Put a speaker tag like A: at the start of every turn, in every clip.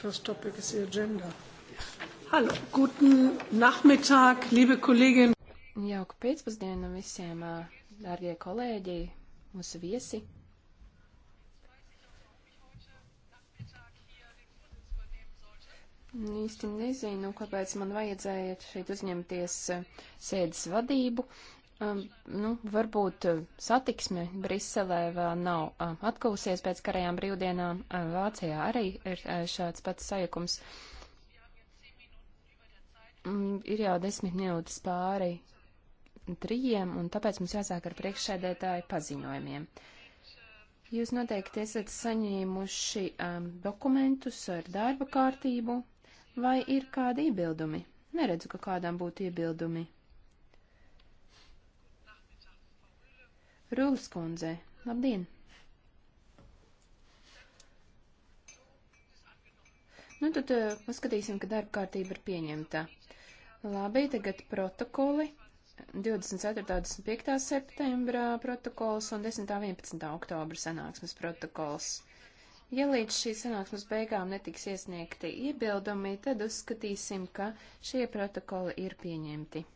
A: first topic is the agenda. Hallo, guten Nachmittag, liebe Kolleginnen. Jauka pēcpusdiena visiem, dārgie kolēģi, mūsu viesi. Īsti nezinu, kāpēc man vajadzēja šeit uzņemties sēdes vadību. Uh, um, nu, varbūt eh, satiksme Briselē vēl nav uh, atkuvusies pēc karajām brīvdienām. Uh, Vācijā arī ir uh, šāds pats sajukums. Um, ir jau desmit minūtes pāri trījiem, un tāpēc mums jāsāk ar priekšsēdētāju paziņojumiem. Jūs noteikti esat saņēmuši um, dokumentus ar darba kārtību, vai ir kādi iebildumi? Neredzu, ka kādām būtu iebildumi. Rūlas kundze, labdien! Nu, tad eh, paskatīsim, ka darba kārtība ir pieņemta. Labi, tagad protokoli. 24. 25. septembra protokols un 10. 11. oktobra sanāksmes protokols. Ja līdz šīs sanāksmes beigām netiks iesniegti iebildumi, tad uzskatīsim, ka šie protokoli ir pieņemti.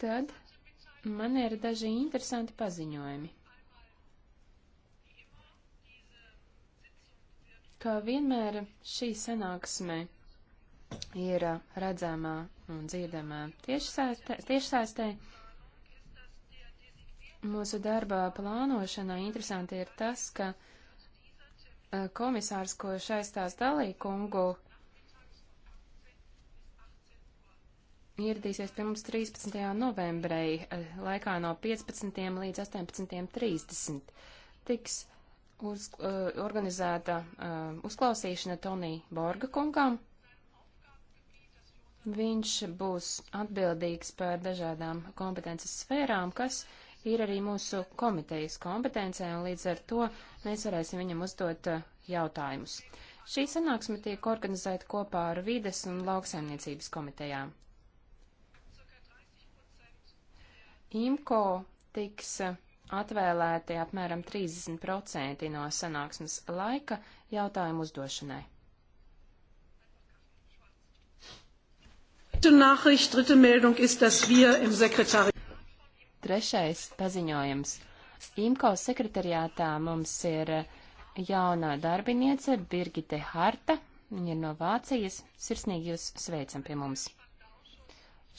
A: Tad man ir daži interesanti paziņojumi. Kā vienmēr šī sanāksme ir redzamā un dzirdamā tiešsaistē, tiešsaistē. Mūsu darba plānošanā interesanti ir tas, ka eh, komisārs, ko šaistās dalīkungu, ieradīsies pie mums 13. novembrī, eh, laikā no 15. līdz 18.30. Tiks uz, uh, organizēta uh, uzklausīšana Tonī Borga kungam. Viņš būs atbildīgs par dažādām kompetences sfērām, kas ir arī mūsu komitejas kompetencē, un līdz ar to mēs varēsim viņam uzdot uh, jautājumus. Šī sanāksme tiek organizēta kopā ar vides un lauksaimniecības komitejām. IMCO tiks atvēlēti apmēram 30% no sanāksmes laika jautājumu uzdošanai. Trešais paziņojums. IMCO sekretariātā mums ir jaunā darbiniece Birgite Harta, viņa ir no Vācijas. Sirsnīgi jūs sveicam pie mums!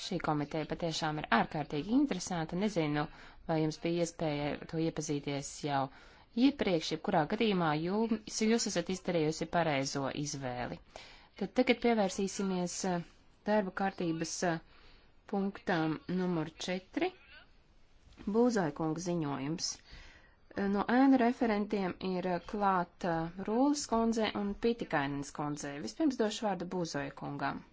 A: Šī komiteja patiešām ir ārkārtīgi interesanta. Nezinu, vai jums bija iespēja to iepazīties jau iepriekš, jebkurā gadījumā jums, jūs esat izdarījusi pareizo izvēli. Tad tagad pievērsīsimies eh, darba kārtības eh, punktam numur 4. Būzaikunga ziņojums. Eh, no ēnu referentiem ir klāt Rūlas kundze un Pitikainens kundze. Vispirms došu vārdu Būzaikungam. kungam.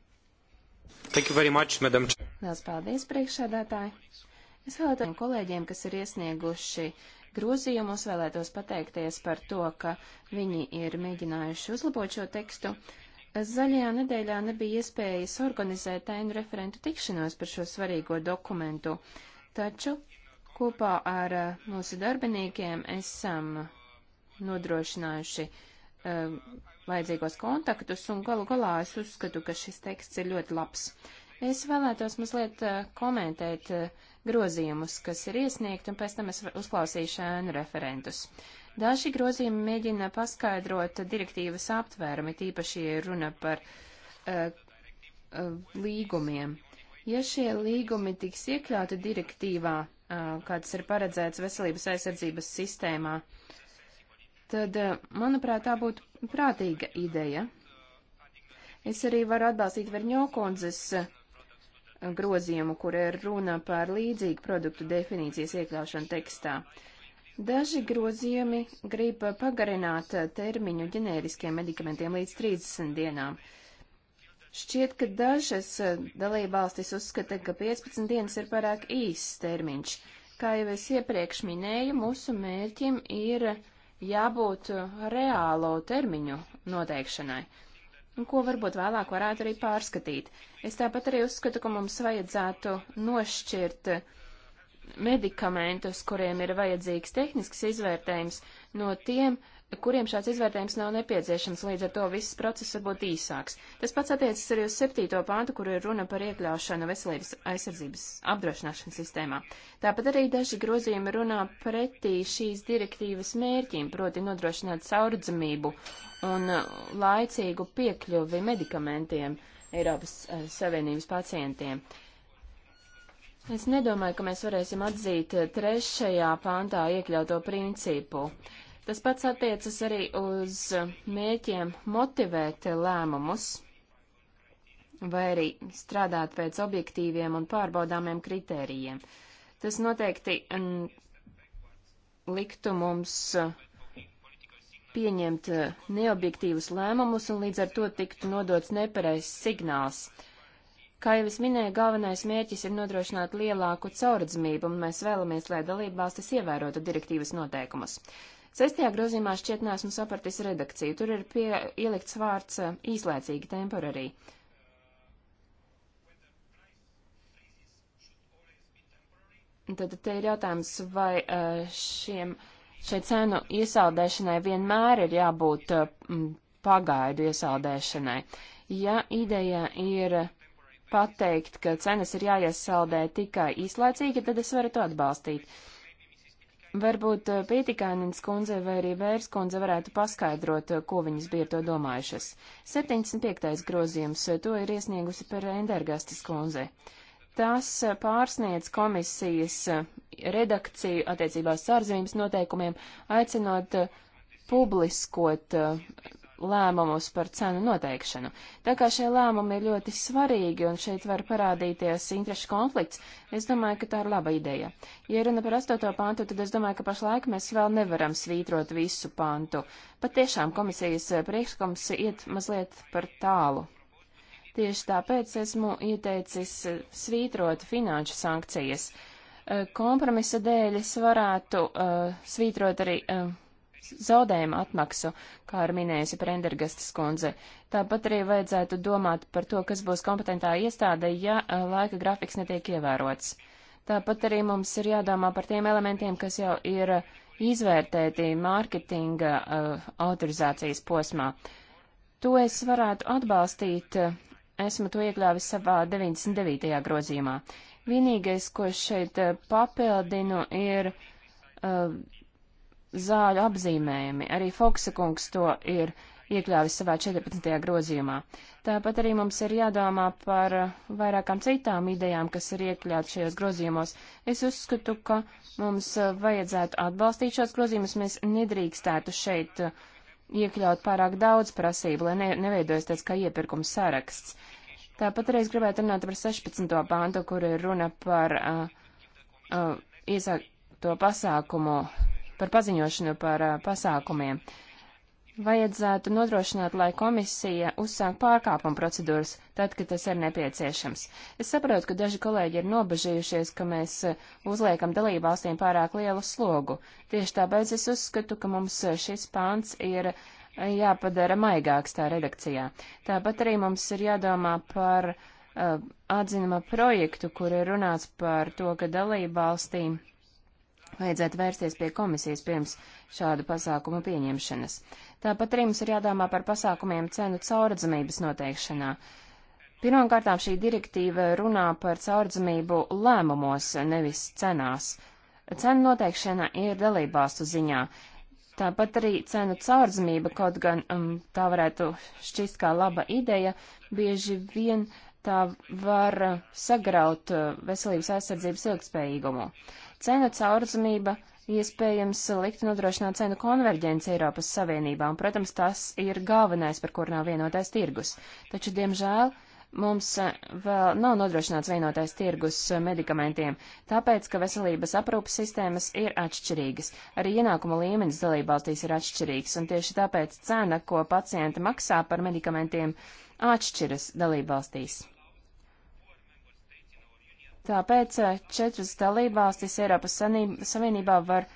B: Thank you
C: very much, madam.
A: Lielas paldies, priekšsēdētāji. Es vēlētos kolēģiem, kas ir iesnieguši grozījumus, vēlētos pateikties par to, ka viņi ir mēģinājuši uzlabot šo tekstu. Zaļajā nedēļā nebija iespējas organizēt ēnu referentu tikšanos par šo svarīgo dokumentu, taču kopā ar mūsu darbiniekiem esam nodrošinājuši uh, um, vajadzīgos kontaktus, un galu galā es uzskatu, ka šis teksts ir ļoti labs. Es vēlētos mazliet uh, komentēt uh, grozījumus, kas ir iesniegti, un pēc tam es uzklausīšu ēnu referentus. Daži grozījumi mēģina paskaidrot direktīvas aptvērumi, tīpaši ir runa par uh, uh, līgumiem. Ja šie līgumi tiks iekļauti direktīvā, uh, kāds ir paredzēts veselības aizsardzības sistēmā, uh, tad, eh, manuprāt, tā būtu prātīga ideja. Es arī varu atbalstīt Verņokundzes eh, grozījumu, kur ir runa par līdzīgu produktu definīcijas iekļaušanu tekstā. Daži grozījumi grib pagarināt eh, termiņu ģenēriskiem medikamentiem līdz 30 dienām. Šķiet, ka dažas dalībvalstis uzskata, ka 15 dienas ir pārāk īsts termiņš. Kā jau es iepriekš minēju, mūsu mērķim ir uh, jābūt uh, reālo termiņu noteikšanai, ko varbūt vēlāk varētu arī pārskatīt. Es tāpat arī uzskatu, ka mums vajadzētu nošķirt uh, medikamentus, kuriem ir vajadzīgs tehnisks izvērtējums, no tiem, uh, kuriem šāds izvērtējums nav nepieciešams, līdz ar to viss process var būt īsāks. Tas pats attiecas arī uz septīto pāntu, kur ir runa par iekļaušanu veselības aizsardzības apdrošināšanas sistēmā. Tāpat arī daži grozījumi runā pretī šīs direktīvas mērķim, proti nodrošināt saurdzamību un uh, laicīgu piekļuvi medikamentiem Eiropas uh, Savienības pacientiem. Es nedomāju, ka mēs varēsim atzīt uh, trešajā pāntā iekļauto principu. Uh, Tas pats attiecas arī uz mēķiem motivēt lēmumus vai arī strādāt pēc objektīviem un pārbaudāmiem kritērijiem. Tas noteikti m, liktu mums uh, pieņemt uh, neobjektīvus lēmumus un līdz ar to tiktu nodots nepareizs signāls. Kā jau es minēju, galvenais mērķis ir nodrošināt lielāku caurredzamību, un mēs vēlamies, lai dalībvalstis ievērotu direktīvas noteikumus. Sestajā grozījumā šķiet neesmu sapratis redakciju. Tur ir pie, ielikts vārds eh, īslaicīgi temporarī. Tad te ir jautājums, vai eh, šiem, šai cenu iesaldēšanai vienmēr ir jābūt eh, pagaidu iesaldēšanai. Ja ideja ir pateikt, ka cenas ir jāiesaldē tikai īslaicīgi, tad es varu to atbalstīt. Varbūt eh, Pītikānins kundze vai arī Vērs kundze varētu paskaidrot, eh, ko viņas bija ar to domājušas. 75. grozījums, eh, to ir iesniegusi par Endergastas kundze. Tas pārsniedz komisijas redakciju attiecībās sārzīmes noteikumiem, aicinot publiskot lēmumus par cenu noteikšanu. Tā kā šie lēmumi ir ļoti svarīgi un šeit var parādīties interešu konflikts, es domāju, ka tā ir laba ideja. Ja runa par astoto pantu, tad es domāju, ka pašlaik mēs vēl nevaram svītrot visu pantu. Pat tiešām komisijas priekšlikums iet mazliet par tālu. Tieši tāpēc esmu ieteicis svītrot finanšu sankcijas. Kompromisa dēļ es varētu uh, svītrot arī uh, zaudējumu atmaksu, kā ir minējusi Prendergastas kundze. Tāpat arī vajadzētu domāt par to, kas būs kompetentā iestāde, ja laika grafiks netiek ievērots. Tāpat arī mums ir jādomā par tiem elementiem, kas jau ir izvērtēti mārketinga uh, autorizācijas posmā. To es varētu atbalstīt, esmu to iekļāvis savā 99. grozījumā. Vienīgais, ko šeit papildinu, ir uh, zāļu apzīmējumi. Arī Foksakungs to ir iekļāvis savā 14. grozījumā. Tāpat arī mums ir jādomā par uh, vairākām citām idejām, kas ir iekļautas šajos grozījumos. Es uzskatu, ka mums uh, vajadzētu atbalstīt šos grozījumus. Mēs nedrīkstētu šeit uh, iekļaut pārāk daudz prasību, lai ne, neveidojas tāds kā iepirkums saraksts. Tāpat arī es gribētu runāt par 16. pāntu, kur ir runa par uh, uh, iesākto pasākumu par paziņošanu par pasākumiem. Vajadzētu nodrošināt, lai komisija uzsāk pārkāpuma procedūras, tad, kad tas ir nepieciešams. Es saprotu, ka daži kolēģi ir nobežījušies, ka mēs uzliekam dalībvalstīm pārāk lielu slogu. Tieši tāpēc es uzskatu, ka mums šis pāns ir jāpadara maigāks tā redakcijā. Tāpat arī mums ir jādomā par uh, atzinuma projektu, kur ir runāts par to, ka dalībvalstīm. valstīm vajadzētu vērsties pie komisijas pirms šādu pasākumu pieņemšanas. Tāpat arī mums ir jādomā par pasākumiem cenu caurredzamības noteikšanā. Pirmkārtām šī direktīva runā par caurredzamību lēmumos, nevis cenās. Cenu noteikšana ir dalībvalstu ziņā. Tāpat arī cenu caurdzamība, kaut gan um, tā varētu šķist kā laba ideja, bieži vien tā var sagraut uh, veselības aizsardzības ilgspējīgumu. Cenu caurzmība iespējams likt nodrošināt cenu konverģenci Eiropas Savienībā, un, protams, tas ir galvenais, par kur nav vienotais tirgus. Taču, diemžēl, mums uh, vēl nav nodrošināts vienotais tirgus uh, medikamentiem, tāpēc, ka veselības aprūpas sistēmas ir atšķirīgas. Arī ienākuma līmenis dalībvalstīs ir atšķirīgs, un tieši tāpēc cena, ko pacienti maksā par medikamentiem, atšķiras dalībvalstīs. Tāpēc eh, četras dalībvalstis Eiropas Savienībā var,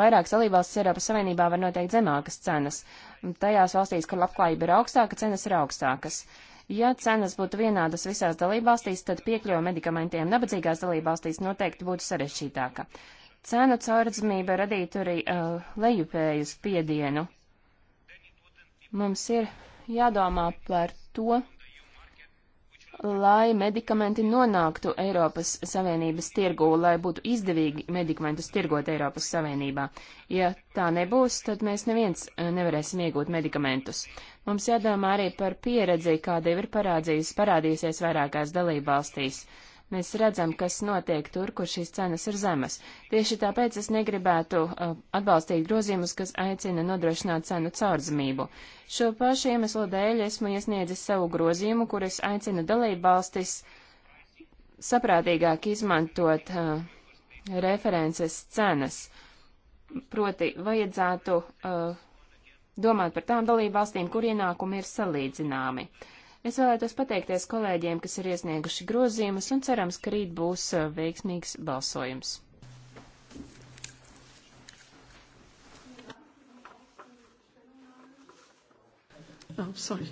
A: vairākas dalībvalstis Eiropas Savienībā var noteikt zemākas cenas. Tajās valstīs, kur labklājība ir augstāka, cenas ir augstākas. Ja cenas būtu vienādas visās dalībvalstīs, tad piekļuva medikamentiem nabadzīgās dalībvalstīs noteikti būtu sarežģītāka. Cēnu caurdzamība radītu arī uh, lejupēju spiedienu. Mums ir jādomā par to, lai medikamenti nonāktu Eiropas Savienības tirgū, lai būtu izdevīgi medikamentus tirgot Eiropas Savienībā. Ja tā nebūs, tad mēs neviens eh, nevarēsim iegūt medikamentus. Mums jādomā arī par pieredzi, kāda jau ir parādījusies vairākās dalībvalstīs. valstīs Mēs redzam, kas notiek tur, kur šīs cenas ir zemas. Tieši tāpēc es negribētu uh, atbalstīt grozījumus, kas aicina nodrošināt cenu caurzemību. Šo pašu iemeslu dēļ esmu iesniedzis savu grozījumu, kur es aicinu dalību valstis saprātīgāk izmantot uh, references cenas. Proti, vajadzētu uh, domāt par tām dalību valstīm, kur ienākumi ir salīdzināmi. Uh, Es vēlētos pateikties kolēģiem, kas ir iesnieguši grozījumus, un cerams, ka rīt būs uh, veiksmīgs balsojums. Oh, sorry.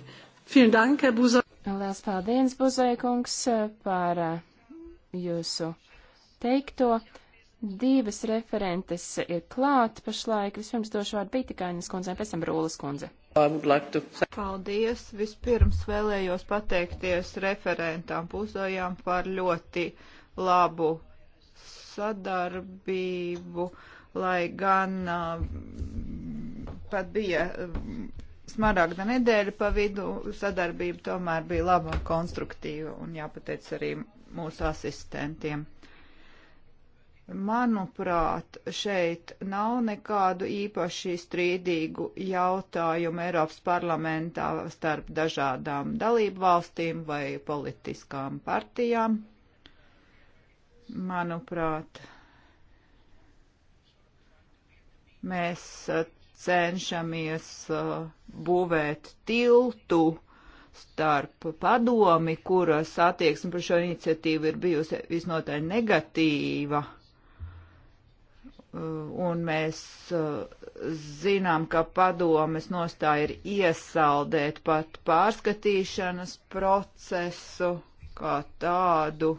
A: Vielen Dank, Herr Buzo. Lielas paldies, Buzoja kungs, uh, par uh, jūsu teikto. Divas referentes ir klāt pašlaik. Vispirms došu vārdu Bītikainas kundzei, pēc tam Rūlas kundze. Paldies! Vispirms vēlējos pateikties referentām
C: pusdojām par ļoti labu sadarbību, lai gan uh, pat bija um, smaragda nedēļa pa vidu, sadarbība tomēr bija laba un konstruktīva, un jāpateic arī mūsu asistentiem. Manuprāt, šeit nav nekādu īpaši strīdīgu jautājumu Eiropas parlamentā starp dažādām dalību valstīm vai politiskām partijām. Manuprāt, mēs uh, cenšamies uh, būvēt tiltu starp padomi, kuras attieksme par šo iniciatīvu ir bijusi visnotaļ negatīva Uh, un mēs uh, zinām, ka padomes nostāja ir iesaldēt pat pārskatīšanas procesu kā tādu.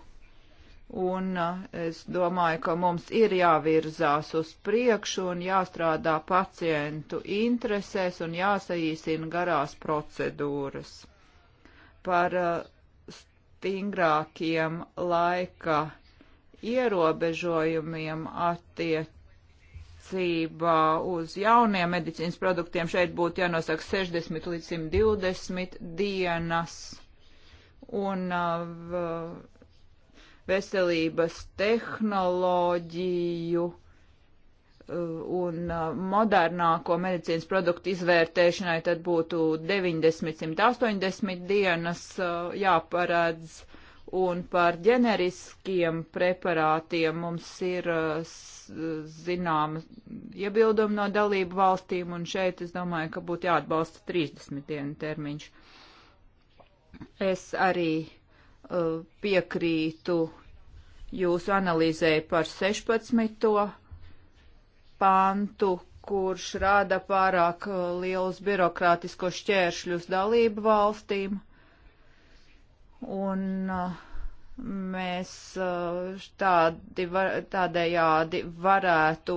C: Un uh, es domāju, ka mums ir jāvirzās uz priekšu un jāstrādā pacientu interesēs un jāsaīsina garās procedūras. Par stingrākiem laika ierobežojumiem attiec attiecībā uz jauniem medicīnas produktiem šeit būtu jānosaka 60 līdz 120 dienas. Un uh, veselības tehnoloģiju uh, un uh, modernāko medicīnas produktu izvērtēšanai tad būtu 90, 180 dienas jāparedz un par ģeneriskiem preparātiem mums ir uh, zināma iebilduma no dalību valstīm, un šeit es domāju, ka būtu jāatbalsta 30 dienu termiņš. Es arī uh, piekrītu jūsu analīzēju par 16. pantu, kurš rāda pārāk uh, lielus birokrātiskos šķēršļus dalību valstīm un uh, mēs uh, tādi, tādējādi varētu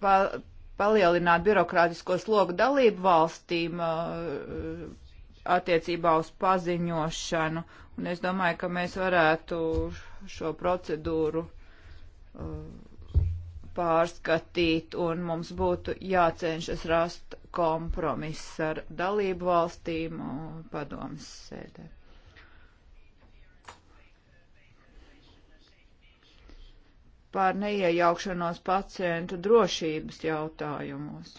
C: pa, palielināt birokrātisko slogu dalību valstīm uh, attiecībā uz paziņošanu. Un es domāju, ka mēs varētu šo procedūru pārskatīt un mums būtu jācenšas rast kompromiss ar dalību valstīm padomas sēdē. Pār neiejaukšanos pacientu drošības jautājumos.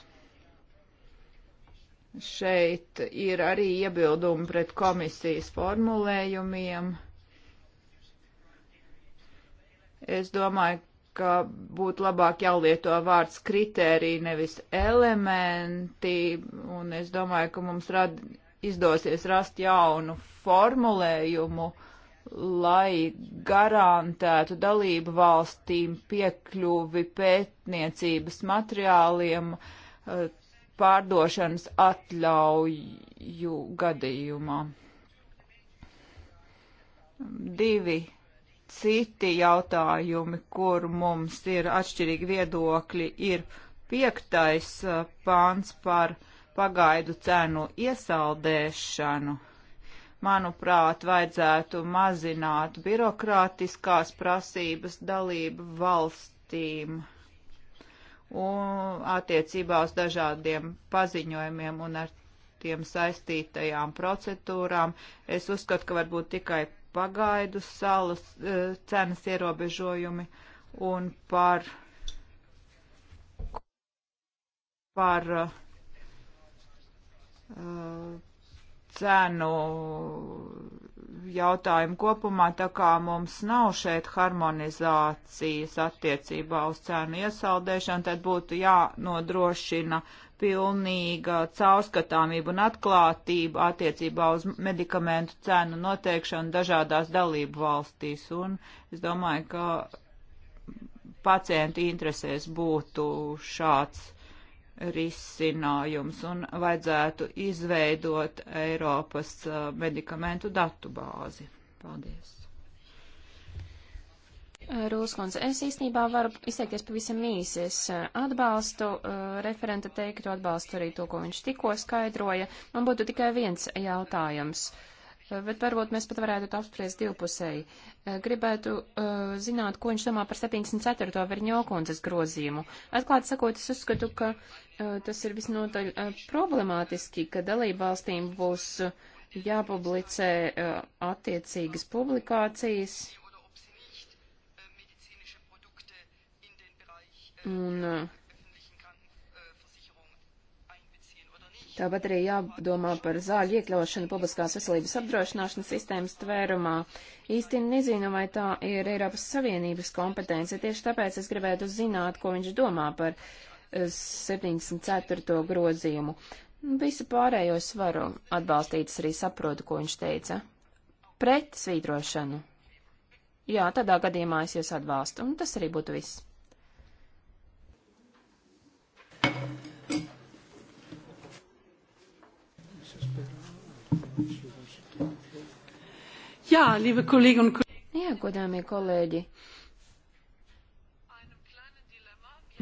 C: Šeit ir arī iebildumi pret komisijas formulējumiem. Es domāju, ka būtu labāk jālieto vārds kritērija, nevis elementi, un es domāju, ka mums rad, izdosies rast jaunu formulējumu, lai garantētu dalību valstīm piekļuvi pētniecības materiāliem eh, pārdošanas atļauju gadījumā. Divi citi jautājumi, kur mums ir atšķirīgi viedokļi, ir piektais uh, pāns par pagaidu cenu iesaldēšanu. Manuprāt, vajadzētu mazināt birokrātiskās prasības dalību valstīm un attiecībā uz dažādiem paziņojumiem un ar tiem saistītajām procedūrām. Es uzskatu, ka varbūt tikai pagaidu salas e, cenas ierobežojumi un par, par e, cenu jautājumu kopumā, tā kā mums nav šeit harmonizācijas attiecībā uz cenu iesaldēšanu, tad būtu jānodrošina uh, pilnīga caurskatāmība un atklātība attiecībā uz medikamentu cenu noteikšanu dažādās dalību valstīs. Un es domāju, ka pacientu interesēs būtu šāds risinājums un vajadzētu izveidot Eiropas eh, medikamentu datu bāzi.
A: Paldies! Rūskundze, es īstenībā varu izteikties pavisam īsi. Es eh, atbalstu uh, referenta teiktu, atbalstu arī to, ko viņš tikko skaidroja. Man būtu tikai viens jautājums. Uh, bet varbūt mēs pat varētu to apspriest divpusēji. Uh, gribētu zināt, ko viņš domā par 74. verņokundzes grozījumu. Atklāti sakot, es uzskatu, ka tas ir visnotaļ problemātiski, ka dalība valstīm būs jāpublicē attiecīgas publikācijas Un tāpat arī jādomā par zāļu iekļaušanu publiskās veselības apdrošināšanas sistēmas tvērumā. Īsti nezinu, vai tā ir Eiropas Savienības kompetence, tieši tāpēc es gribētu zināt, ko viņš domā par 74. grozījumu. Visu pārējo es varu atbalstīt, es arī saprotu, ko viņš teica. Pret svītrošanu. Jā, tādā gadījumā es jūs atbalstu, un tas arī būtu viss. Jā, liebe kolēģi un kolēģi. Jā, godāmie kolēģi.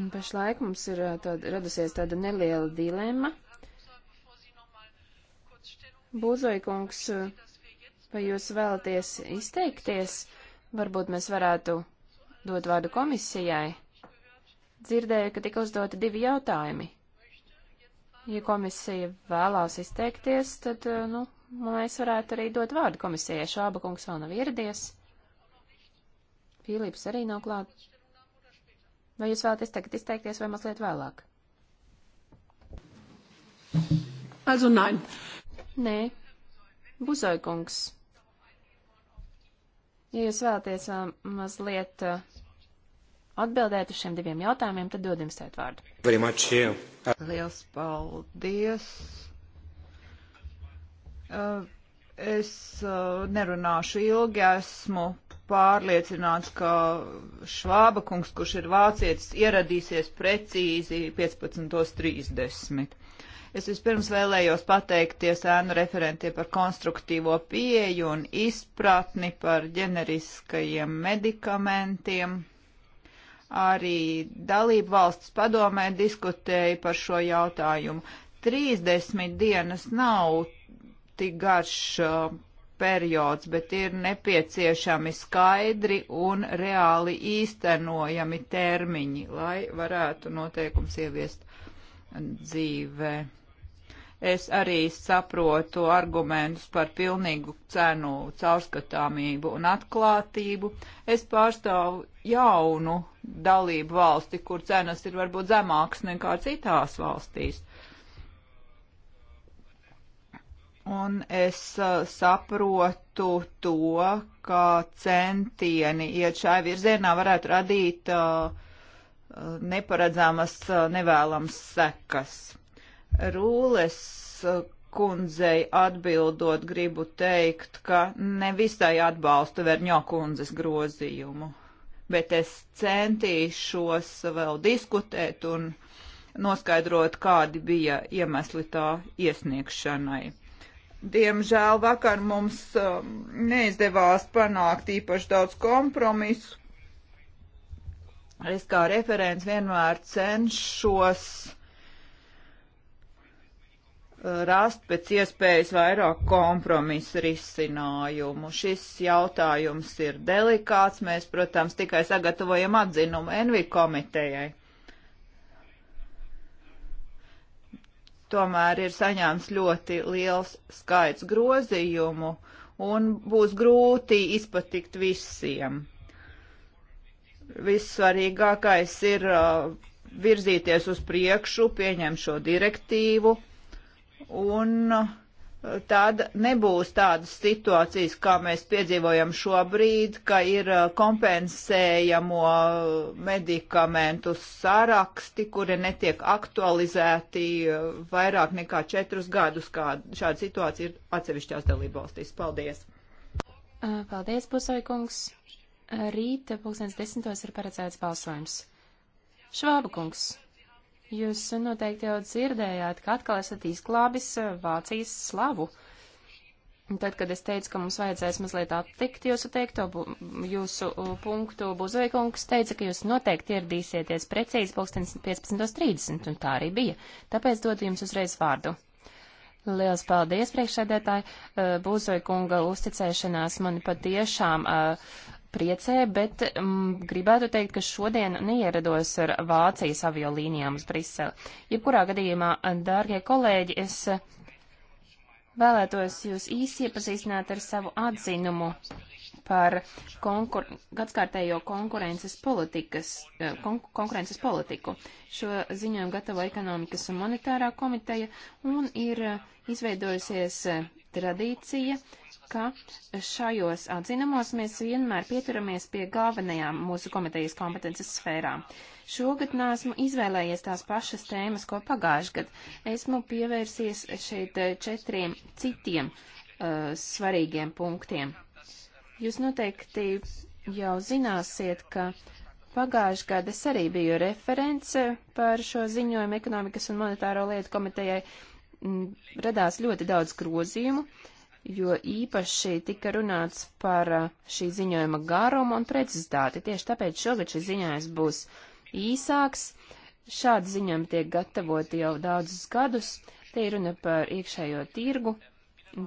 A: Un pašlaik mums ir uh, tāda, radusies tāda neliela dilema. Būzoikungs, uh, vai jūs vēlaties izteikties? Varbūt mēs varētu dot vārdu komisijai. Dzirdēju, ka tika uzdoti divi jautājumi. Ja komisija vēlās izteikties, tad, uh, nu, mēs nu, varētu arī dot vārdu komisijai. Šāba kungs vēl nav ieradies. Filips arī nav klāt. Vai jūs vēlaties tagad izteikties vai mazliet vēlāk? Also nein. Nē. Buzoja kungs. Ja jūs vēlaties uh, mazliet uh, atbildēt uz šiem diviem jautājumiem, tad dod jums tēt vārdu. Liels paldies! Eh, es eh, nerunāšu
C: ilgi, esmu pārliecināts, ka Švāba kungs, kurš ir vācietis, ieradīsies precīzi 15.30. Es vispirms vēlējos pateikties ēnu referentiem par konstruktīvo pieeju un izpratni par ģeneriskajiem medikamentiem. Arī dalību valsts padomē diskutēja par šo jautājumu. 30 dienas nav ļoti garš uh, periods, bet ir nepieciešami skaidri un reāli īstenojami termiņi, lai varētu noteikums ieviest dzīvē. Es arī saprotu argumentus par pilnīgu cenu caurskatāmību un atklātību. Es pārstāvu jaunu dalību valsti, kur cenas ir varbūt zemākas nekā citās valstīs. Un es uh, saprotu to, ka centieni iet šai virzienā varētu radīt uh, neparedzamas, uh, nevēlamas sekas. Rūles kundzei atbildot gribu teikt, ka nevisai atbalstu Verņo kundzes grozījumu, bet es centīšos vēl diskutēt un noskaidrot, kādi bija iemesli tā iesniegšanai Diemžēl vakar mums um, neizdevās panākt īpaši daudz kompromisu. Es kā referents vienmēr cenšos uh, rast pēc iespējas vairāk kompromisu risinājumu. Šis jautājums ir delikāts. Mēs, protams, tikai sagatavojam atzinumu Envi komitejai. tomēr ir saņēmis ļoti liels skaits grozījumu un būs grūti izpatikt visiem. Vissvarīgākais ir uh, virzīties uz priekšu, pieņemt šo direktīvu un uh, tad nebūs tādas situācijas, kā mēs piedzīvojam šobrīd, ka ir uh, kompensējamo medikamentu saraksti, kuri netiek aktualizēti uh, vairāk nekā četrus gadus, kā šāda situācija ir atsevišķās dalībvalstīs. Paldies!
A: Uh, paldies, Pusaikungs! Rīta pulkstens desmitos ir paredzēts balsojums. Švāba kungs! Jūs noteikti jau dzirdējāt, ka atkal esat izglābis eh, Vācijas slavu. Tad, kad es teicu, ka mums vajadzēs mazliet attikt jūsu teikto, jūsu punktu, Buzveikungs teica, ka jūs noteikti ieradīsieties precīzi 15.30, un tā arī bija. Tāpēc dodu jums uzreiz vārdu. Liels paldies, priekšsēdētāji. Eh, Būzoja kunga uzticēšanās mani patiešām uh, priecē, bet mm, gribētu teikt, ka šodien neierados ar Vācijas aviolīnijām uz Briseli. Jebkurā gadījumā, dārgie kolēģi, es vēlētos jūs īsi iepazīstināt ar savu atzinumu par konkur gadskārtējo konkurences, politikas, eh, kon konkurences politiku. Šo ziņojumu gatavo ekonomikas un monetārā komiteja un ir izveidojusies eh, tradīcija uh, ka šajos atzinumos mēs vienmēr pieturamies pie galvenajām mūsu komitejas kompetences sfērām. Šogad neesmu izvēlējies tās pašas tēmas, ko pagājuši gad. Esmu pievērsies šeit četriem citiem uh, svarīgiem punktiem. Jūs noteikti jau zināsiet, ka pagājuši gada es arī biju reference par šo ziņojumu ekonomikas un monetāro lietu komitejai. Mm, radās ļoti daudz grozījumu. Uh, jo īpaši tika runāts par uh, šī ziņojuma garumu un precizitāti. Tieši tāpēc šogad šis ziņājums būs īsāks. Šādi ziņojumi tiek gatavoti jau daudzus gadus. Te ir runa par iekšējo tirgu,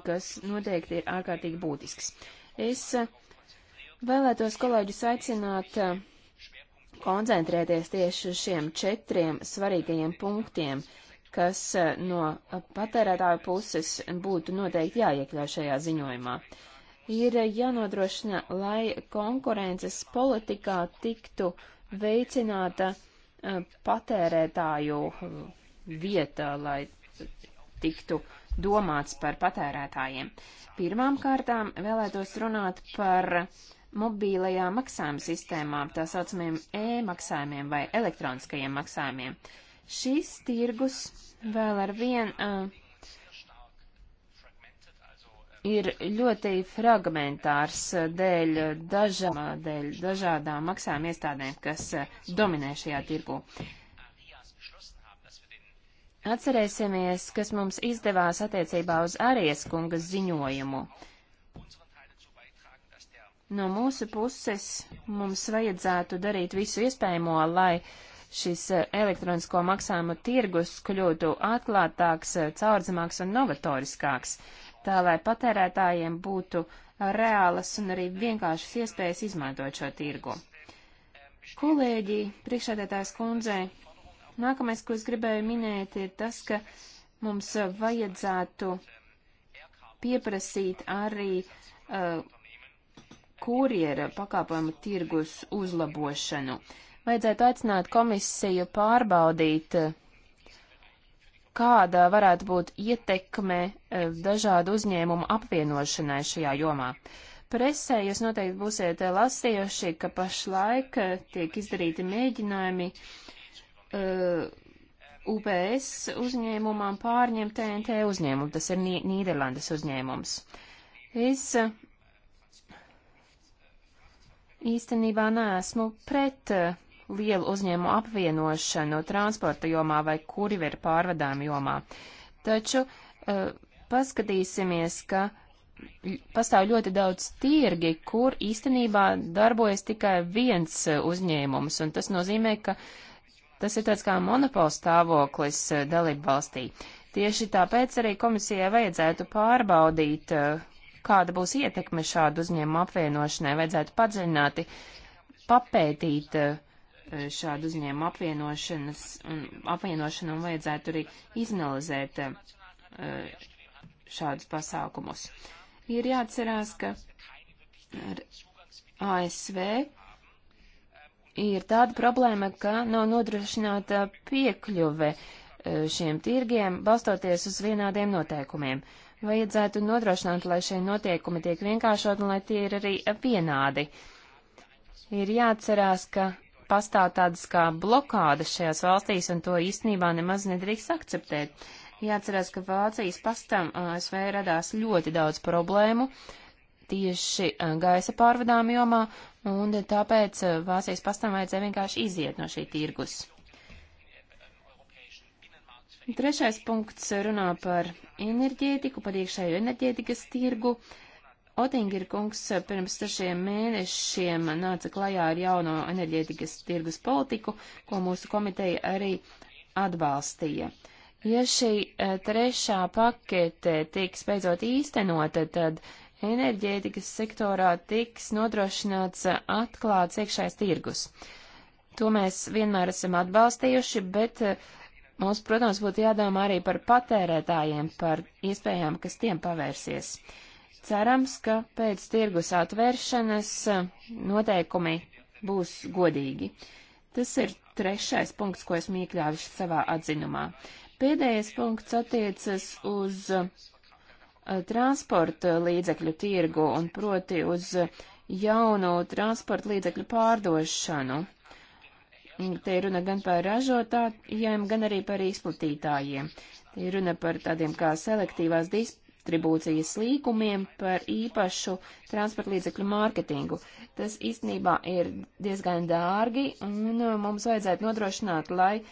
A: kas noteikti ir ārkārtīgi būtisks. Es uh, vēlētos kolēģus aicināt uh, koncentrēties tieši uz šiem četriem svarīgajiem punktiem kas e, no patērētāju puses būtu noteikti jāiekļauj šajā ziņojumā. Ir jānodrošina, lai konkurences politikā tiktu veicināta e, patērētāju vieta, lai tiktu domāts par patērētājiem. Pirmām kārtām vēlētos runāt par mobīlajām maksājuma sistēmām, tā saucamiem e-maksājumiem vai elektroniskajiem maksājumiem. Uh, Šis tirgus vēl ar vien uh, ir ļoti fragmentārs dēļ, daža, dēļ dažādām maksājuma iestādēm, kas uh, dominē šajā tirgu. Atcerēsimies, kas mums izdevās attiecībā uz Arijas kungas ziņojumu. No mūsu puses mums vajadzētu darīt visu iespējamo, lai uh, šis eh, elektronisko maksājumu tirgus kļūtu atklātāks, eh, caurdzamāks un novatoriskāks, tā lai patērētājiem būtu eh, reālas un arī vienkāršas iespējas izmantot šo tirgu. Kolēģi, priekšādētājs kundzē, nākamais, ko es gribēju minēt, ir tas, ka mums vajadzētu pieprasīt arī uh, kurjera pakāpojumu tirgus uzlabošanu. Uh, vajadzētu aicināt komisiju pārbaudīt, kāda varētu būt ietekme e, dažādu uzņēmumu apvienošanai šajā jomā. Presē jūs noteikti būsiet e, lasījuši, ka pašlaik e, tiek izdarīti mēģinājumi uh, UPS uzņēmumam pārņemt TNT uzņēmumu, tas ir Nī Nīderlandes uzņēmums. Es īstenībā neesmu pret lielu uzņēmumu apvienošanu transporta jomā vai kurjeru pārvadājumu jomā. Taču uh, paskatīsimies, ka pastāv ļoti daudz tirgi, kur īstenībā darbojas tikai viens eh, uzņēmums, un tas nozīmē, ka tas ir tāds kā monopols stāvoklis eh, dalību valstī. Tieši tāpēc arī komisijai vajadzētu pārbaudīt, kāda būs ietekme šādu uzņēmumu apvienošanai, vajadzētu padziļināti papētīt uh, E, šādu uzņēmumu apvienošanas un apvienošanu un vajadzētu arī izanalizēt e, šādus pasākumus. Ir jāatcerās, ka ar ASV ir tāda problēma, ka nav nodrošināta piekļuve e, šiem tirgiem, balstoties uz vienādiem noteikumiem. Vajadzētu nodrošināt, lai šie noteikumi tiek vienkāršot un lai tie ir arī vienādi. Ir jāatcerās, ka pastāv tādas kā blokādas šajās valstīs, un to īstenībā nemaz nedrīkst akceptēt. Jāatcerās, ka Vācijas pastam ASV radās ļoti daudz problēmu tieši gaisa pārvadām jomā, un tāpēc Vācijas pastam vajadzēja vienkārši iziet no šī tirgus. Trešais punkts runā par enerģētiku, par iekšējo enerģētikas tirgu. Uh, Otingir kungs eh, pirms sešiem mēnešiem nāca klajā ar jauno enerģētikas tirgus politiku, ko mūsu komiteja arī atbalstīja. Ja šī eh, trešā pakete tiks beidzot īstenota, tad enerģētikas sektorā tiks nodrošināts eh, atklāts iekšējais tirgus. To mēs vienmēr esam atbalstījuši, bet mums, protams, būtu jādomā arī par patērētājiem, par iespējām, kas tiem pavērsies. Uh, Cerams, ka pēc tirgus atvēršanas eh, noteikumi būs godīgi. Tas ir trešais punkts, ko esmu iekļāvis savā atzinumā. Pēdējais punkts attiecas uz eh, transporta līdzekļu tirgu un proti uz jaunu transporta līdzekļu pārdošanu. Te ir runa gan par ražotājiem, gan arī par izplatītājiem. Te ir runa par tādiem kā selektīvās dis distribūcijas līkumiem par īpašu transporta līdzekļu mārketingu. Tas īstenībā ir diezgan dārgi, un uh, mums vajadzētu nodrošināt, lai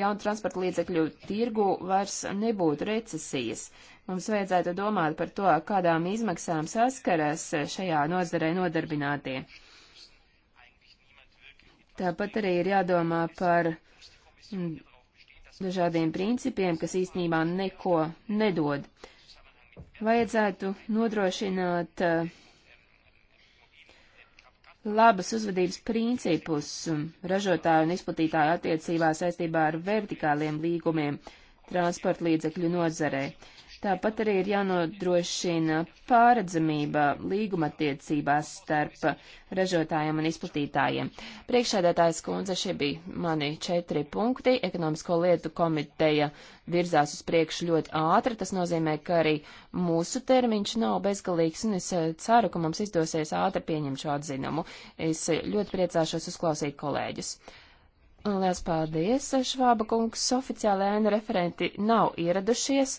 A: jaunu transporta līdzekļu tirgu vairs nebūtu recesijas. Mums vajadzētu domāt par to, kādām izmaksām saskaras šajā nozarē nodarbinātie. Tāpat arī ir jādomā par mm, dažādiem principiem, kas īstenībā neko nedod vajadzētu nodrošināt uh, labas uzvedības principus ražotāju un izplatītāju attiecībā saistībā ar vertikāliem līgumiem transporta līdzekļu nozarē. Tāpat arī ir jānodrošina pāredzamība līgumattiecībās starp ražotājiem un izplatītājiem. Priekšēdētājs kundze, šie bija mani četri punkti. Ekonomisko lietu komiteja virzās uz priekšu ļoti ātri. Tas nozīmē, ka arī mūsu termiņš nav bezgalīgs, un es eh, ceru, ka mums izdosies ātri pieņemt šo atzinumu. Es eh, ļoti priecāšos uzklausīt kolēģus. Lielas paldies, Švāba kungs. Oficiālēna referenti nav ieradušies.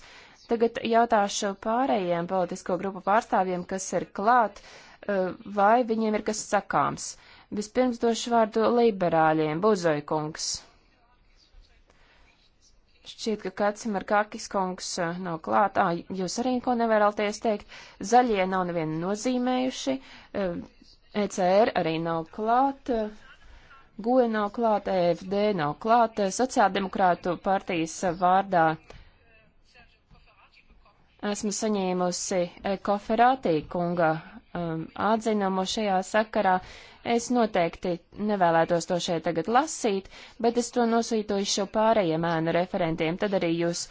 A: Tagad jautāšu pārējiem politisko grupu pārstāvjiem, kas ir klāt, eh, vai viņiem ir kas sakāms. Vispirms došu vārdu liberāļiem, Buzoikungs. Šķiet, ka Kacim ar Kakis kungs eh, nav klāt. Ā, jūs arī ko nevēlaties teikt. Zaļie nav nevienu nozīmējuši. ECR eh, e arī nav klāt. Goja e nav klāt, EFD nav klāt. Sociāldemokrātu partijas vārdā Esmu saņēmusi e, Koferātī kunga um, atzinumu šajā sakarā. Es noteikti nevēlētos to šeit tagad lasīt, bet es to nosūtīšu pārējiem ēnu referentiem. Tad arī jūs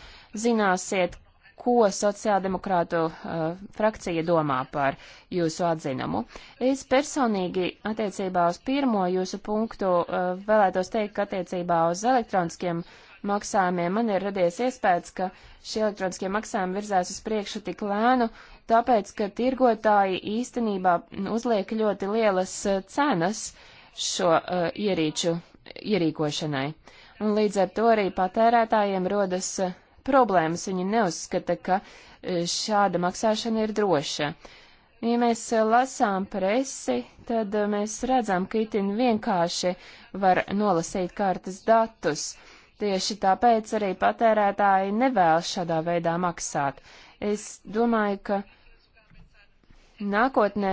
A: zināsiet, ko sociāldemokrātu uh, frakcija domā par jūsu atzinumu. Es personīgi attiecībā uz pirmo jūsu punktu uh, vēlētos teikt, ka attiecībā uz elektroniskiem uh, maksājumiem. Man ir radies iespējas, ka šie elektroniskie maksājumi virzās uz priekšu tik lēnu, tāpēc, ka tirgotāji īstenībā uzliek ļoti lielas eh, cenas šo uh, ierīču ierīkošanai. Un līdz ar to arī patērētājiem rodas eh, problēmas. Viņi neuzskata, ka šāda maksāšana ir droša. Ja mēs lasām presi, tad mēs redzam, ka itin vienkārši var nolasīt kartes datus. Tieši tāpēc arī patērētāji nevēlas šādā veidā maksāt. Es domāju, ka nākotnē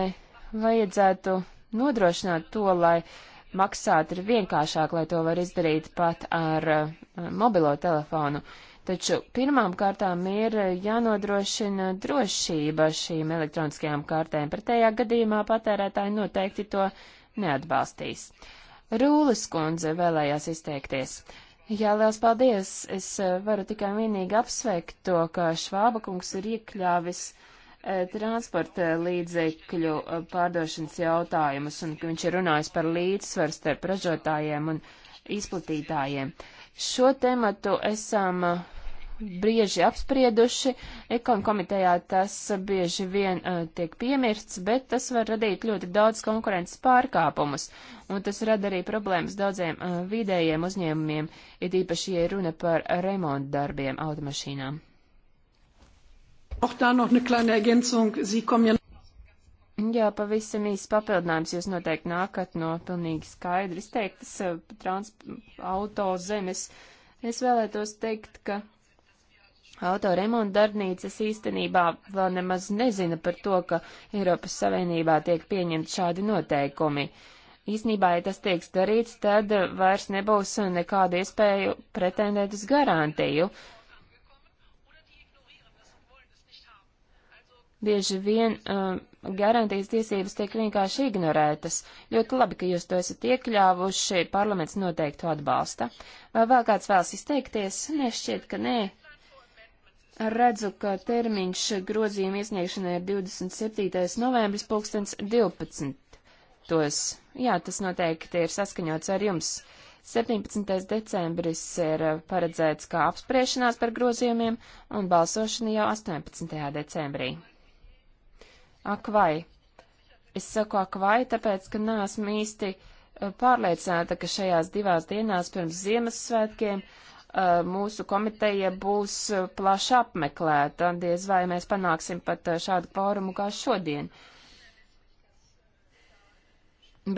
A: vajadzētu nodrošināt to, lai maksāt ir vienkāršāk, lai to var izdarīt pat ar uh, mobilo telefonu. Taču pirmām kārtām ir jānodrošina drošība šīm elektroniskajām kārtēm, pretējā gadījumā patērētāji noteikti to neatbalstīs. Rūlis kundze vēlējās izteikties. Jā, liels paldies! Es eh, varu tikai vienīgi apsveikt to, ka Švāba kungs ir iekļāvis e, transporta līdzekļu eh, pārdošanas jautājumus un ka viņš ir runājis par līdzsvaru starp ražotājiem un izplatītājiem. Šo tematu esam bieži apsprieduši. Ekon komitejā tas bieži vien uh, tiek piemirsts, bet tas var radīt ļoti daudz konkurences pārkāpumus, un tas rada arī problēmas daudziem uh, vidējiem uzņēmumiem, it īpaši, ja runa par remontu darbiem automašīnām. Jā, pavisam īsts papildinājums. Jūs noteikti nākat no pilnīgi skaidri izteiktas uh, trans auto zemes. Es vēlētos teikt, ka Autoremonta darbnīcas īstenībā vēl nemaz nezina par to, ka Eiropas Savienībā tiek pieņemti šādi noteikumi. Īsnībā, ja tas tieks darīts, tad vairs nebūs nekāda iespēja pretendēt uz garantiju. Bieži vien uh, garantijas tiesības tiek vienkārši ignorētas. Ļoti labi, ka jūs to esat iekļāvuši, parlaments noteikti atbalsta. Vai vēl kāds vēlas izteikties? Nešķiet, ka nē redzu, ka termiņš grozījuma iesniegšanai ir 27. novembris 2012. Tos. Jā, tas noteikti ir saskaņots ar jums. 17. decembris ir paredzēts kā apspriešanās par grozījumiem un balsošana jau 18. decembrī. Ak vai! Es saku ak vai, tāpēc, ka neesmu īsti eh, pārliecināta, ka šajās divās dienās pirms Ziemassvētkiem uh, Uh, mūsu komiteja būs uh, plaši apmeklēta, diez vai mēs panāksim pat uh, šādu kvorumu kā šodien.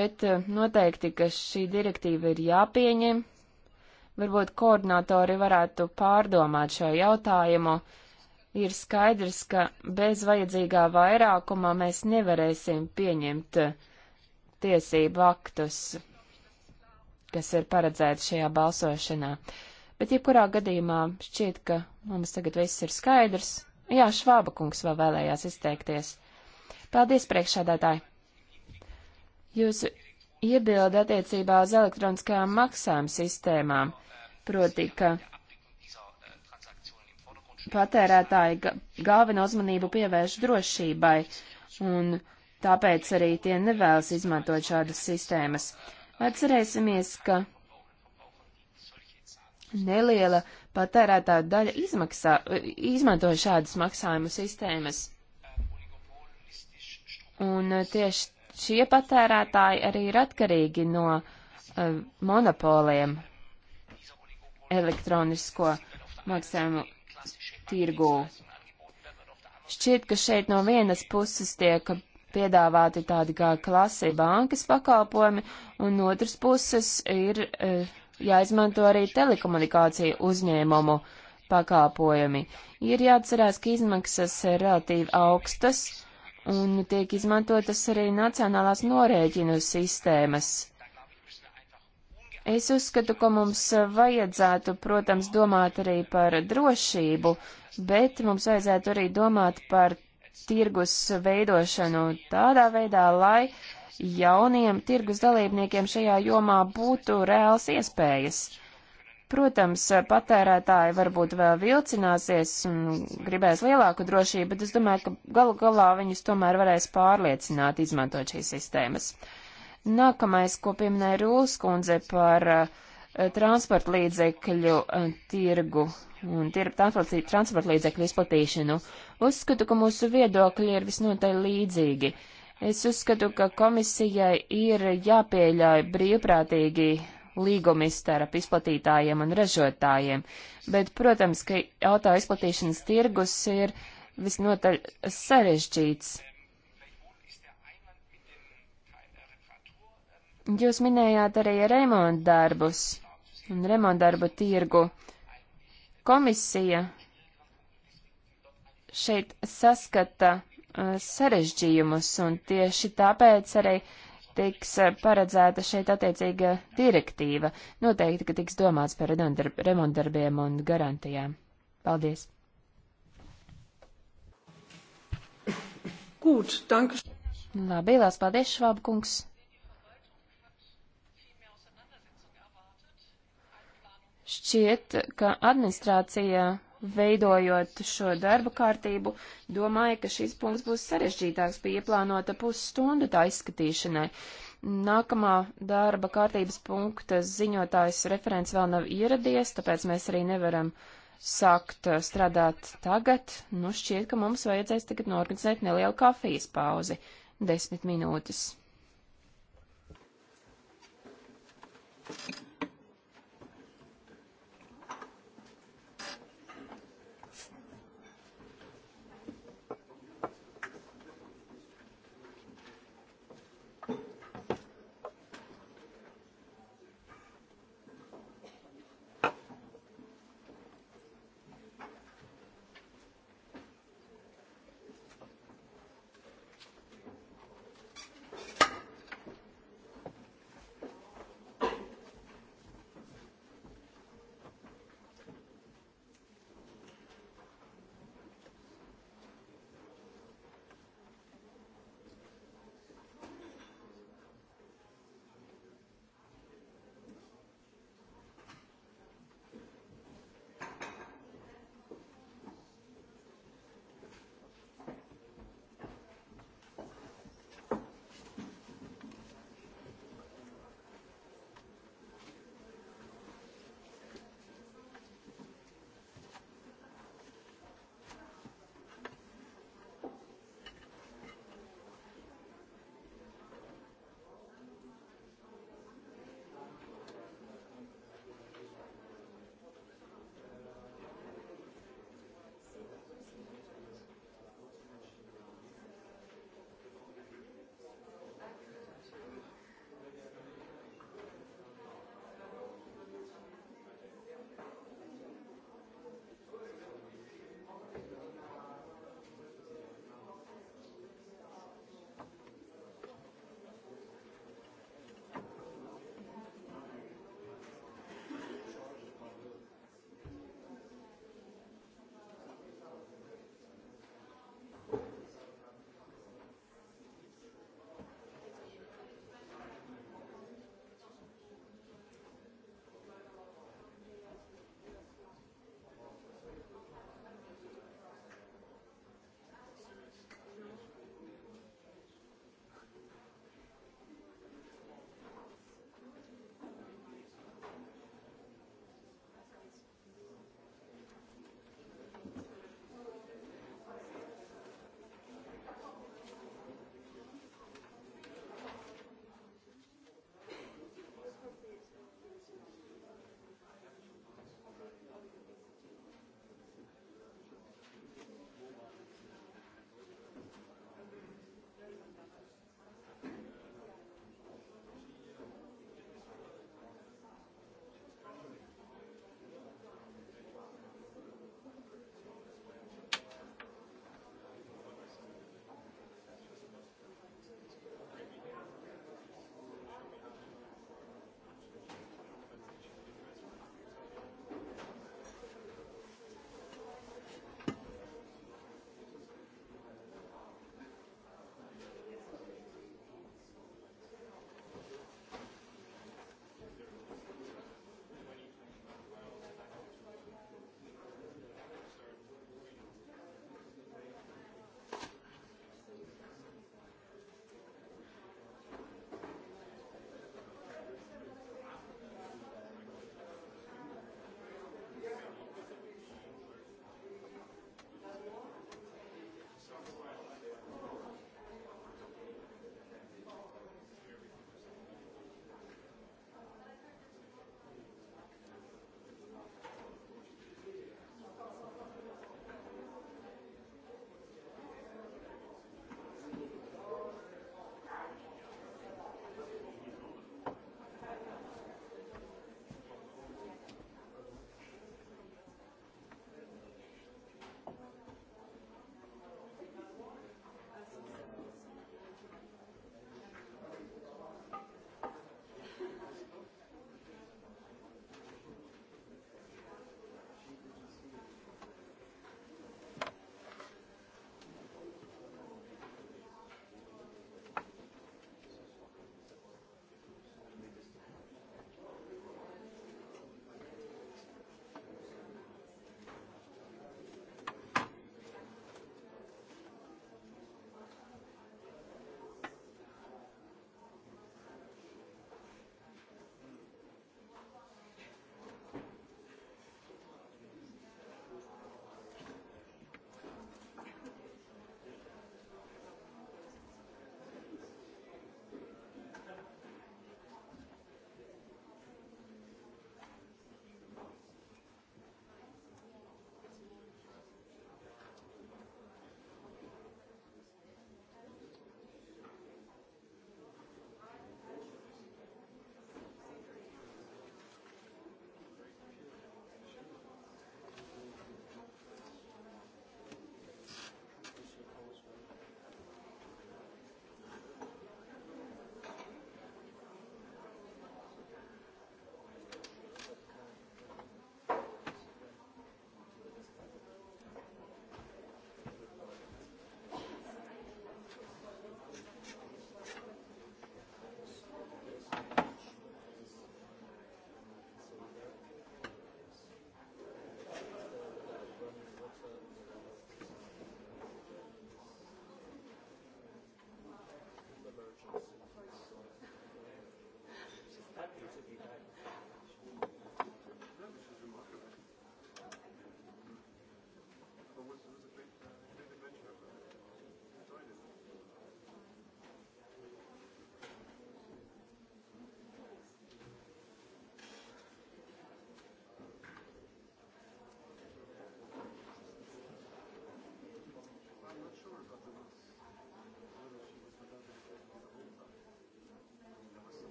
A: Bet noteikti, ka šī direktīva ir jāpieņem. Varbūt koordinatori varētu pārdomāt šo jautājumu. Ir skaidrs, ka bez vajadzīgā vairākumā mēs nevarēsim pieņemt tiesību aktus, kas ir paredzēti šajā balsošanā. Uh, Bet jebkurā gadījumā šķiet, ka mums tagad viss ir skaidrs. Jā, Švāba kungs vēl vēlējās izteikties. Paldies, priekšādātāji! Jūsu iebilda attiecībā uz elektroniskajām maksājuma sistēmām, proti, ka patērētāji galvenu uzmanību pievērš drošībai, un tāpēc arī tie nevēlas izmantot šādas sistēmas. Atcerēsimies, ka neliela patērētāja daļa izmaksā, izmanto šādas maksājumu sistēmas. Un eh, tieši šie patērētāji arī ir atkarīgi no uh, monopoliem elektronisko maksājumu tirgū. Šķiet, ka šeit no vienas puses tiek piedāvāti tādi kā klasi bankas pakalpojumi, un otras puses ir uh, jāizmanto arī telekomunikāciju uzņēmumu pakāpojumi. Ir jāatcerās, ka izmaksas ir relatīvi augstas un tiek izmantotas arī nacionālās norēķinu sistēmas. Es uzskatu, ka mums vajadzētu, protams, domāt arī par drošību, bet mums vajadzētu arī domāt par tirgus veidošanu tādā veidā, lai uh, jauniem tirgus dalībniekiem šajā jomā būtu reāls iespējas. Protams, patērētāji varbūt vēl vilcināsies un gribēs lielāku drošību, bet es domāju, ka galu galā viņus tomēr varēs pārliecināt, izmantot šīs sistēmas. Nākamais, ko pieminēja Rūlas kundze par uh, transporta līdzekļu uh, tirgu un tir, transporta līdzekļu izplatīšanu, uzskatu, ka mūsu viedokļi ir visnotaļ līdzīgi. Uh, Es uzskatu, ka komisijai ir jāpieļauj brīvprātīgi līgumi starp izplatītājiem un ražotājiem, bet, protams, ka auto izplatīšanas tirgus ir visnotaļ sarežģīts. Jūs minējāt arī remontdarbus un remontdarbu tirgu. Komisija šeit saskata Uh, sarežģījumus, un tieši tāpēc arī tiks uh, paredzēta šeit attiecīga direktīva. Noteikti, ka tiks domāts par remontdarbiem un garantijām. Paldies! Gut, danke. Labi, liels paldies, Švāba kungs. Šķiet, ka administrācija veidojot šo darba kārtību, domāju, ka šis punkts būs sarežģītāks, bija ieplānota pusstunda tā izskatīšanai. Nākamā darba kārtības punkta ziņotājs referents vēl nav ieradies, tāpēc mēs arī nevaram sākt uh, strādāt tagad. Nu, šķiet, ka mums vajadzēs tagad norganizēt nelielu kafijas pauzi - desmit minūtes. Thank you.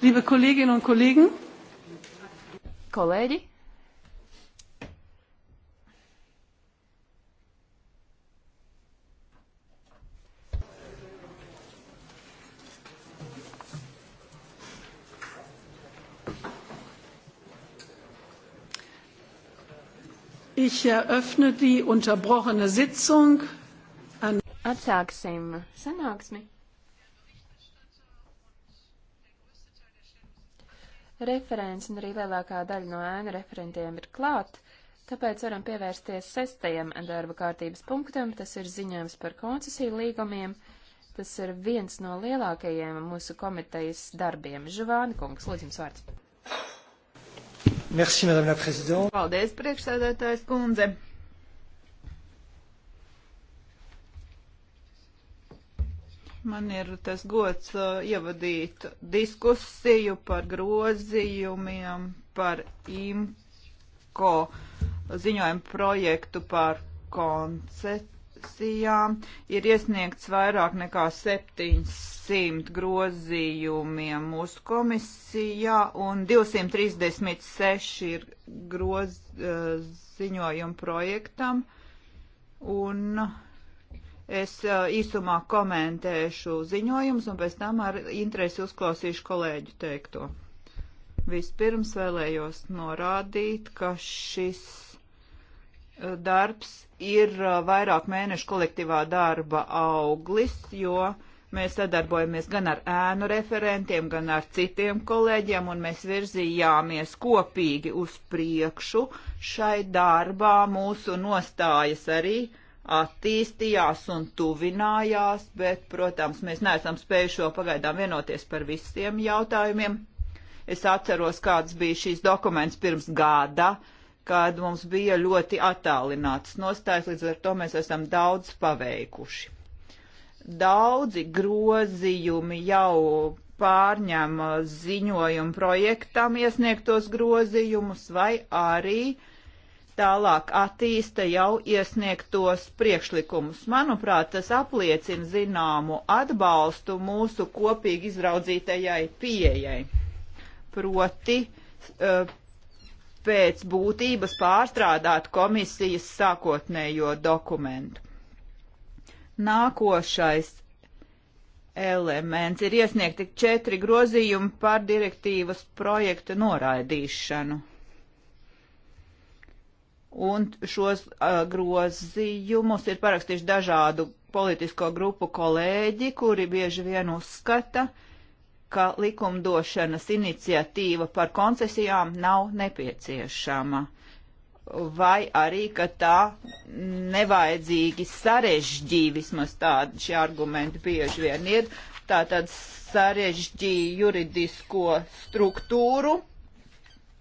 C: Liebe Kolleginnen un
A: Kollegen. Kolēģi. Ich eröffne die unterbrochene Sitzung. An Atsāksim sanāksmi. referents un arī lielākā daļa no ēnu referentiem ir klāt, tāpēc varam pievērsties sestajam darba kārtības punktam, tas ir ziņojums par koncesiju līgumiem. Tas ir viens no lielākajiem mūsu komitejas darbiem. Žuvāni kungs, lūdzu jums vārds.
C: Merci, madame la présidente.
A: Paldies, priekšsēdētājs kundze.
C: Man ir tas gods uh, ievadīt diskusiju par grozījumiem, par IMCO ziņojumu projektu par koncesijām. Ir iesniegts vairāk nekā 700 grozījumiem mūsu komisijā un 236 ir groz, uh, ziņojumu projektam. Un uh, Es īsumā komentēšu ziņojumus un pēc tam ar interesi uzklausīšu kolēģu teikto. Vispirms vēlējos norādīt, ka šis darbs ir vairāk mēnešu kolektīvā darba auglis, jo mēs sadarbojamies gan ar ēnu referentiem, gan ar citiem kolēģiem, un mēs virzījāmies kopīgi uz priekšu. Šai darbā mūsu nostājas arī uh, attīstījās un tuvinājās, bet, protams, mēs neesam spējuši vēl pagaidām vienoties par visiem jautājumiem. Es atceros, kāds bija šīs dokuments pirms gada, kad mums bija ļoti attālināts nostājs, līdz ar to mēs esam daudz paveikuši. Daudzi grozījumi jau pārņem ziņojumu projektam iesniegtos grozījumus vai arī uh, tālāk attīsta jau iesniegtos priekšlikumus. Manuprāt, tas apliecina zināmu atbalstu mūsu kopīgi izraudzītajai pieejai. Proti, eh, pēc būtības pārstrādāt komisijas sākotnējo dokumentu. Nākošais elements ir iesniegti četri grozījumi par direktīvas projekta noraidīšanu un šos uh, grozījumus ir parakstījuši dažādu politisko grupu kolēģi, kuri bieži vien uzskata, ka likumdošanas iniciatīva par koncesijām nav nepieciešama, vai arī, ka tā nevajadzīgi sarežģīja, vismaz tādi šie argumenti bieži vien ir, tātad sarežģīja juridisko struktūru,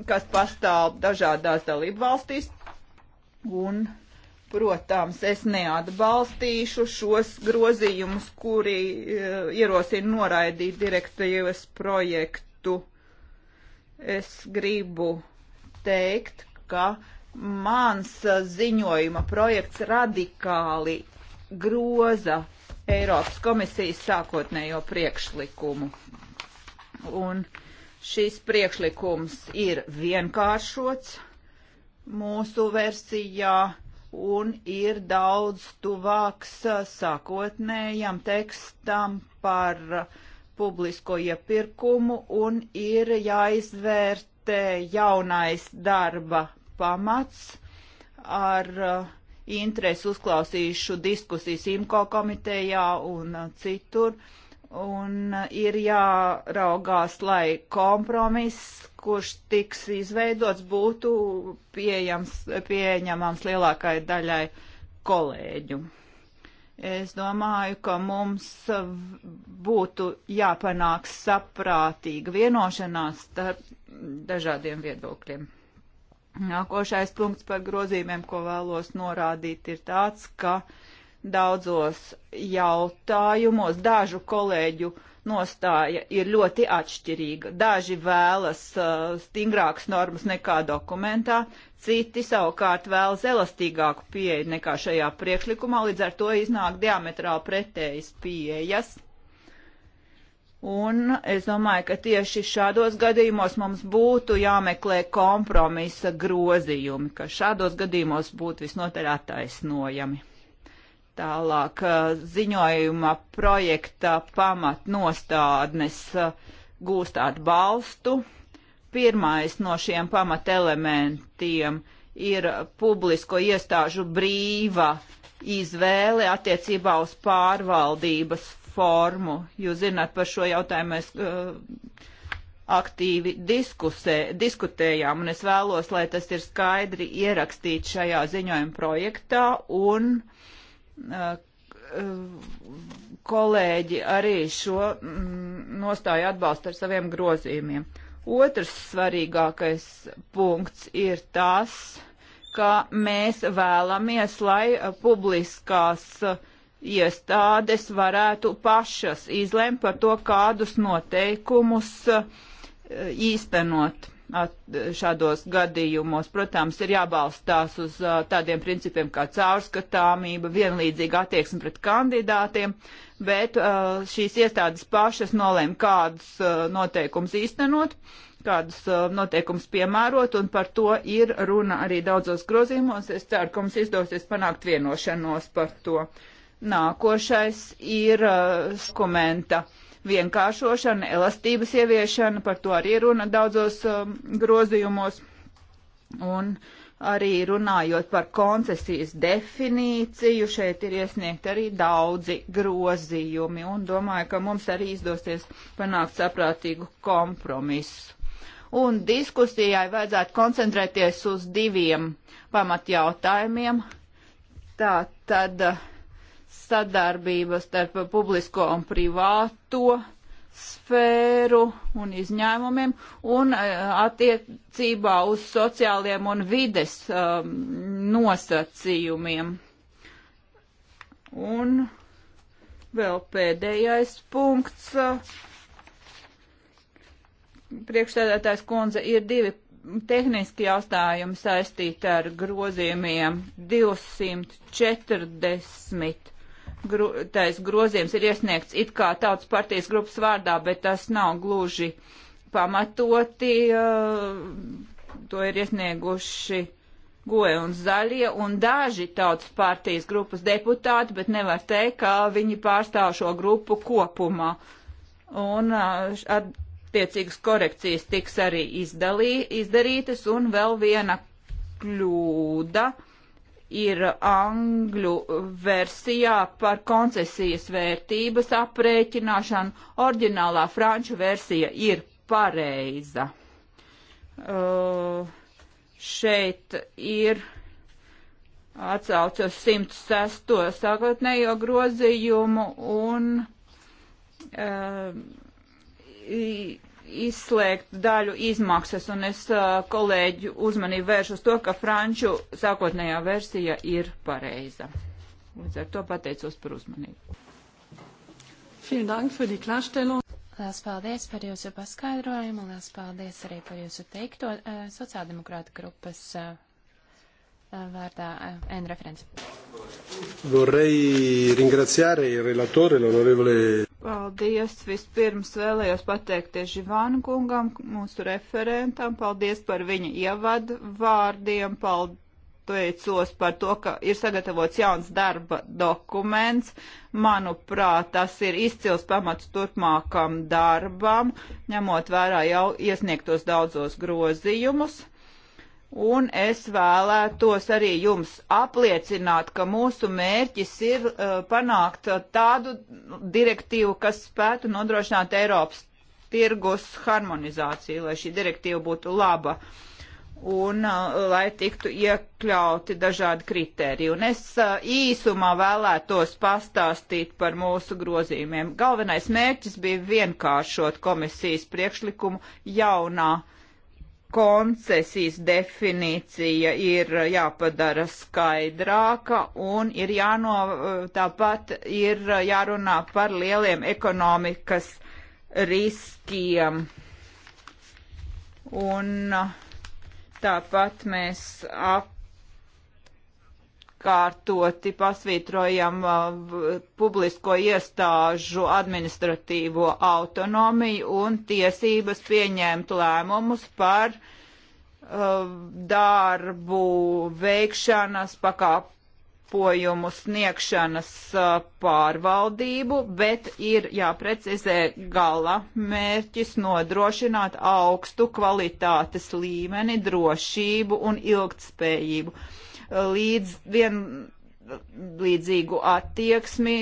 C: kas pastāv dažādās dalību valstīs, Un, protams, es neatbalstīšu šos grozījumus, kuri uh, ierosina noraidīt direktīvas projektu. Es gribu teikt, ka mans ziņojuma projekts radikāli groza Eiropas komisijas sākotnējo priekšlikumu. Un šis priekšlikums ir vienkāršots mūsu versijā un ir daudz tuvāks sākotnējam tekstam par publisko iepirkumu un ir jāizvērtē jaunais darba pamats ar interesi uzklausīšu diskusijas IMCO komitejā un citur. Uh, un uh, ir jāraugās, lai kompromiss, kurš tiks izveidots, būtu pieejams, pieņemams lielākai daļai kolēģu. Es domāju, ka mums būtu jāpanāk saprātīga vienošanās starp dažādiem viedokļiem. Nākošais punkts par grozījumiem, ko vēlos norādīt, ir tāds, ka uh, daudzos jautājumos. Dažu kolēģu nostāja ir ļoti atšķirīga. Daži vēlas uh, stingrākas normas nekā dokumentā, citi savukārt vēlas elastīgāku pieeju nekā šajā priekšlikumā, līdz ar to iznāk diametrāli pretējas pieejas. Un es domāju, ka tieši šādos gadījumos mums būtu jāmeklē kompromisa grozījumi, ka šādos gadījumos būtu visnotaļ attaisnojami. Tālāk ziņojuma projekta pamatnostādnes gūst atbalstu. Pirmais no šiem pamatelementiem ir publisko iestāžu brīva izvēle attiecībā uz pārvaldības formu. Jūs zināt, par šo jautājumu mēs uh, aktīvi diskusē, diskutējām, un es vēlos, lai tas ir skaidri ierakstīts šajā ziņojuma projektā, un uh, kolēģi arī šo mm, nostāju atbalsta ar saviem grozījumiem. Otrs svarīgākais punkts ir tas, ka mēs vēlamies, lai publiskās iestādes varētu pašas izlemt par to, kādus noteikumus e, īstenot at, šādos gadījumos. Protams, ir jābalstās uz uh, tādiem principiem kā caurskatāmība, vienlīdzīga attieksme pret kandidātiem, bet uh, šīs iestādes pašas nolēma, kādus uh, noteikumus īstenot, kādus noteikumus piemērot, un par to ir runa arī daudzos grozījumos. Es ceru, ka mums izdosies panākt vienošanos par to. Nākošais ir dokumenta. Uh, vienkāršošana, elastības ieviešana, par to arī runa daudzos um, grozījumos. Un arī runājot par koncesijas definīciju, šeit ir iesniegt arī daudzi grozījumi un domāju, ka mums arī izdosies panākt saprātīgu kompromisu. Un diskusijai vajadzētu koncentrēties uz diviem pamatjautājumiem. Tā tad. Uh, sadarbība starp publisko un privāto sfēru un izņēmumiem un eh, attiecībā uz sociāliem un vides um, nosacījumiem. Un vēl pēdējais punkts. Priekšstādātājs kundze ir divi tehniski jautājumi saistīti ar grozījumiem 240 gro, grozījums ir iesniegts it kā tautas partijas grupas vārdā, bet tas nav gluži pamatoti. Uh, to ir iesnieguši goja un zaļie un daži tautas partijas grupas deputāti, bet nevar teikt, ka viņi pārstāv šo grupu kopumā. Un uh, ar attiecīgas korekcijas tiks arī izdalī, izdarītas un vēl viena kļūda. Uh, ir angļu versijā par koncesijas vērtības aprēķināšanu. Orģinālā franču versija ir pareiza. Uh, šeit ir atsaucos 106. sākotnējo grozījumu un uh, i, izslēgt daļu izmaksas, un es kolēģu uzmanību vēršu uz to, ka franču sākotnējā versija ir pareiza. Līdz ar to pateicos par uzmanību.
A: Lielas paldies par jūsu paskaidrojumu, lielas paldies arī par jūsu teikto. Sociāldemokrāta grupas Eh, vārdā eh, N referents.
B: Vorrei ringraziare il relatore, l'onorevole.
C: Paldies! Vispirms vēlējos pateikties Živānu kungam, mūsu referentam. Paldies par viņa ievadu vārdiem. Paldies! pateicos par to, ka ir sagatavots jauns darba dokuments. Manuprāt, tas ir izcils pamats turpmākam darbam, ņemot vērā jau iesniegtos daudzos grozījumus. Un es vēlētos arī jums apliecināt, ka mūsu mērķis ir uh, panākt tādu direktīvu, kas spētu nodrošināt Eiropas tirgus harmonizāciju, lai šī direktīva būtu laba un uh, lai tiktu iekļauti dažādi kriteriji. Un es uh, īsumā vēlētos pastāstīt par mūsu grozījumiem. Galvenais mērķis bija vienkāršot komisijas priekšlikumu jaunā uh, koncesijas definīcija ir jāpadara skaidrāka un ir jāno, tāpat ir jārunā par lieliem ekonomikas riskiem. Un tāpat mēs ap atkārtoti pasvītrojam uh, publisko iestāžu administratīvo autonomiju un tiesības pieņemt lēmumus par uh, darbu veikšanas pakāp pakalpojumu sniegšanas uh, pārvaldību, bet ir jāprecizē gala mērķis nodrošināt augstu kvalitātes līmeni, drošību un ilgtspējību līdz vienlīdzīgu attieksmi,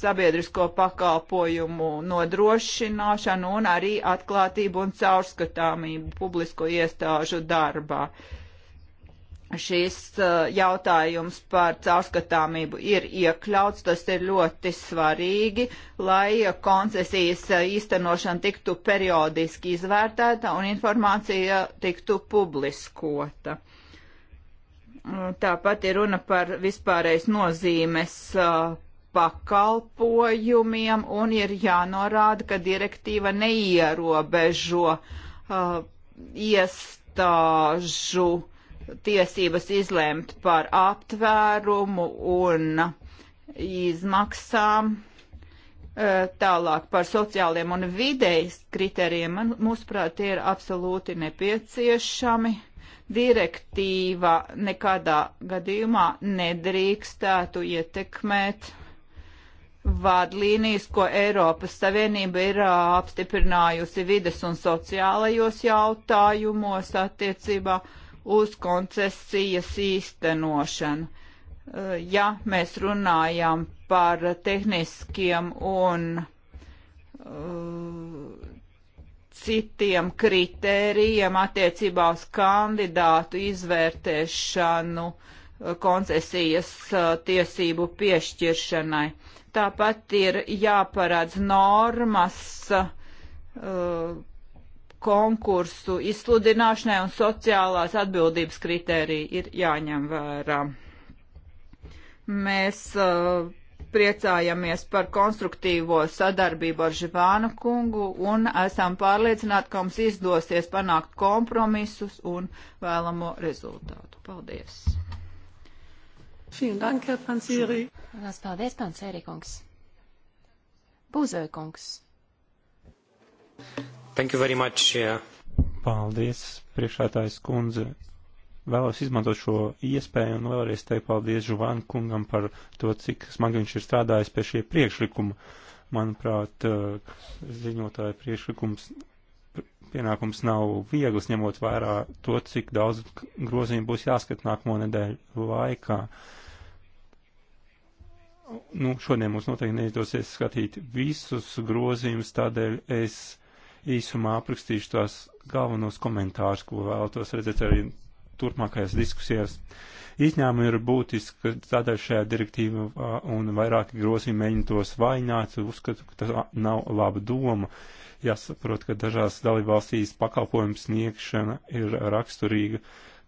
C: sabiedrisko pakalpojumu nodrošināšanu un arī atklātību un caurskatāmību publisko iestāžu darbā. Šis jautājums par caurskatāmību ir iekļauts, tas ir ļoti svarīgi, lai koncesijas īstenošana tiktu periodiski izvērtēta un informācija tiktu publiskota Tāpat ir runa par vispārreiz nozīmes pakalpojumiem un ir jānorāda, ka direktīva neierobežo iestāžu tiesības izlēmt par aptvērumu un izmaksām, tālāk par sociāliem un vidējas kriterijiem, man, mūsuprāt, tie ir absolūti nepieciešami Direktīva nekādā gadījumā nedrīkstētu ietekmēt vadlīnijas, ko Eiropas Savienība ir apstiprinājusi vides un sociālajos jautājumos attiecībā uz koncesijas īstenošanu. Ja mēs runājam par tehniskiem un uh, citiem kritērijiem attiecībā uz kandidātu izvērtēšanu uh, koncesijas uh, tiesību piešķiršanai. Tāpat ir jāparādz normas uh, konkursu izsludināšanai un sociālās atbildības kritērija ir jāņem vērā. Mēs uh, priecājamies par konstruktīvo sadarbību ar Živānu kungu un esam pārliecināti, ka mums izdosies panākt kompromisus un vēlamo rezultātu. Paldies!
A: Dank, Lās paldies, Pansēri kungs! Būzoja kungs!
B: Thank you very much. Yeah. Paldies, priekšētājs kundze. Vēlos izmantot šo iespēju un vēlreiz teikt paldies Žuvānu kungam par to, cik smagi viņš ir strādājis pie šie priekšlikuma. Manuprāt, eh, ziņotāja priekšlikums pienākums nav viegls, ņemot vērā to, cik daudz grozījumu būs jāskat nākamo nedēļu laikā. Nu, šodien mums noteikti neizdosies skatīt visus grozījumus, tādēļ es īsumā aprakstīšu tās galvenos komentārus, ko vēlētos redzēt arī turpmākajās diskusijās. Izņēmumi ir būtiski tādēļ šajā direktīvā un vairāki grozījumi mēģina tos vaināt, uzskatu, ka tas nav laba doma. Jāsaprot, ka dažās dalībvalstīs pakalpojums sniegšana ir raksturīga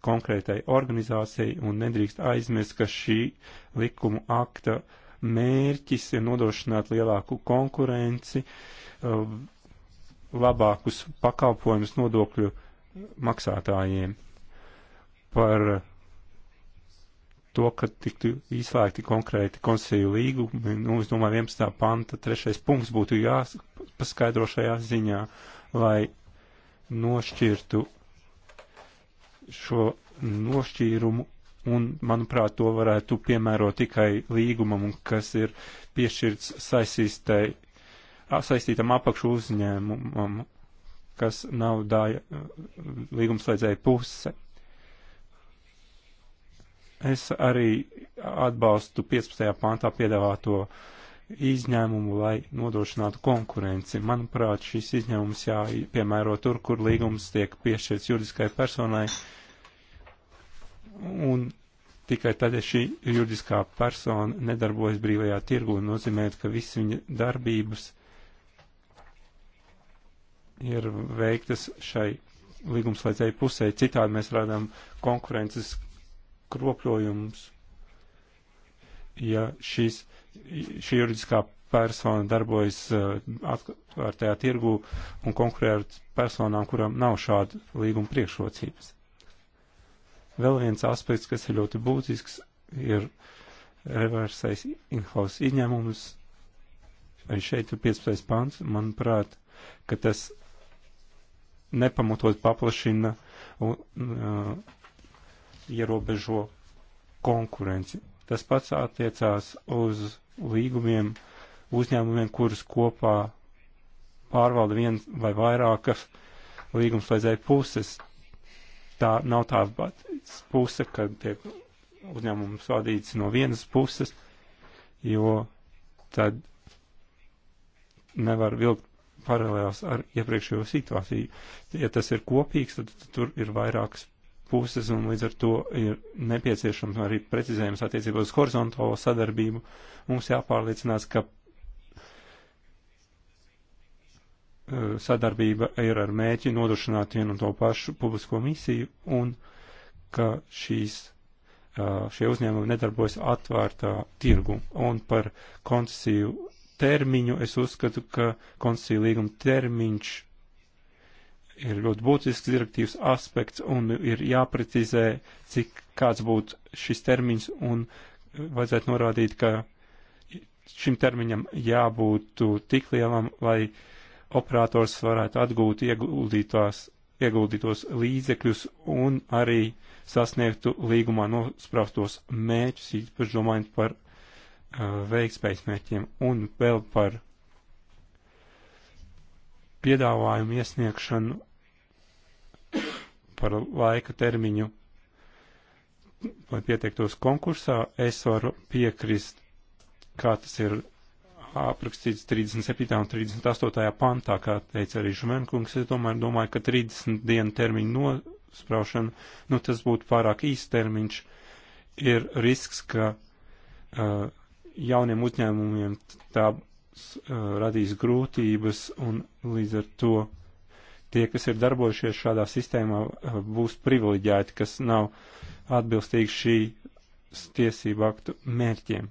B: konkrētai organizācijai un nedrīkst aizmirst, ka šī likuma akta mērķis ir nodrošināt lielāku konkurenci, labākus pakalpojumus nodokļu maksātājiem par to, ka tiktu izslēgti konkrēti konseju līgumi, nu, es domāju, 11. panta trešais punkts būtu jāpaskaidro šajā ziņā, lai nošķirtu šo nošķīrumu, un, manuprāt, to varētu piemērot tikai līgumam, kas ir piešķirts saistītai, saistītam apakšu uzņēmumam, kas nav dāja līgumslēdzēja puse. Es arī atbalstu 15. pāntā piedāvāto izņēmumu, lai nodrošinātu konkurenci. Manuprāt, šis izņēmums jāpiemēro tur, kur līgums tiek piešķirts juridiskai personai, un tikai tad, ja šī juridiskā persona nedarbojas brīvajā tirgu, nozīmē, ka visas viņa darbības ir veiktas šai līgumslēdzēju pusē. Citādi mēs rādām konkurences kropļojums, ja šīs, šī juridiskā persona darbojas eh, atvērtajā tirgu un konkurē ar personām, kurām nav šāda līguma priekšrocības. Vēl viens aspekts, kas ir ļoti būtisks, ir reversais in-house izņēmums. Arī šeit ir 15. pants, manuprāt, ka tas nepamatot paplašina un, uh, ierobežo konkurenci. Tas pats attiecās uz līgumiem uzņēmumiem, kurus kopā pārvalda viens vai vairākas līgumslēdzēju puses. Tā nav tā puse, kad tiek uzņēmums vadīts no vienas puses, jo tad nevar vilkt paralēlās ar iepriekšējo situāciju. Ja tas ir kopīgs, tad, tad tur ir vairākas puses, un līdz ar to ir nepieciešams arī precizējums attiecībā uz horizontālo sadarbību. Mums jāpārliecinās, ka e, sadarbība ir ar mēķi nodrošināt vienu un to pašu publisko misiju, un ka šīs, e, šie uzņēmumi nedarbojas atvērtā tirgu. Un par koncesiju termiņu es uzskatu, ka koncesiju līguma termiņš ir ļoti būtisks direktīvas aspekts un ir jāprecizē, cik kāds būtu šis termiņš un vajadzētu norādīt, ka šim termiņam jābūt tik lielam, lai operators varētu atgūt ieguldītās, ieguldītos līdzekļus un arī sasniegtu līgumā nospraustos mērķus, īpaši domājot par uh, veikspējas mērķiem un vēl par piedāvājumu iesniegšanu par laika termiņu, lai pieteiktos konkursā, es varu piekrist, kā tas ir aprakstīts 37. un 38. pantā, kā teica arī Žumenkungs. Es tomēr domāju, ka 30 dienu termiņu nospraušana, nu tas būtu pārāk īsts termiņš, ir risks, ka uh, jauniem uzņēmumiem tā Eh, radīs grūtības un līdz ar to tie, kas ir darbojušies šādā sistēmā, eh, būs privileģēti, kas nav atbilstīgi šī tiesību aktu mērķiem.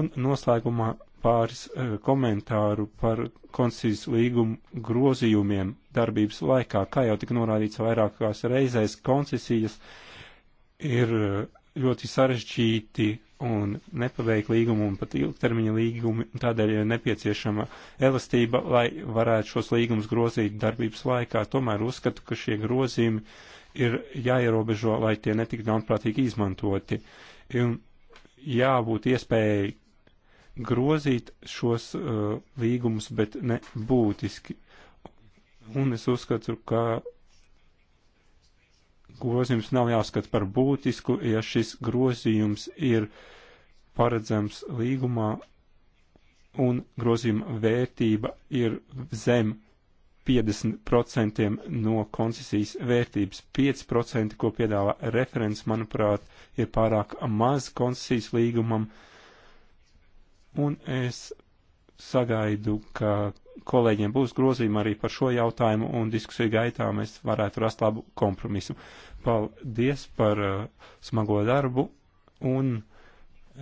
B: Un noslēgumā pāris eh, komentāru par koncīs līgumu grozījumiem darbības laikā. Kā jau tika norādīts vairākās reizēs, koncesijas ir ļoti sarežģīti un nepabeigt līgumu un pat ilgtermiņa līgumi, tādēļ ir nepieciešama elastība, lai varētu šos līgumus grozīt darbības laikā. Tomēr uzskatu, ka šie grozījumi ir jāierobežo, lai tie netiktu ļaunprātīgi izmantoti. Un jābūt iespējai grozīt šos uh, līgumus, bet ne būtiski. Un es uzskatu, ka grozījums nav jāskata par būtisku, ja šis grozījums ir paredzams līgumā un grozījuma vērtība ir zem 50% no koncesijas vērtības. 5%, ko piedāvā referents, manuprāt, ir pārāk maz koncesijas līgumam, un es sagaidu, ka kolēģiem būs grozījumi arī par šo jautājumu, un diskusiju gaitā mēs varētu rast labu kompromisu. Paldies par uh, smago darbu, un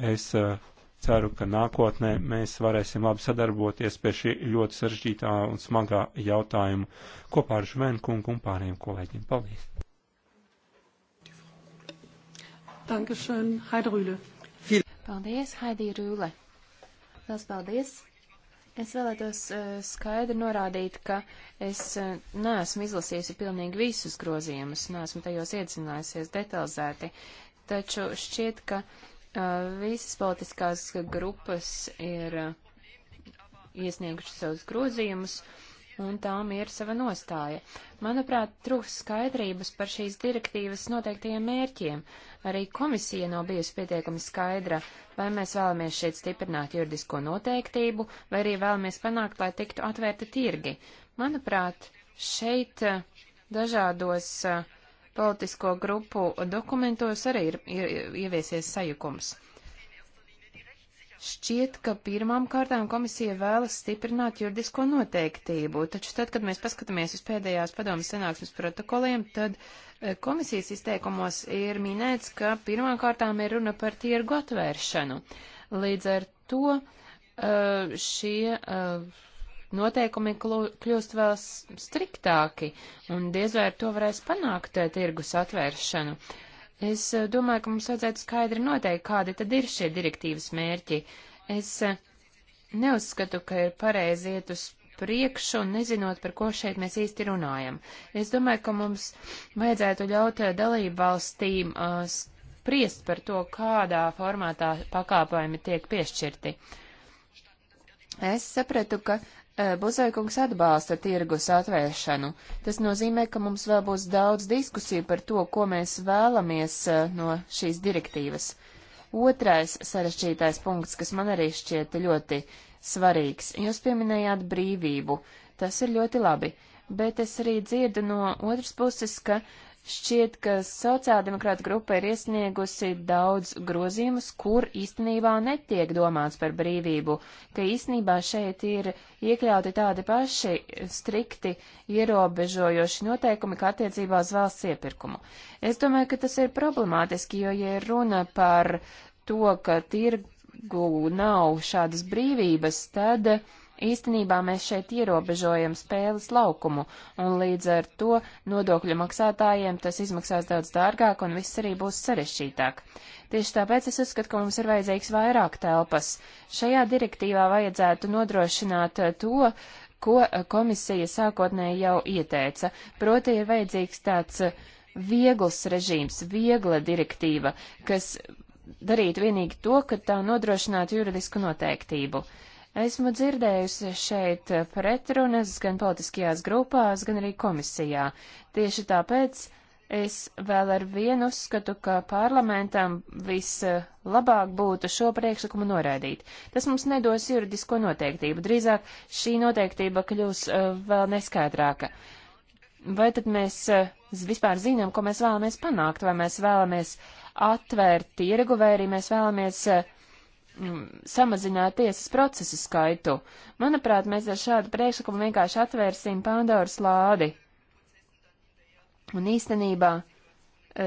B: es uh, ceru, ka nākotnē mēs varēsim labi sadarboties pie šī ļoti sarežģītā un smagā jautājuma kopā ar Žvēnu kungu un pārējiem kolēģiem. Paldies!
A: Dankeschön, Heidi Rūle. Paldies, Heidi Rūle. Lielas paldies! Es vēlētos uh, skaidri norādīt, ka es uh, neesmu izlasījusi pilnīgi visus grozījumus, neesmu tajos iedzinājusies detalizēti, taču šķiet, ka uh, visas politiskās grupas ir iesniegušas savus grozījumus, un tām ir sava nostāja. Manuprāt, trūks skaidrības par šīs direktīvas noteiktajiem mērķiem. Uh, Arī komisija nav bijusi pietiekami skaidra, vai mēs vēlamies šeit stiprināt juridisko noteiktību, vai arī vēlamies panākt, lai tiktu atvērti tirgi. Manuprāt, šeit eh, dažādos eh, politisko grupu dokumentos arī ir, ir, ir ieviesies sajukums. Šķiet, ka pirmām kārtām komisija vēlas stiprināt juridisko noteiktību, taču tad, kad mēs paskatāmies uz pēdējās padomas sanāksmes protokoliem, tad eh, komisijas izteikumos ir minēts, ka pirmām kārtām ir runa par tirgu atvēršanu. Līdz ar to eh, šie eh, noteikumi kļūst vēl striktāki, un diez vai ar to varēs panākt tirgus atvēršanu. Es eh, domāju, ka mums vajadzētu skaidri noteikt, kādi tad ir šie direktīvas mērķi. Es eh, neuzskatu, ka ir pareizi iet uz priekšu, nezinot, par ko šeit mēs īsti runājam. Es domāju, ka mums vajadzētu ļaut eh, dalību valstīm uh, spriest par to, kādā formātā pakāpojumi tiek piešķirti. Es sapratu, ka Eh, Buzaikungs atbalsta tirgus atvēršanu. Tas nozīmē, ka mums vēl būs daudz diskusiju par to, ko mēs vēlamies eh, no šīs direktīvas. Otrais sarežģītais punkts, kas man arī šķiet ļoti svarīgs. Jūs pieminējāt brīvību. Tas ir ļoti labi. Bet es arī dzirdu no otras puses, ka Šķiet, ka sociāldemokrāta grupa ir iesniegusi daudz grozījumus, kur īstenībā netiek domāts par brīvību, ka īstenībā šeit ir iekļauti tādi paši strikti ierobežojoši noteikumi, kā attiecībā uz valsts iepirkumu. Es domāju, ka tas ir problemātiski, jo, ja runa par to, ka tirgu nav šādas brīvības, tad uh, Īstenībā mēs šeit ierobežojam spēles laukumu, un līdz ar to nodokļu maksātājiem tas izmaksās daudz dārgāk, un viss arī būs sarešķītāk. Tieši tāpēc es uzskatu, ka mums ir vajadzīgs vairāk telpas. Šajā direktīvā vajadzētu nodrošināt eh, to, ko eh, komisija sākotnēji jau ieteica, proti ir vajadzīgs tāds eh, viegls režīms, viegla direktīva, kas darītu vienīgi to, ka tā nodrošinātu juridisku noteiktību. Uh, Esmu dzirdējusi šeit pretrunas gan politiskajās grupās, gan arī komisijā. Tieši tāpēc es vēl ar vienu uzskatu, ka parlamentam vislabāk būtu šo priekšlikumu noraidīt. Tas mums nedos juridisko noteiktību. Drīzāk šī noteiktība kļūs uh, vēl neskaidrāka. Vai tad mēs uh, vispār zinām, ko mēs vēlamies panākt, vai mēs vēlamies atvērt tirgu, vai arī mēs vēlamies uh, Mm, samazināt tiesas procesu skaitu. Manuprāt, mēs ar šādu priekšlikumu vienkārši atvērsim Pandoras lādi. Un īstenībā e,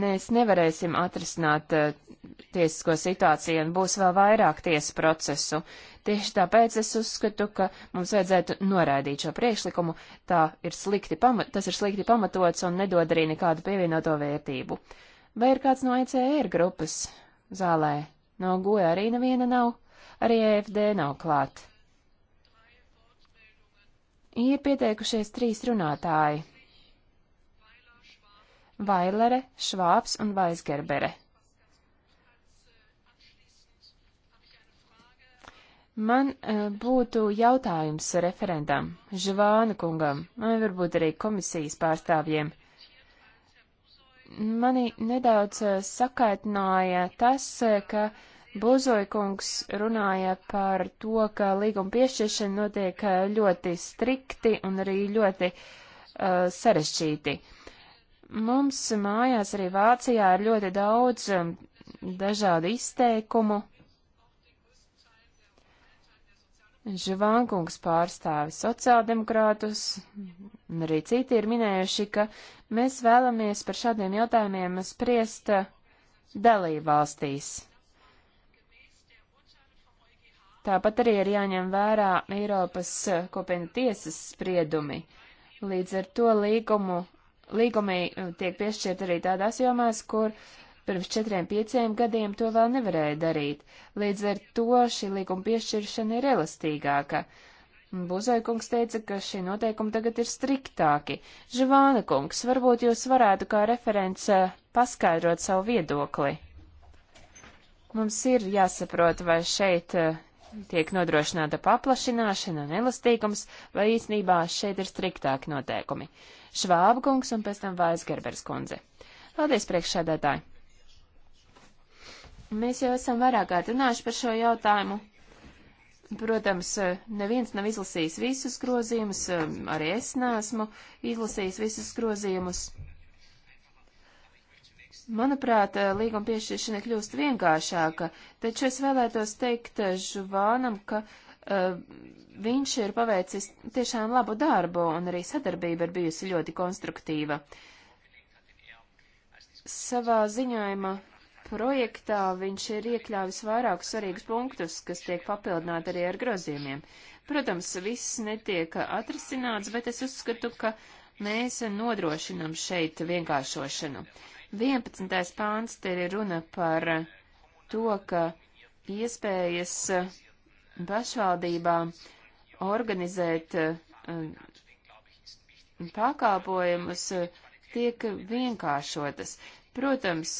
A: mēs nevarēsim atrisināt e, tiesisko situāciju un būs vēl vairāk tiesu procesu. Tieši tāpēc es uzskatu, ka mums vajadzētu noraidīt šo priekšlikumu. Tā ir slikti pamat, tas ir slikti pamatots un nedod arī nekādu pievienoto vērtību. Vai ir kāds no ECR e grupas zālē? No goja arī neviena nav, arī EFD nav klāt. Ir pieteikušies trīs runātāji - Vailere, Švāps un Vaisgerbere. Man uh, būtu jautājums referentam, Žvāna kungam, vai varbūt arī komisijas pārstāvjiem mani nedaudz eh, sakaitināja tas, eh, ka Buzoikungs runāja par to, ka līguma piešķiršana notiek eh, ļoti strikti un arī ļoti uh, sarešķīti. Mums mājās arī Vācijā ir ļoti daudz dažādu izteikumu. Žvankungs pārstāvi sociāldemokrātus, un arī citi ir minējuši, ka mēs vēlamies par šādiem jautājumiem spriest uh, dalību valstīs. Tāpat arī ir jāņem vērā Eiropas uh, kopienu tiesas spriedumi. Līdz ar to līgumu, līgumi uh, tiek piešķirt arī tādās jomās, kur pirms četriem pieciem gadiem to vēl nevarēja darīt. Līdz ar to šī līguma piešķiršana ir elastīgāka. Buzai kungs teica, ka šie noteikumi tagad ir striktāki. Živāna kungs, varbūt jūs varētu kā referents eh, paskaidrot savu viedokli. Mums ir jāsaprot, vai šeit eh, tiek nodrošināta paplašināšana un elastīgums, vai īsnībā šeit ir striktāki noteikumi. Švāba kungs un pēc tam Vaisgerbers kundze. Paldies priekšsēdētāji! Mēs jau esam vairāk kā runājuši par šo jautājumu. Protams, eh, neviens nav izlasījis visus grozījumus, eh, arī es neesmu izlasījis visus grozījumus. Manuprāt, eh, līguma piešķiršana kļūst vienkāršāka, taču es vēlētos teikt Žuvānam, ka uh, viņš ir paveicis tiešām labu darbu un arī sadarbība ir bijusi ļoti konstruktīva. Savā ziņojuma projektā viņš ir iekļāvis vairākus svarīgus punktus, kas tiek papildināti arī ar grozījumiem. Protams, viss netiek atrasināts, bet es uzskatu, ka mēs nodrošinam šeit vienkāršošanu. 11. pāns te ir runa par to, ka iespējas pašvaldībām organizēt um, pakalpojumus uh, tiek vienkāršotas. Protams,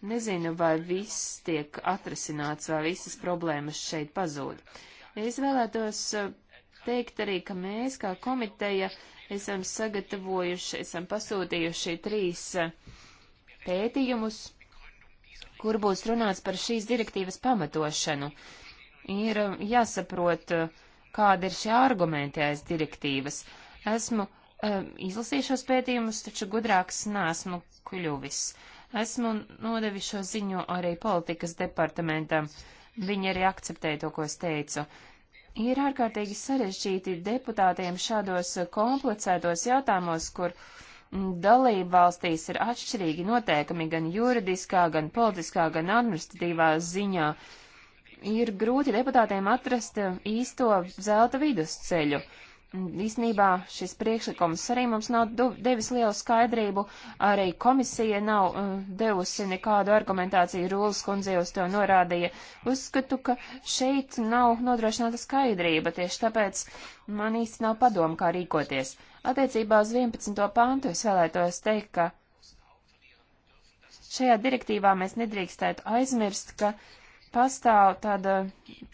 A: Nezinu, vai viss tiek atrisināts, vai visas problēmas šeit pazūd. Es vēlētos eh, teikt arī, ka mēs kā komiteja esam sagatavojuši, esam pasūtījuši trīs eh, pētījumus, kur būs runāts par šīs direktīvas pamatošanu. Ir eh, jāsaprot, kāda ir šie argumenti aiz direktīvas. Esmu um, izlasījušos pētījumus, taču gudrāks nesmu kļuvis. Uh, Esmu nodevis šo ziņu arī politikas departamentam. Viņi arī akceptēja to, ko es teicu. Ir ārkārtīgi sarežģīti deputātiem šādos komplicētos jautājumos, kur dalību valstīs ir atšķirīgi noteikumi gan juridiskā, gan politiskā, gan administratīvā ziņā. Ir grūti deputātiem atrast īsto zelta vidusceļu. ceļu īsnībā šis priekšlikums arī mums nav devis lielu skaidrību, arī komisija nav uh, devusi nekādu argumentāciju, Rūlas kundze uz to norādīja. Uzskatu, ka šeit nav nodrošināta skaidrība, tieši tāpēc man īsti nav padomu, kā rīkoties. Attiecībā uz 11. pāntu es vēlētos teikt, ka šajā direktīvā mēs nedrīkstētu aizmirst, ka uh, pastāv tāda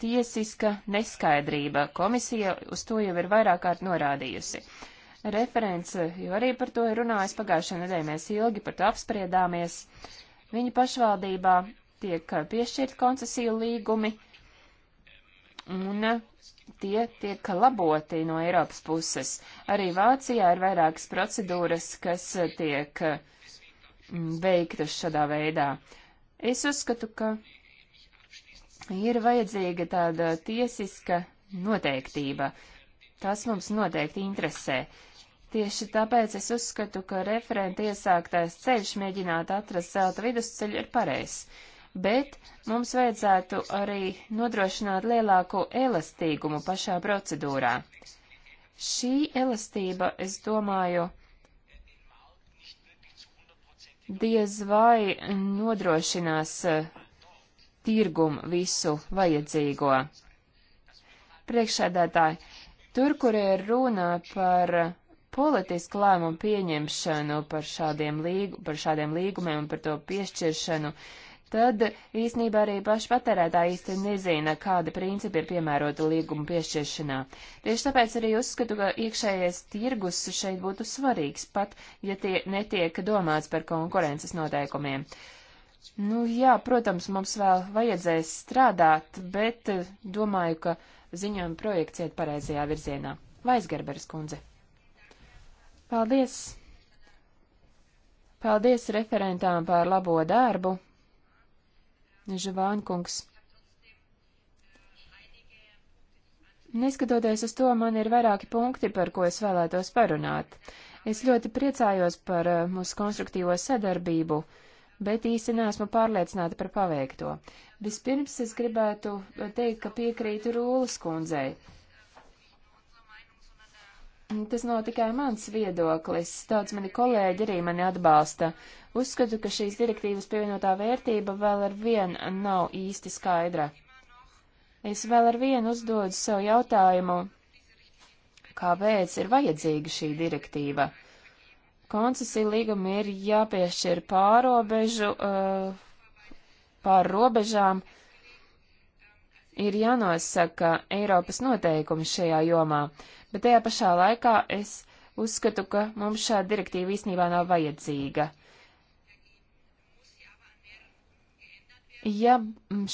A: tiesiska neskaidrība. Komisija uz to jau ir vairāk kārt norādījusi. Referents jau arī par to ir runājis pagājušajā nedēļā, mēs ilgi par to apspriedāmies. Viņa pašvaldībā tiek piešķirt koncesiju līgumi, un tie tiek laboti no Eiropas puses. Arī Vācijā ir vairākas procedūras, kas tiek mm, veiktas šādā veidā. Es uzskatu, ka ir vajadzīga tāda tiesiska noteiktība. Tas mums noteikti interesē. Tieši tāpēc es uzskatu, ka referenta iesāktais ceļš mēģināt atrast zelta vidusceļu ir pareizs. Bet mums vajadzētu arī nodrošināt lielāku elastīgumu pašā procedūrā. Šī elastība, es domāju, diez vai nodrošinās uh, tirgum visu vajadzīgo. Priekšsēdētāji, tur, kur ir runa par politisku lēmumu pieņemšanu par šādiem, līgu, par šādiem līgumiem un par to piešķiršanu, tad īsnībā arī paši patērētāji īsti nezina, kādi principi ir piemēroti līguma piešķiršanā. Tieši tāpēc arī uzskatu, ka iekšējais tirgus šeit būtu svarīgs, pat ja tie netiek domāts par konkurences noteikumiem. Uh, Nu jā, protams, mums vēl vajadzēs strādāt, bet eh, domāju, ka ziņojuma projekts iet pareizajā virzienā. Vaisgerberas kundze. Paldies! Paldies referentām par labo darbu. Žavāņkungs. Neskatoties uz to, man ir vairāki punkti, par ko es vēlētos parunāt. Es ļoti priecājos par eh, mūsu konstruktīvo sadarbību. Uh, bet īsti neesmu pārliecināta par paveikto. Vispirms es gribētu teikt, ka piekrītu Rūlas kundzei. Tas nav tikai mans viedoklis, daudz mani kolēģi arī mani atbalsta. Uzskatu, ka šīs direktīvas pievienotā vērtība vēl ar vienu nav īsti skaidra. Es vēl ar vienu uzdodu sev jautājumu, kāpēc ir vajadzīga šī direktīva koncesija līgumi ir jāpiešķir pārobežu, eh, pār robežām, ir jānosaka Eiropas noteikumi šajā jomā, bet tajā pašā laikā es uzskatu, ka mums šāda direktīva īstenībā nav vajadzīga. Ja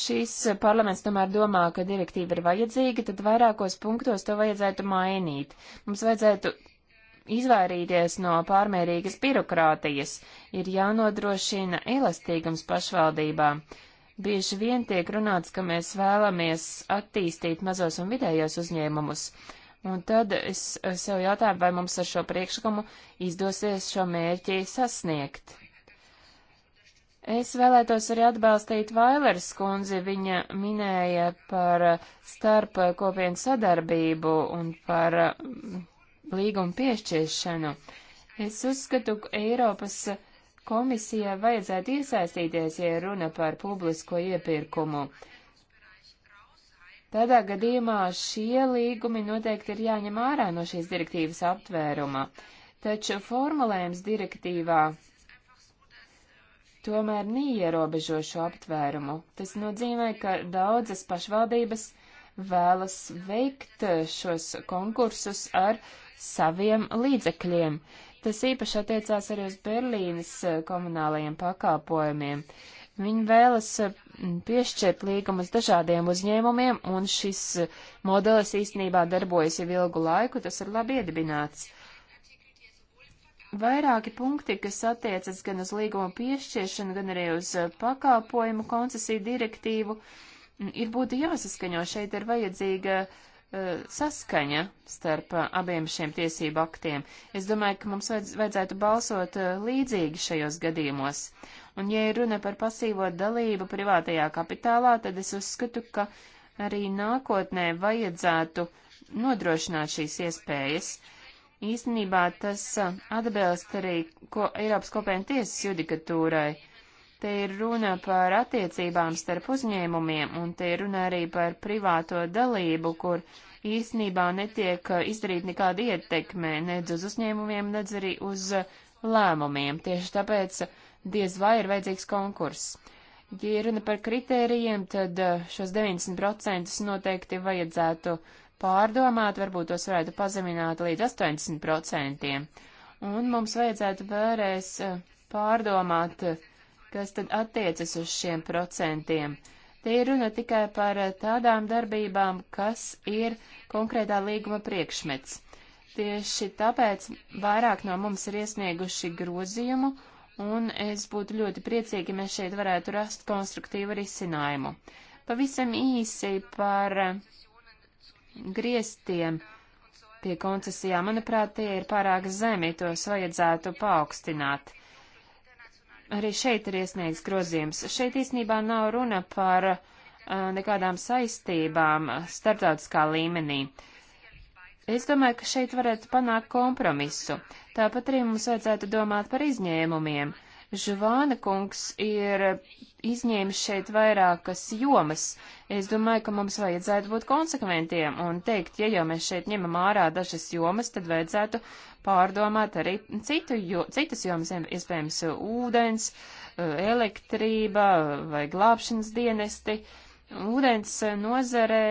A: šīs parlaments tomēr domā, ka direktīva ir vajadzīga, tad vairākos punktos to vajadzētu mainīt. Mums vajadzētu izvairīties no pārmērīgas birokrātijas, ir jānodrošina elastīgums pašvaldībām. Bieži vien tiek runāts, ka mēs vēlamies attīstīt mazos un vidējos uzņēmumus, un tad es sev jautāju, vai mums ar šo priekšlikumu izdosies šo mērķi sasniegt. Es vēlētos arī atbalstīt Vailers kundzi, viņa minēja par starp kopienu sadarbību un par līgumu piešķiršanu. Es uzskatu, ka Eiropas komisijai vajadzētu iesaistīties, ja runa par publisko iepirkumu. Tādā gadījumā šie līgumi noteikti ir jāņem ārā no šīs direktīvas aptvēruma, taču formulējums direktīvā tomēr neierobežo šo aptvērumu. Tas nozīmē, ka daudzas pašvaldības vēlas veikt šos konkursus ar saviem līdzekļiem. Tas īpaši attiecās arī uz Berlīnas eh, komunālajiem pakalpojumiem. Viņi vēlas eh, piešķirt līgumus dažādiem uzņēmumiem, un šis eh, modelis īstenībā darbojas jau ilgu laiku, tas ir labi iedibināts. Vairāki punkti, kas attiecas gan uz līguma piešķiršanu, gan arī uz pakalpojumu koncesiju direktīvu, ir būtu jāsaskaņo. Šeit ir vajadzīga uh, saskaņa starp uh, abiem šiem tiesību aktiem. Es domāju, ka mums vajadz, vajadzētu balsot uh, līdzīgi šajos gadījumos. Un, ja ir runa par pasīvo dalību privātajā kapitālā, tad es uzskatu, ka arī nākotnē vajadzētu nodrošināt šīs iespējas. Īstenībā tas uh, atbilst arī ko Eiropas kopējiem tiesas judikatūrai Te ir runa par attiecībām starp uzņēmumiem, un te ir runa arī par privāto dalību, kur īsnībā netiek izdarīt nekāda ietekme nedz uz uzņēmumiem, nedz arī uz lēmumiem. Tieši tāpēc diez vai ir vajadzīgs konkurss. Ja ir runa par kritērijiem, tad eh, šos 90% noteikti vajadzētu pārdomāt, varbūt tos varētu pazemināt līdz 80%. Un mums vajadzētu vēlreiz eh, pārdomāt, uh, kas tad attiecas uz šiem procentiem. Te ir runa tikai par eh, tādām darbībām, kas ir konkrētā līguma priekšmets. Tieši tāpēc vairāk no mums ir iesnieguši grozījumu, un es būtu ļoti priecīgi, ja mēs šeit varētu rast konstruktīvu risinājumu. Pavisam īsi par eh, griestiem pie koncesijām. Manuprāt, tie ir pārāk zemi, tos vajadzētu paaugstināt arī šeit ir iesniegts grozījums. Šeit īstenībā nav runa par uh, nekādām saistībām starptautiskā līmenī. Es domāju, ka šeit varētu panākt kompromisu. Tāpat arī mums vajadzētu domāt par izņēmumiem. Uh, Žvāna kungs ir izņēmis šeit vairākas jomas. Es domāju, ka mums vajadzētu būt konsekventiem un teikt, ja jau mēs šeit ņemam ārā dažas jomas, tad vajadzētu pārdomāt arī citu, jo, citas jomas, iespējams, ūdens, elektrība vai glābšanas dienesti. Ūdens nozarē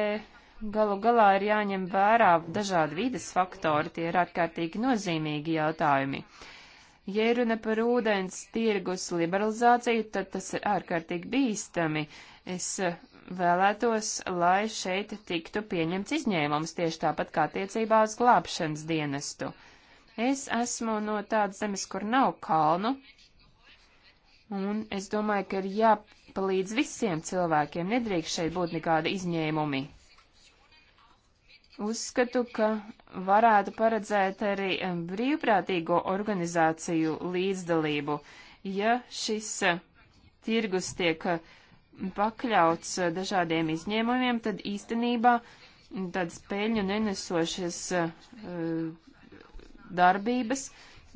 A: galu galā ir jāņem vērā dažādi vides faktori, tie ir ārkārtīgi nozīmīgi jautājumi. Ja runa par ūdens tirgus liberalizāciju, tad tas ir ārkārtīgi bīstami. Es eh, vēlētos, lai šeit tiktu pieņemts izņēmums tieši tāpat kā attiecībā uz glābšanas dienestu. Es esmu no tādas zemes, kur nav kalnu, un es domāju, ka ir jāpalīdz visiem cilvēkiem, nedrīkst šeit būt nekādi izņēmumi. Uzskatu, ka varētu paredzēt arī brīvprātīgo organizāciju līdzdalību, ja šis tirgus tiek pakļauts dažādiem izņēmumiem, tad īstenībā tādas peļņu nenesošas darbības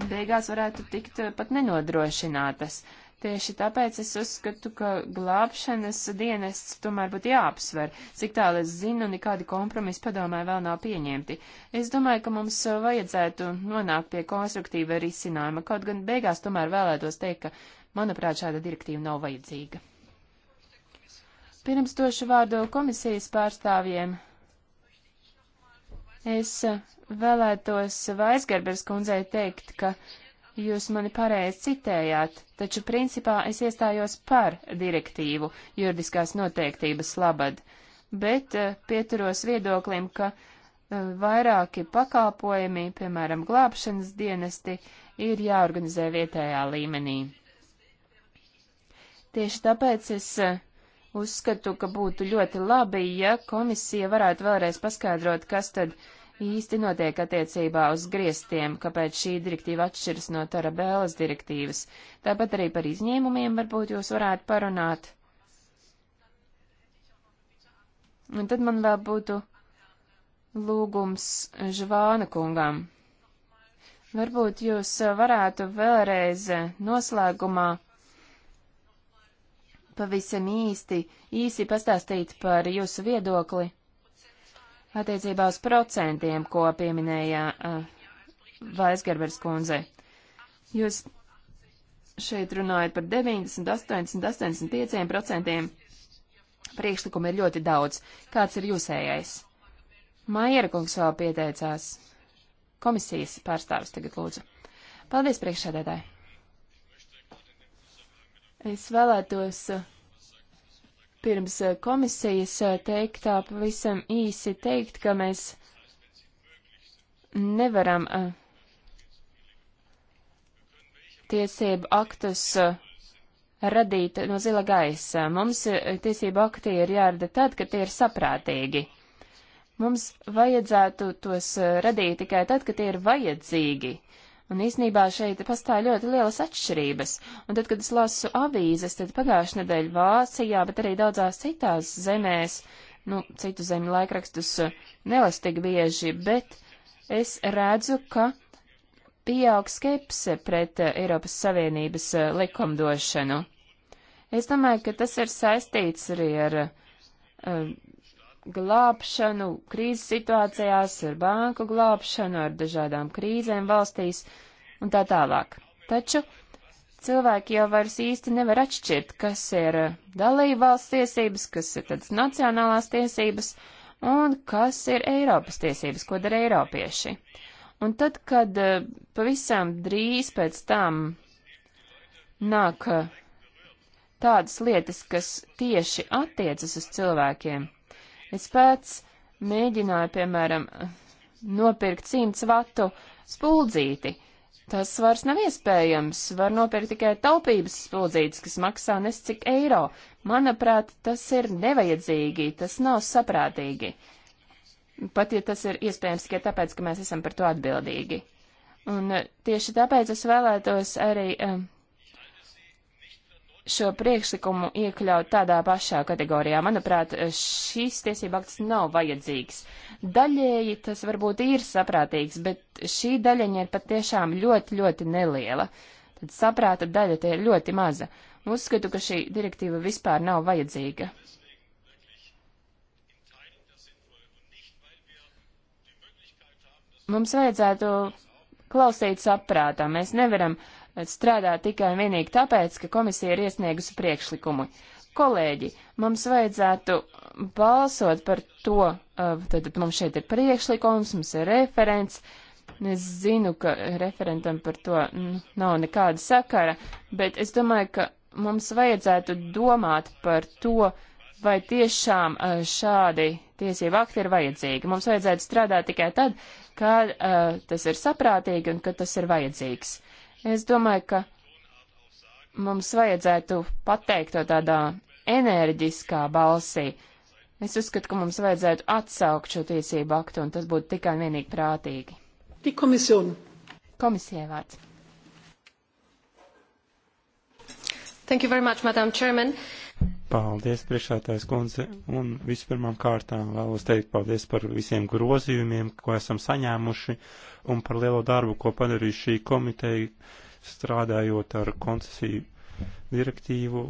A: beigās varētu tikt eh, pat nenodrošinātas. Uh, Tieši tāpēc es uzskatu, ka glābšanas dienests tomēr būtu jāapsver, cik tālu es zinu, nekādi kompromisi padomē vēl nav pieņemti. Es domāju, ka mums vajadzētu nonākt pie konstruktīva risinājuma, kaut gan beigās tomēr vēlētos teikt, ka, manuprāt, šāda direktīva nav vajadzīga. Pirms došu vārdu komisijas pārstāvjiem, es vēlētos Vaisgarbers kundzei teikt, ka Jūs mani pareizi citējāt, taču principā es iestājos par direktīvu juridiskās noteiktības labad, bet eh, pieturos viedoklim, ka eh, vairāki pakalpojumi, piemēram, glābšanas dienesti, ir jāorganizē vietējā līmenī. Tieši tāpēc es eh, uzskatu, ka būtu ļoti labi, ja komisija varētu vēlreiz paskaidrot, kas tad ir īsti notiek attiecībā uz griestiem, kāpēc šī direktīva atšķiras no Tarabēlas direktīvas. Tāpat arī par izņēmumiem varbūt jūs varētu parunāt. Un tad man vēl būtu lūgums Žvāna kungam. Varbūt jūs varētu vēlreiz noslēgumā pavisam īsti, īsi pastāstīt par jūsu viedokli attiecībā uz procentiem, ko pieminēja uh, eh, Vaisgerbers kundze. Jūs šeit runājat par 90, 80, 85 procentiem. Priekšlikumi ir ļoti daudz. Kāds ir jūsējais? Maiera kungs vēl pieteicās. Komisijas pārstāvis tagad lūdzu. Paldies priekšsēdētāji. Es vēlētos uh, pirms eh, komisijas eh, teiktā pavisam īsi teikt, ka mēs nevaram eh, tiesību aktus radīt no zila gaisa. Mums tiesību akti ir jārada tad, kad tie ir saprātīgi. Mums vajadzētu tos radīt tikai tad, kad tie ir vajadzīgi. Un īsnībā šeit pastāv ļoti lielas atšķirības. Un tad, kad es lasu avīzes, tad pagājušajā nedēļā Vācijā, bet arī daudzās citās zemēs, nu, citu zemju laikrakstus eh, nelas tik bieži, bet es redzu, ka pieaug skepse pret eh, Eiropas Savienības eh, likumdošanu. Es domāju, ka tas ir saistīts arī ar uh, glābšanu krīzes situācijās, ar banku glābšanu, ar dažādām krīzēm valstīs un tā tālāk. Taču cilvēki jau vairs īsti nevar atšķirt, kas ir dalība valsts tiesības, kas ir tādas nacionālās tiesības un kas ir Eiropas tiesības, ko dara Eiropieši. Un tad, kad eh, pavisam drīz pēc tam nāk eh, tādas lietas, kas tieši attiecas uz cilvēkiem, Es pats mēģināju, piemēram, nopirkt 100 vatu spuldzīti. Tas vairs nav iespējams. Var nopirkt tikai taupības spuldzītes, kas maksā nescik eiro. Manuprāt, tas ir nevajadzīgi, tas nav saprātīgi. Pat ja tas ir iespējams tikai tāpēc, ka mēs esam par to atbildīgi. Un tieši tāpēc es vēlētos arī um, šo priekšlikumu iekļaut tādā pašā kategorijā. Manuprāt, šīs tiesība akts nav vajadzīgs. Daļēji tas varbūt ir saprātīgs, bet šī daļaņa ir patiešām ļoti, ļoti neliela. Tad saprāta daļa tie ir ļoti maza. Uzskatu, ka šī direktīva vispār nav vajadzīga. Mums vajadzētu klausīt saprātā. Mēs nevaram uh, strādā tikai un vienīgi tāpēc, ka komisija ir iesniegusi priekšlikumu. Kolēģi, mums vajadzētu balsot par to, eh, tad mums šeit ir priekšlikums, mums ir referents, Es zinu, ka referentam par to mm, nav nekāda sakara, bet es domāju, ka mums vajadzētu domāt par to, vai tiešām eh, šādi tiesību akti ir vajadzīgi. Mums vajadzētu strādāt tikai tad, kad uh, tas ir saprātīgi un kad tas ir vajadzīgs. Es domāju, ka mums vajadzētu pateikt to tādā enerģiskā balsī. Es uzskatu, ka mums vajadzētu atsaukt šo tiesību aktu, un tas būtu tikai un vienīgi prātīgi. Die Kommission. Komisijai vārds. Thank you very much, Madam Chairman. Uh,
B: Paldies, priekšētājs kundze, un vispirmām kārtām vēlos teikt paldies par visiem grozījumiem, ko esam saņēmuši, un par lielo darbu, ko padarīja šī komiteja, strādājot ar koncesiju direktīvu.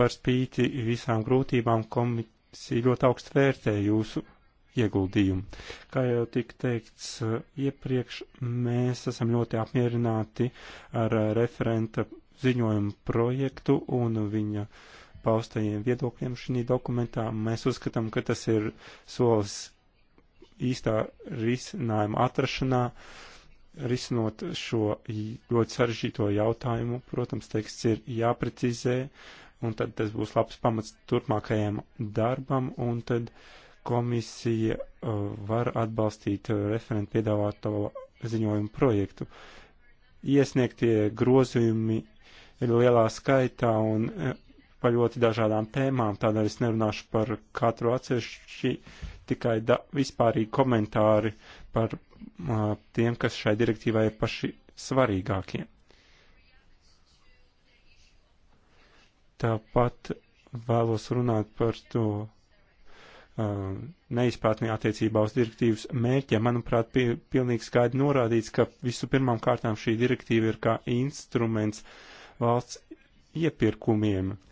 B: Par spīti visām grūtībām komisija ļoti augstu vērtē jūsu ieguldījumu. Kā jau tika teikts uh, iepriekš, mēs esam ļoti apmierināti ar uh, referenta ziņojumu projektu un viņa uh, paustajiem viedokļiem šī dokumentā. Mēs uzskatām, ka tas ir solis īstā risinājuma atrašanā, risinot šo ļoti sarežģīto jautājumu. Protams, teksts ir jāprecizē, un tad tas būs labs pamats turpmākajam darbam, un tad komisija uh, var atbalstīt uh, referentu piedāvāto ziņojumu projektu. Iesniegtie grozījumi ir lielā skaitā, un uh, par ļoti dažādām tēmām, tādēļ es nerunāšu par katru atsevišķi, tikai da, vispārīgi komentāri par uh, tiem, kas šai direktīvai ir paši svarīgākie. Tāpat vēlos runāt par to uh, neizpratni attiecībā uz direktīvas mērķiem. Manuprāt, pie, pilnīgi skaidri norādīts, ka visu pirmām kārtām šī direktīva ir kā instruments valsts iepirkumiem. Uh,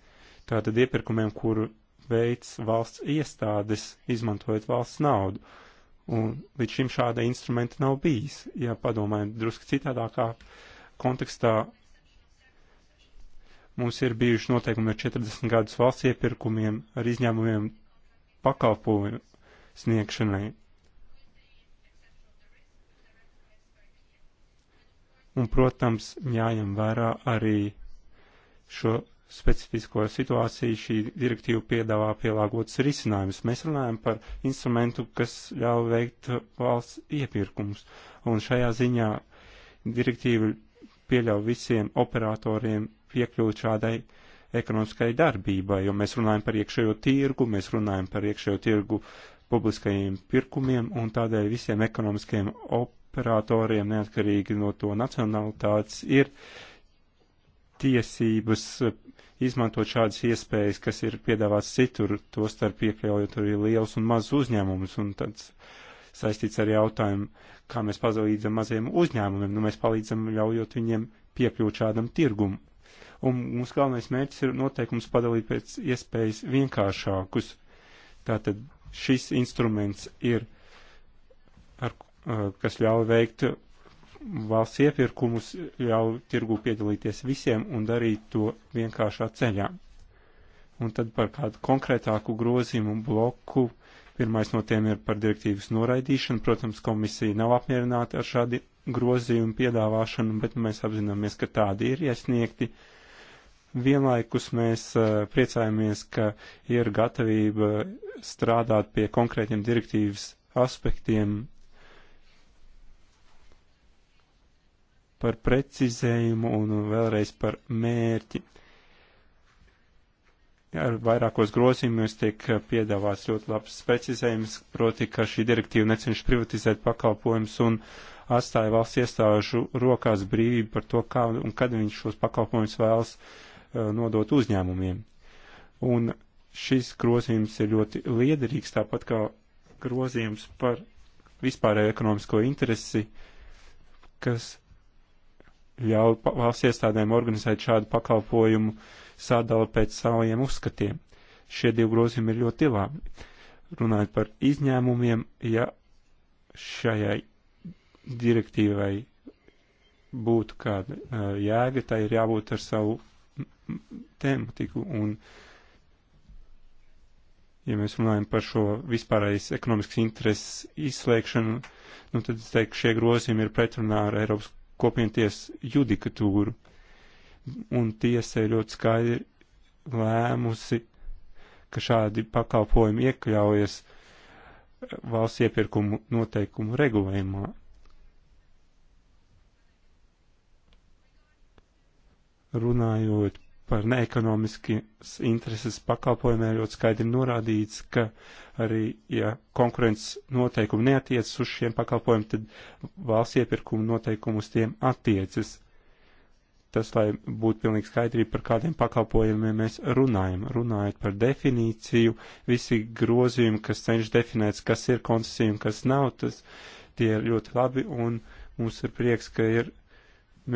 B: tātad iepirkumiem, kuru veids valsts iestādes, izmantojot valsts naudu. Un līdz šim šāda instrumenta nav bijis. Ja padomājam drusku citādākā kontekstā, mums ir bijuši noteikumi jau 40 gadus valsts iepirkumiem ar izņēmumiem pakalpojumu sniegšanai. Un, protams, jāņem vērā arī šo specifisko situāciju šī direktīva piedāvā pielāgotas risinājumus. Mēs runājam par instrumentu, kas ļauj veikt valsts iepirkums, un šajā ziņā direktīva pieļauj visiem operatoriem piekļūt šādai ekonomiskai darbībai, jo mēs runājam par iekšējo tirgu, mēs runājam par iekšējo tirgu publiskajiem pirkumiem, un tādēļ visiem ekonomiskajiem operatoriem, neatkarīgi no to nacionalitātes, ir uh, tiesības eh, izmantot šādas iespējas, kas ir piedāvāts citur, to starp iekļaujot arī liels un maz uzņēmumus, un tāds saistīts ar jautājumu, kā mēs palīdzam maziem uzņēmumiem, nu mēs palīdzam ļaujot viņiem piekļūt šādam tirgumam. Un mūsu galvenais mērķis ir noteikums padalīt pēc iespējas vienkāršākus. Tātad šis instruments ir, ar, eh, kas ļauj veikt valsts iepirkumus ļauj tirgu piedalīties visiem un darīt to vienkāršā ceļā. Un tad par kādu konkrētāku grozījumu bloku. Pirmais no tiem ir par direktīvas noraidīšanu. Protams, komisija nav apmierināta ar šādu grozījumu piedāvāšanu, bet mēs apzināmies, ka tādi ir iesniegti. Vienlaikus mēs eh, priecājamies, ka ir gatavība strādāt pie konkrētiem direktīvas aspektiem par precizējumu un vēlreiz par mērķi. Ar vairākos grozījumos tiek piedāvāts ļoti labs precizējums, proti, ka šī direktīva necenš privatizēt pakalpojumus un atstāja valsts iestāžu rokās brīvību par to, kā un kad viņš šos pakalpojumus vēlas uh, nodot uzņēmumiem. Un šis grozījums ir ļoti liederīgs, tāpat kā grozījums par vispārēju ekonomisko interesi, kas ļauj valsts iestādēm organizēt šādu pakalpojumu sadala pēc saviem uzskatiem. Šie divi grozījumi ir ļoti labi. Runājot par izņēmumiem, ja šajai direktīvai būtu kāda uh, jēga, tai ir jābūt ar savu tematiku. Un, ja mēs runājam par šo vispārējais ekonomiskas intereses izslēgšanu, nu, tad es teiktu, šie grozījumi ir pretrunā ar Eiropas kopienties judikatūru, un tiesa ir ļoti skaidri lēmusi, ka šādi pakalpojumi iekļaujas eh, valsts iepirkumu noteikumu regulējumā. Runājot par neekonomiskas intereses pakalpojumiem ļoti skaidri norādīts, ka arī, ja konkurences noteikumi neatiecas uz šiem pakalpojumiem, tad valsts iepirkuma noteikumi uz tiem attiecas. Tas, lai būtu pilnīgi skaidrība, par kādiem pakalpojumiem mēs runājam. Runājot par definīciju, visi grozījumi, kas cenšas definēt, kas ir koncesija un kas nav, tas tie ir ļoti labi, un mums ir prieks, ka ir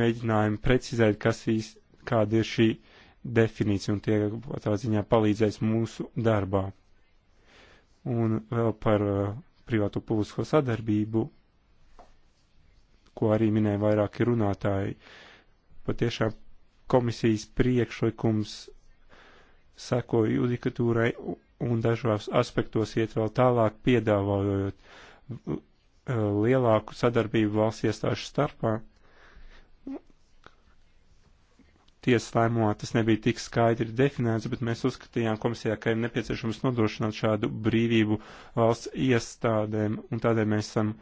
B: mēģinājumi precizēt, kas īsti, kāda ir šī uh, definīcija un tie tā ziņā palīdzēs mūsu darbā. Un vēl par eh, privātu publisko sadarbību, ko arī minēja vairāki runātāji. Patiešām komisijas priekšlikums sekoja judikatūrai un dažos aspektos iet vēl tālāk, piedāvājot eh, lielāku sadarbību valsts iestāžu starpā tiesas lēmumā tas nebija tik skaidri definēts, bet mēs uzskatījām komisijā, ka ir nepieciešams nodrošināt šādu brīvību valsts iestādēm, un tādēļ mēs esam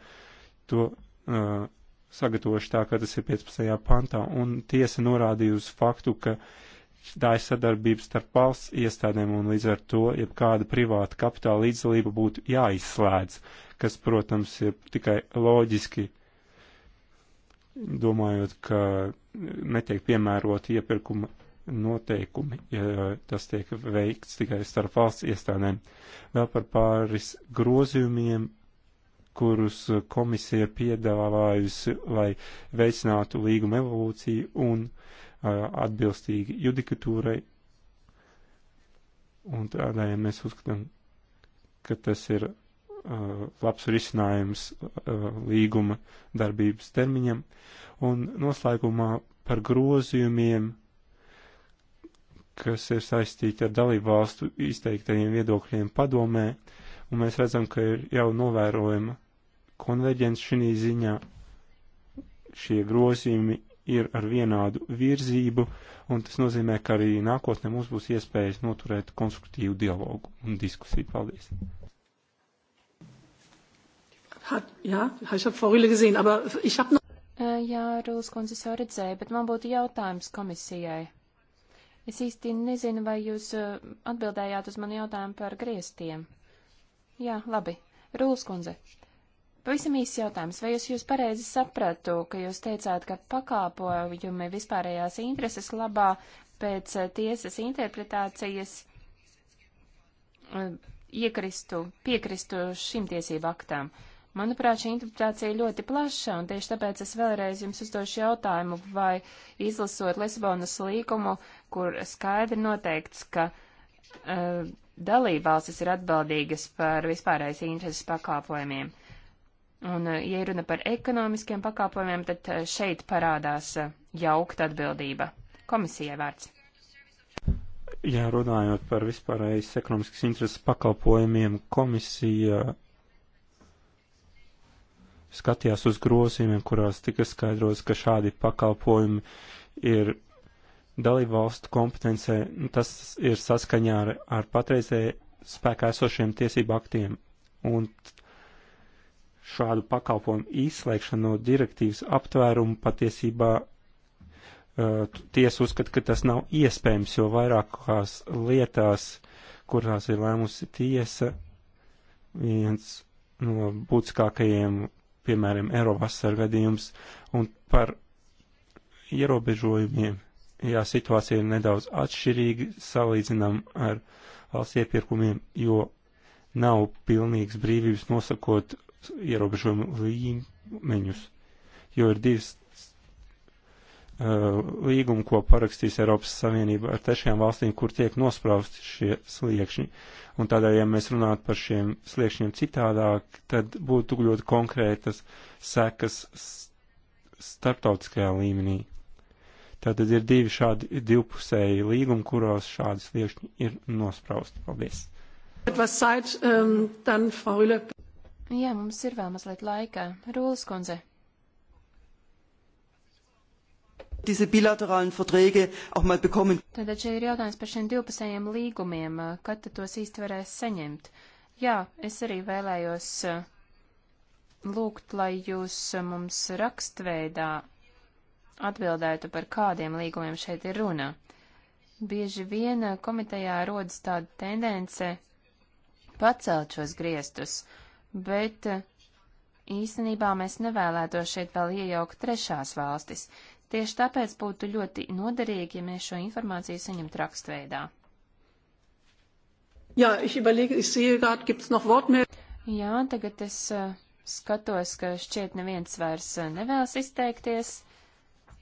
B: to uh, sagatavojuši tā, kā tas ir 15. pantā, un tiesa norādīja uz faktu, ka tā ir sadarbība starp valsts iestādēm, un līdz ar to jebkāda privāta kapitāla līdzdalība būtu jāizslēdz, kas, protams, ir tikai loģiski domājot, ka netiek piemēroti iepirkuma noteikumi, ja tas tiek veikts tikai starp valsts iestādēm. Vēl par pāris grozījumiem, kurus komisija ir piedāvājusi, lai veicinātu līguma evolūciju un atbilstīgi judikatūrai. Un tādēļ ja mēs uzskatām, ka tas ir Uh, labs risinājums uh, līguma darbības termiņam. Un noslēgumā par grozījumiem, kas ir saistīti ar dalību valstu izteiktajiem viedokļiem padomē, un mēs redzam, ka ir jau novērojama konverģents šī ziņā. Šie grozījumi ir ar vienādu virzību, un tas nozīmē, ka arī nākotnē mums būs iespējas noturēt konstruktīvu dialogu un diskusiju. Paldies!
A: Hat,
C: jā, es habe Frau Rühle gesehen, aber ich habe noch.
A: Äh, jā, Rūlas kundze es jau redzēju, bet man būtu jautājums komisijai. Es īsti nezinu, vai jūs uh, atbildējāt uz manu jautājumu par griestiem. Jā, labi. Rūlas kundze, pavisam īsts jautājums. Vai jūs, jūs pareizi sapratu, ka jūs teicāt, ka pakāpojumi vispārējās intereses labā pēc uh, tiesas interpretācijas uh, iekristu, piekristu šim tiesību aktām? Uh, Manuprāt, šī interpretācija ir ļoti plaša, un tieši tāpēc es vēlreiz jums uzdošu jautājumu, vai izlasot Lisabonas līgumu, kur skaidri noteikts, ka uh, dalībvalstis ir atbildīgas par vispārējais intereses pakāpojumiem. Un, uh, ja runa par ekonomiskiem pakāpojumiem, tad uh, šeit parādās uh, jaukta atbildība. Komisijai vārds.
B: Jā, runājot par vispārējais ekonomiskas intereses pakalpojumiem, komisija skatījās uz grozījumiem, kurās tika skaidrots, ka šādi pakalpojumi ir dalībvalstu kompetencē, tas ir saskaņā ar, ar patreizē spēkā esošiem tiesību aktiem, un šādu pakalpojumu izslēgšanu no direktīvas aptvērumu patiesībā uh, tiesa uzskata, ka tas nav iespējams, jo vairākās lietās, kurās ir lēmusi tiesa, viens no būtiskākajiem piemēram, Eirovasar gadījums, un par ierobežojumiem. Jā, situācija ir nedaudz atšķirīga salīdzinām ar valsts iepirkumiem, jo nav pilnīgas brīvības nosakot ierobežojumu līmeņus, jo ir divas uh, līgumi, ko parakstīs Eiropas Savienība ar trešajām valstīm, kur tiek nosprausti šie sliekšņi. Uh, Un tādēļ, ja mēs runātu par šiem sliekšņiem citādāk, tad būtu ļoti konkrētas sekas starptautiskajā līmenī. Tātad ir divi šādi divpusēji līgumi, kuros šādi sliekšņi ir nosprausti. Paldies!
A: Ähm, Jā, mums ir vēl mazliet laika. Rūlis kundze.
C: diese bilateralen Verträge auch mal bekommen.
A: Tātad šeit ir jautājums par šiem divpusējiem līgumiem, eh, kad tos īsti varēs saņemt. Jā, es arī vēlējos eh, lūgt, lai jūs eh, mums rakstveidā atbildētu, par kādiem līgumiem šeit ir runa. Bieži vien komitejā rodas tāda tendence pacelt šos griestus, bet īstenībā mēs nevēlētos šeit vēl iejaukt trešās valstis. Tieši tāpēc būtu ļoti noderīgi, ja mēs šo informāciju saņemtu rakstveidā. Jā, ich überlege, ich sehe gerade, gibt's noch Wortmeldungen? Jā, tagad es eh, skatos, ka šķiet neviens vairs eh, nevēlas izteikties.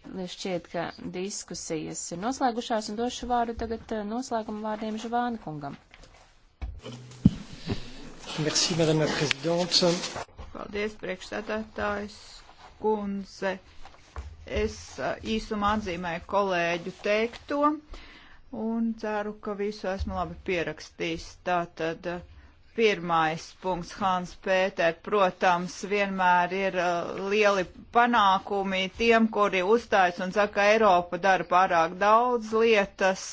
A: Šķiet, ka diskusijas ir noslēgušās un došu vārdu tagad eh, noslēguma vārdiem Žvāna kungam. Merci, madame la présidente. Paldies,
C: priekšsēdētājs kundze. Es īsumā atzīmēju kolēģu teikto un ceru, ka visu esmu labi pierakstījis. Tātad pirmais punkts Hans Pēter, protams, vienmēr ir lieli panākumi tiem, kuri uzstājas un saka, ka Eiropa dara pārāk daudz lietas,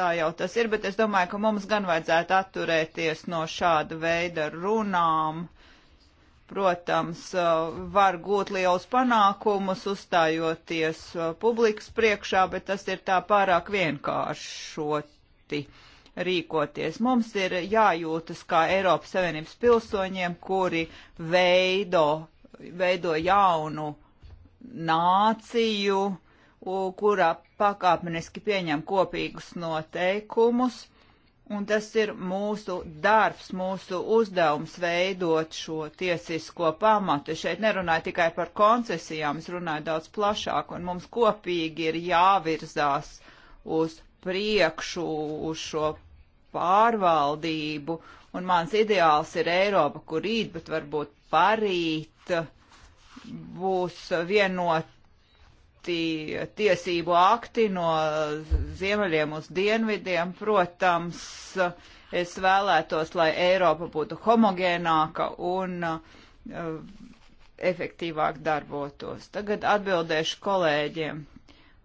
C: tā jau tas ir, bet es domāju, ka mums gan vajadzētu atturēties no šāda veida runām protams, uh, var gūt liels panākumus, uzstājoties uh, publikas priekšā, bet tas ir tā pārāk vienkāršoti rīkoties. Mums ir jājūtas kā Eiropas Savienības pilsoņiem, kuri veido, veido jaunu nāciju, kurā pakāpeniski pieņem kopīgus noteikumus Un tas ir mūsu darbs, mūsu uzdevums veidot šo tiesisko pamatu. Šeit nerunāju tikai par koncesijām, es runāju daudz plašāk, un mums kopīgi ir jāvirzās uz priekšu, uz šo pārvaldību. Un mans ideāls ir Eiropa, kur rīt, bet varbūt parīt būs vienot citi tiesību akti no ziemeļiem uz dienvidiem. Protams, es vēlētos, lai Eiropa būtu homogēnāka un uh, efektīvāk darbotos. Tagad atbildēšu kolēģiem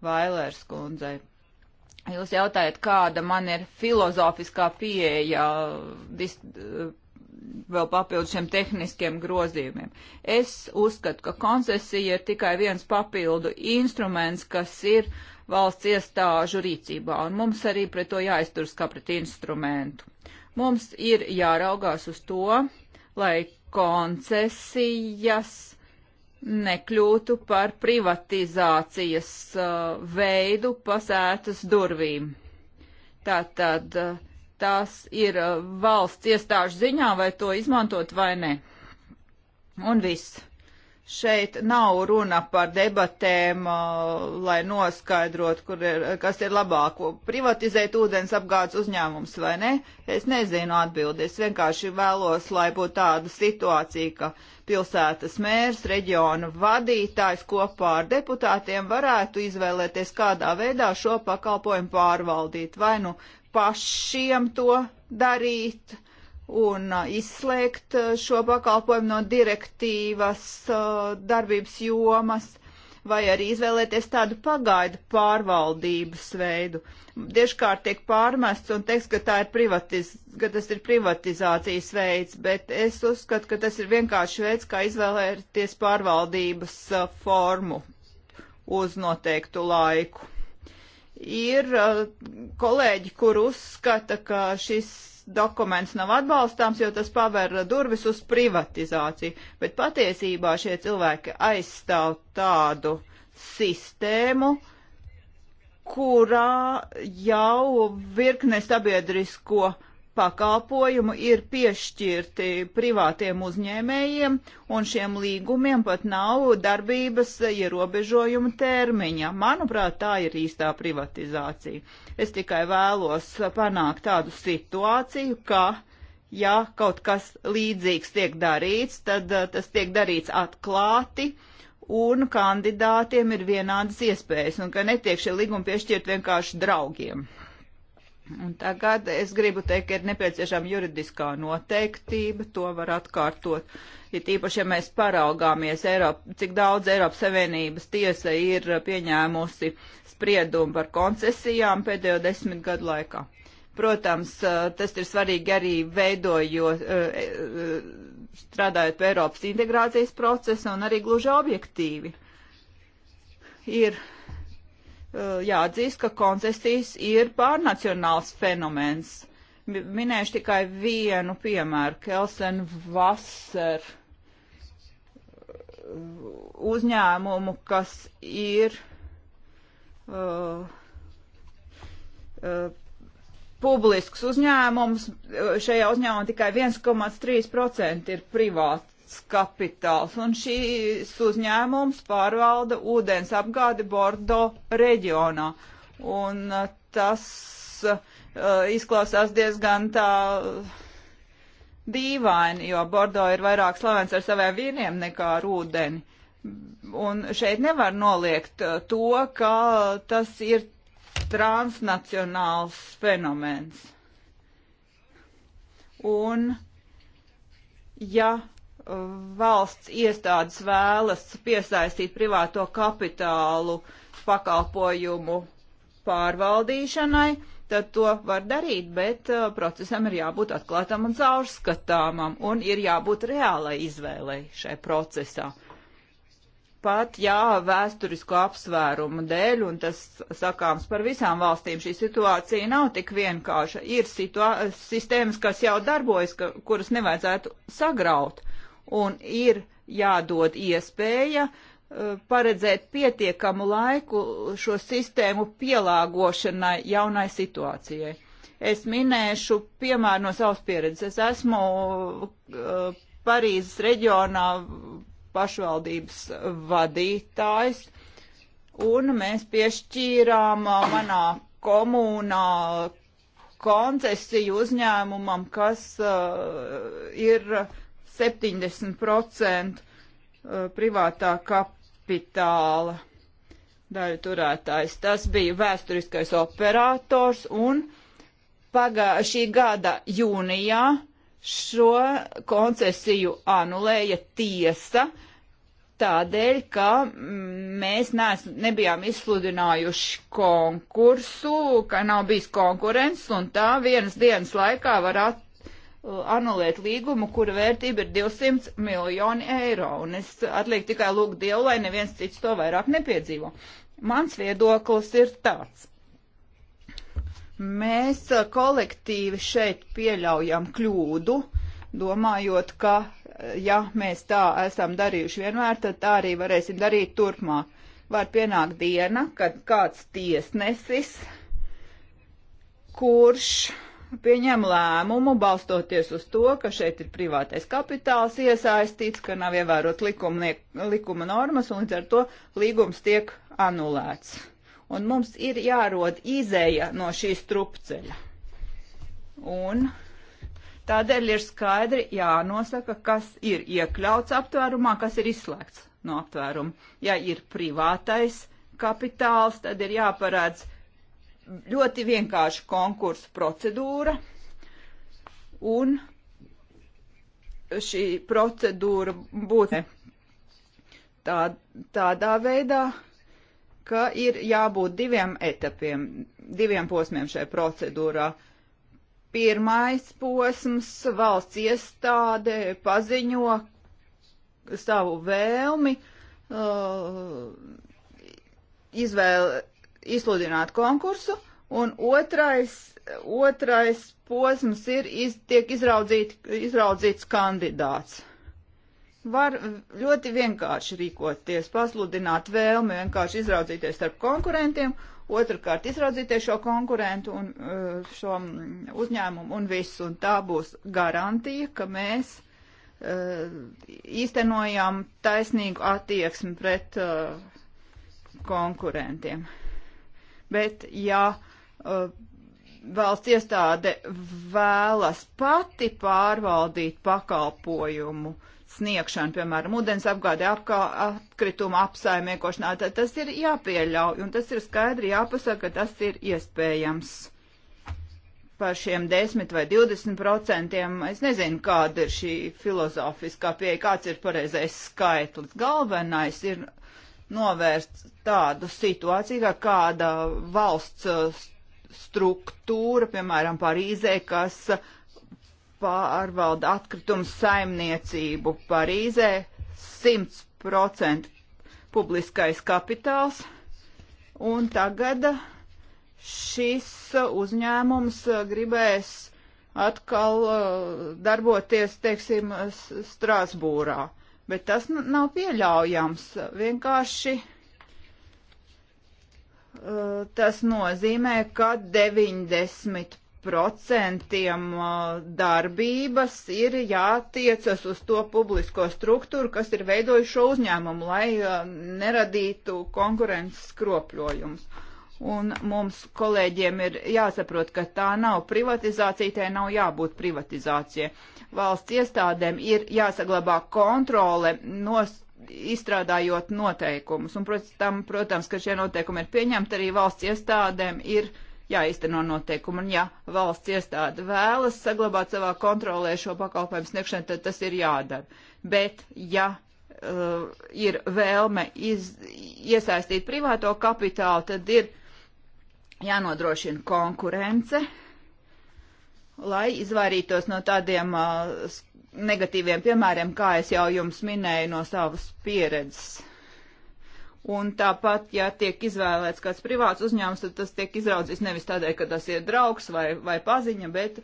C: Vailērs kundzei. Jūs jautājat, kāda man ir filozofiskā pieeja dis, vēl papildus šiem tehniskiem grozījumiem. Es uzskatu, ka koncesija ir tikai viens papildu instruments, kas ir valsts iestāžu rīcībā, un mums arī pret to jāizturas kā pret instrumentu. Mums ir jāraugās uz to, lai koncesijas nekļūtu par privatizācijas uh, veidu pasētas durvīm. Tātad uh, tas ir uh, valsts iestāžu ziņā, vai to izmantot vai nē. Un viss. Šeit nav runa par debatēm, uh, lai noskaidrot, ir, kas ir labāk, privatizēt ūdens apgādes uzņēmums vai ne. Es nezinu atbildi. Es vienkārši vēlos, lai būtu tāda situācija, ka pilsētas mērs, reģiona vadītājs kopā ar deputātiem varētu izvēlēties, kādā veidā šo pakalpojumu pārvaldīt. Vai nu pašiem to darīt un uh, izslēgt uh, šo pakalpojumu no direktīvas uh, darbības jomas, vai arī izvēlēties tādu pagaidu pārvaldības veidu. Dieškārt tiek pārmests un teiks, ka, tā ir privatiz, ka tas ir privatizācijas veids, bet es uzskatu, ka tas ir vienkārši veids, kā izvēlēties pārvaldības formu uz noteiktu laiku ir uh, kolēģi, kur uzskata, ka šis dokuments nav atbalstāms, jo tas paver durvis uz privatizāciju. Bet patiesībā šie cilvēki aizstāv tādu sistēmu, kurā jau virkne sabiedrisko pakalpojumu ir piešķirti privātiem uzņēmējiem, un šiem līgumiem pat nav darbības ierobežojuma termiņa. Manuprāt, tā ir īstā privatizācija. Es tikai vēlos panākt tādu situāciju, ka, ja kaut kas līdzīgs tiek darīts, tad eh, tas tiek darīts atklāti un kandidātiem ir vienādas iespējas, un ka netiek šie līgumi piešķirt vienkārši draugiem. Un tagad es gribu teikt, ka ir nepieciešama juridiskā noteiktība, to var atkārtot. Ja tīpaši, ja mēs paraugāmies, Eiropa, cik daudz Eiropas Savienības tiesa ir pieņēmusi spriedumu par koncesijām pēdējo desmit gadu laikā. Protams, tas ir svarīgi arī veidojot, e, strādājot pie Eiropas integrācijas procesa un arī gluži objektīvi. Ir Eh, jāatzīst, ka koncesijas ir pārnacionāls fenomens. Minēšu tikai vienu piemēru. Kelsen Vasser eh, uzņēmumu, kas ir uh, uh, publisks uzņēmums. Šajā uzņēmumā tikai 1,3% ir privāti kapitāls, un šīs uzņēmums pārvalda ūdens apgādi Bordo reģionā. Un uh, tas uh, izklausās diezgan tā dīvaini, jo Bordo ir vairāk slavens ar saviem vīniem nekā ar ūdeni. Un šeit nevar noliegt uh, to, ka tas ir transnacionāls fenomens. Un ja valsts iestādes vēlas piesaistīt privāto kapitālu pakalpojumu pārvaldīšanai, tad to var darīt, bet uh, procesam ir jābūt atklātam un caurskatāmam, un ir jābūt reālai izvēlei šai procesā. Pat, jā, vēsturisko apsvērumu dēļ, un tas sakāms par visām valstīm, šī situācija nav tik vienkārša. Ir situā sistēmas, kas jau darbojas, ka, kuras nevajadzētu sagraut un ir jādod iespēja uh, paredzēt pietiekamu laiku šo sistēmu pielāgošanai jaunai situācijai. Es minēšu piemēru no savas pieredzes. Es esmu uh, Parīzes reģionā pašvaldības vadītājs, un mēs piešķīrām uh, manā komunā koncesiju uzņēmumam, kas uh, ir uh, 70% uh, privātā kapitāla daļu turētājs. Tas bija vēsturiskais operators un pagā, šī gada jūnijā šo koncesiju anulēja tiesa tādēļ, ka mm, mēs nees, nebijām izsludinājuši konkursu, ka nav bijis konkurences un tā vienas dienas laikā var at, Uh, anulēt līgumu, kura vērtība ir 200 miljoni eiro, un es atliek tikai lūgt Dievu, lai neviens cits to vairāk nepiedzīvo. Mans viedoklis ir tāds. Mēs uh, kolektīvi šeit pieļaujam kļūdu, domājot, ka uh, ja mēs tā esam darījuši vienmēr, tad tā arī varēsim darīt turpmāk. Var pienākt diena, kad kāds tiesnesis, kurš uh, pieņem lēmumu balstoties uz to, ka šeit ir privātais kapitāls iesaistīts, ka nav ievērot likuma, likuma normas un līdz ar to līgums tiek anulēts. Un mums ir jārod izēja no šīs trupceļa. Un Tādēļ ir skaidri jānosaka, kas ir iekļauts aptvērumā, kas ir izslēgts no aptvēruma. Ja ir privātais kapitāls, tad ir jāparāds ļoti vienkārša konkursu procedūra, un šī procedūra būtu tā, tādā veidā, ka ir jābūt diviem etapiem, diviem posmiem šajā procedūrā. Pirmais posms - valsts iestāde paziņo savu vēlmi uh, izvēle izsludināt konkursu, un otrais, otrais posms ir, iz, tiek izraudzīt, izraudzīts kandidāts. Var ļoti vienkārši rīkoties, pasludināt vēlmi, vienkārši izraudzīties starp konkurentiem, otrkārt izraudzīties šo konkurentu un uh, šo mm, uzņēmumu un visu, un tā būs garantija, ka mēs uh, īstenojām taisnīgu attieksmi pret uh, konkurentiem bet ja uh, valsts iestāde vēlas pati pārvaldīt pakalpojumu sniegšanu, piemēram, ūdens apgāde, apkā, atkrituma apsaimniekošanā, tad tas ir jāpieļauj, un tas ir skaidri jāpasaka, ka tas ir iespējams. Par šiem 10 vai 20 procentiem es nezinu, kāda ir šī filozofiskā pieeja, kāds ir pareizais skaitlis. Galvenais ir novērst tādu situāciju, ka kāda valsts uh, struktūra, piemēram, Parīzē, kas pārvalda atkritumu saimniecību Parīzē, 100% publiskais kapitāls, un tagad šis uzņēmums gribēs atkal uh, darboties, teiksim, Strasbūrā. Bet tas nav pieļaujams. Vienkārši uh, tas nozīmē, ka 90% uh, darbības ir jātiecas uz to publisko struktūru, kas ir veidojuši šo uzņēmumu, lai uh, neradītu konkurences skropļojumus. Un mums kolēģiem ir jāsaprot, ka tā nav privatizācija, tai nav jābūt privatizācija. Valsts iestādēm ir jāsaglabā kontrole, nos, izstrādājot noteikumus. Un, protams, tam, protams, ka šie noteikumi ir pieņemti arī valsts iestādēm, ir jāizteno noteikumi. Un, ja valsts iestāde vēlas saglabāt savā kontrolē šo pakalpojumu sniegšanu, tad tas ir jādara. Bet, ja uh, ir vēlme iz, iesaistīt privāto kapitālu, tad ir jānodrošina konkurence, lai izvairītos no tādiem uh, negatīviem piemēriem, kā es jau jums minēju no savas pieredzes. Un tāpat, ja tiek izvēlēts kāds privāts uzņēmums, tad tas tiek izraudzīts nevis tādēļ, ka tas ir draugs vai, vai paziņa, bet,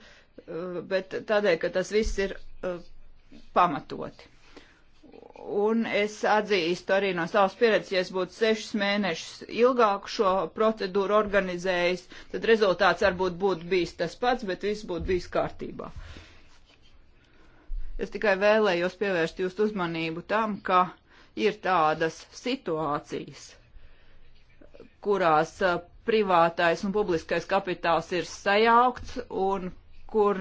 C: uh, bet tādēļ, ka tas viss ir uh, pamatoti. Un es atzīstu arī no savas pieredzes, ja es būtu sešus mēnešus ilgāk šo procedūru organizējis, tad rezultāts varbūt būtu bijis tas pats, bet viss būtu bijis kārtībā. Uh, Es tikai vēlējos pievērst jūsu uzmanību tam, ka ir tādas situācijas, kurās privātais un publiskais kapitāls ir sajaukts un kur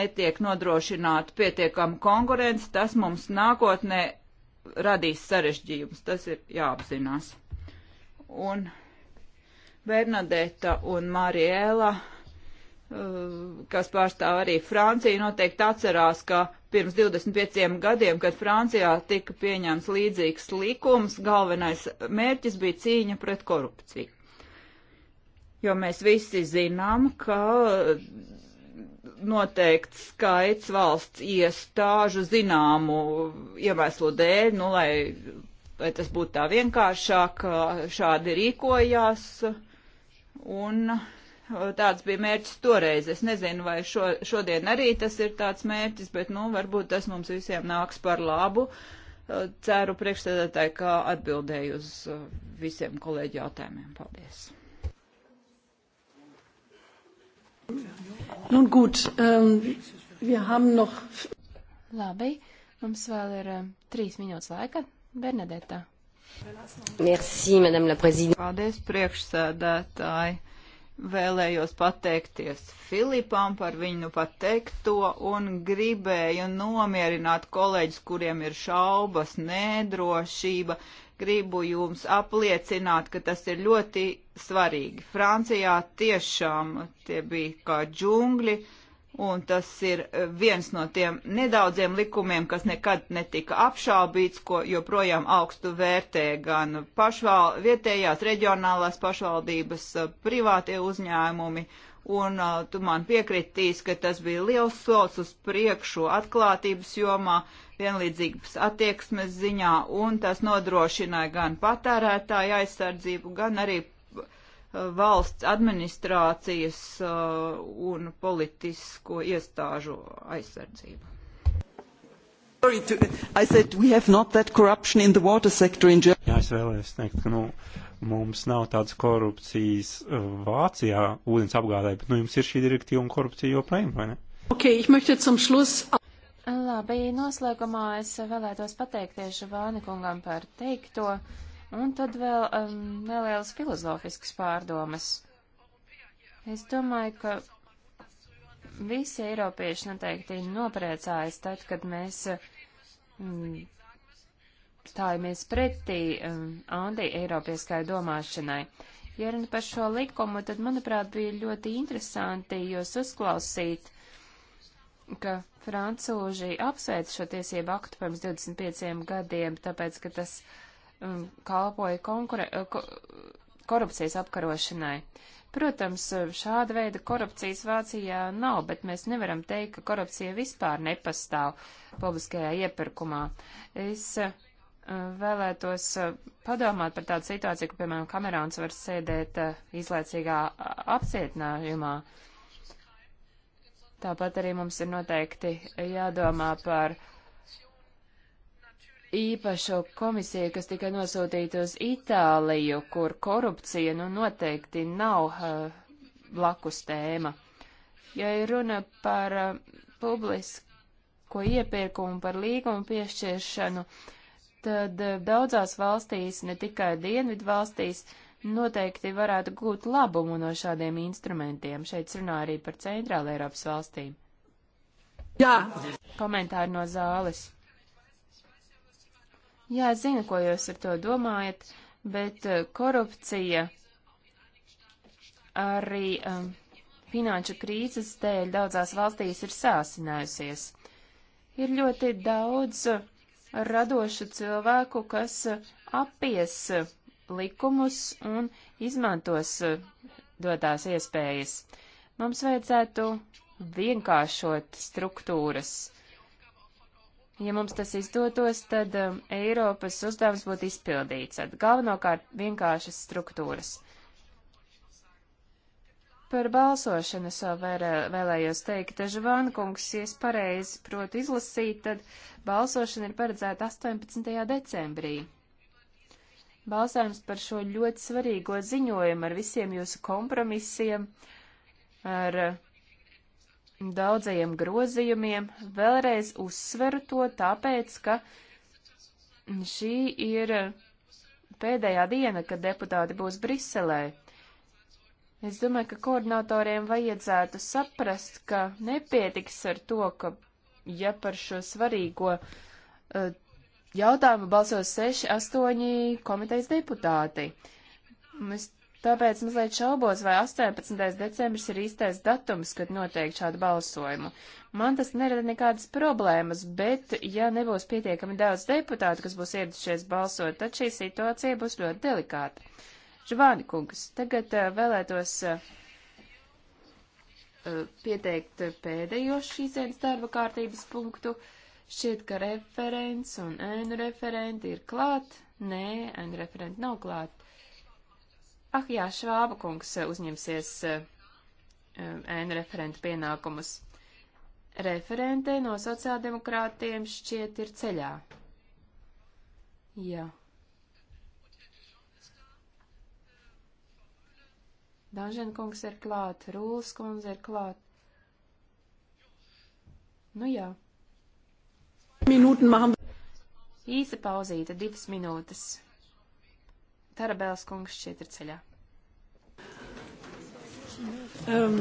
C: netiek nodrošināta pietiekama konkurence, tas mums nākotnē radīs sarežģījumus. Tas ir jāapzinās. Un Bernadeta un Mariela Eh, kas pārstāv arī Franciju, noteikti atcerās, ka pirms 25 gadiem, kad Francijā tika pieņemts līdzīgs likums, galvenais mērķis bija cīņa pret korupciju. Jo mēs visi zinām, ka noteikts skaits valsts iestāžu zināmu iemeslu dēļ, nu, lai, lai tas būtu tā vienkāršāk, šādi rīkojās. Un uh, Tāds bija mērķis toreiz. Es nezinu, vai šo, šodien arī tas ir tāds mērķis, bet, nu, varbūt tas mums visiem nāks par labu. Ceru priekšsēdētāji, kā atbildēju uz visiem kolēģi jautājumiem. Paldies!
A: Nun gut, um, wir haben noch. Labi, mums vēl ir um, trīs minūtes laika. Bernadeta.
C: Merci, madame la présidente. Paldies, priekšsēdētāji vēlējos pateikties Filipam par viņu nu pateikto un gribēju nomierināt kolēģis, kuriem ir šaubas, nedrošība. Gribu jums apliecināt, ka tas ir ļoti svarīgi. Francijā tiešām tie bija kā džungļi, uh, Un tas ir e, viens no tiem nedaudziem likumiem, kas nekad netika apšaubīts, ko joprojām augstu vērtē gan pašval, vietējās reģionālās pašvaldības e, privātie uzņēmumi. Un e, tu man piekritīs, ka tas bija liels solis uz priekšu atklātības jomā, vienlīdzīgas attieksmes ziņā, un tas nodrošināja gan patērētāju aizsardzību, gan arī valsts administrācijas uh, un politisko iestāžu aizsardzību.
B: Jā, es vēlējos teikt, ka nu, mums nav tādas korupcijas uh, Vācijā ūdens apgādē, bet nu, jums ir šī direktīva un korupcija joprojām, vai ne?
A: Okay, Labi, noslēgumā es vēlētos pateikties Vāni kungam par teikto. Un tad vēl um, nelielas filozofiskas pārdomas. Es domāju, ka visi eiropieši noteikti nopriecājas tad, kad mēs mm, stājamies pretī um, anti-eiropieskai domāšanai. Ja runa par šo likumu, tad, manuprāt, bija ļoti interesanti jūs uzklausīt, ka francūži apsveic šo tiesību aktu pirms 25 gadiem, tāpēc, ka tas uh, Um, kalpoja konkure, uh, ko, korupcijas apkarošanai. Protams, uh, šāda veida korupcijas Vācijā nav, bet mēs nevaram teikt, ka korupcija vispār nepastāv publiskajā iepirkumā. Es uh, vēlētos padomāt par tādu situāciju, ka, piemēram, Kamerons var sēdēt izlaicīgā apcietinājumā. Tāpat arī mums ir noteikti jādomā par uh, īpašu komisiju, kas tika nosūtīta uz Itāliju, kur korupcija nu noteikti nav uh, blakus tēma. Ja ir runa par uh, publisko iepirkumu, par līgumu piešķiršanu, tad uh, daudzās valstīs, ne tikai dienvidu valstīs, noteikti varētu gūt labumu no šādiem instrumentiem. Šeit runā arī par Centrāla Eiropas valstīm. Jā. Komentāri no zāles. Jā, es zinu, ko jūs ar to domājat, bet eh, korupcija arī um, finanšu krīzes dēļ daudzās valstīs ir sāsinājusies. Ir ļoti daudz eh, radošu cilvēku, kas apies likumus un izmantos dotās iespējas. Mums vajadzētu vienkāršot struktūras Ja mums tas izdotos, tad um, Eiropas uzdevums būtu izpildīts ar galvenokārt vienkāršas struktūras. Par balsošanu savu vērē, vēlējos teikt, ka Žvankungs, ja es pareizi protu izlasīt, tad balsošana ir paredzēta 18. decembrī. Balsājums par šo ļoti svarīgo ziņojumu ar visiem jūsu kompromisiem, ar uh, daudzajiem grozījumiem. Vēlreiz uzsveru to tāpēc, ka šī ir pēdējā diena, kad deputāti būs Briselē. Es domāju, ka koordinatoriem vajadzētu saprast, ka nepietiks ar to, ka ja par šo svarīgo uh, jautājumu balsos 6-8 komitejas deputāti. Es Tāpēc mazliet šaubos, vai 18. decembris ir īstais datums, kad noteikti šādu balsojumu. Man tas nerada nekādas problēmas, bet ja nebūs pietiekami daudz deputātu, kas būs ieradušies balsot, tad šī situācija būs ļoti delikāta. Žvāni kungs, tagad eh, vēlētos eh, pieteikt pēdējo šīs dienas darba kārtības punktu. Šķiet, ka referents un ēnu referenti ir klāt. Nē, ēnu referenti nav klāt. Ah jā, Švāba kungs eh, uzņemsies ēnu uh, eh, eh, referenta pienākumus. Referente no sociāldemokrātiem šķiet ir ceļā. Jā. Danžena kungs ir klāt, Rūlas kundze ir klāt. Nu jā.
C: Minūten maham.
A: Īsa pauzīte, divas minūtes. Tarabēls kungs šķiet ir ceļā. Um.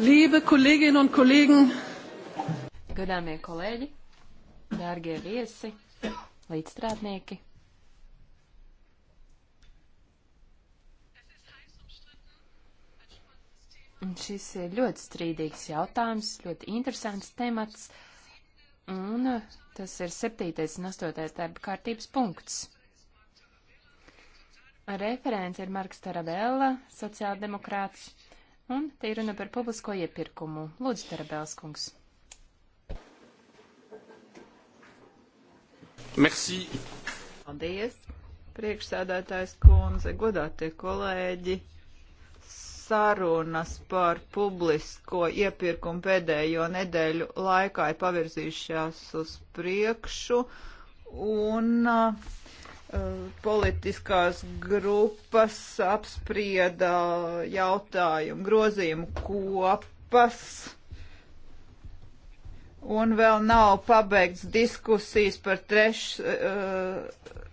A: Liebe kolēģinu un kolēģi! Godāmie kolēģi, dārgie viesi, līdzstrādnieki! Un šis ir ļoti strīdīgs jautājums, ļoti interesants temats, un tas ir septītais un astotais darba kārtības punkts. Referents ir Marks Tarabella, sociāldemokrāts. Un te ir runa par publisko iepirkumu. Lūdzu, Tarabēls kungs.
C: Merci. Paldies, priekšsēdētājs kundze, godātie kolēģi. Sarunas par publisko iepirkumu pēdējo nedēļu laikā ir pavirzījušās uz priekšu. Un uh, Eh, politiskās grupas apsprieda jautājumu grozījumu kopas. Un vēl nav pabeigts diskusijas par treš, eh,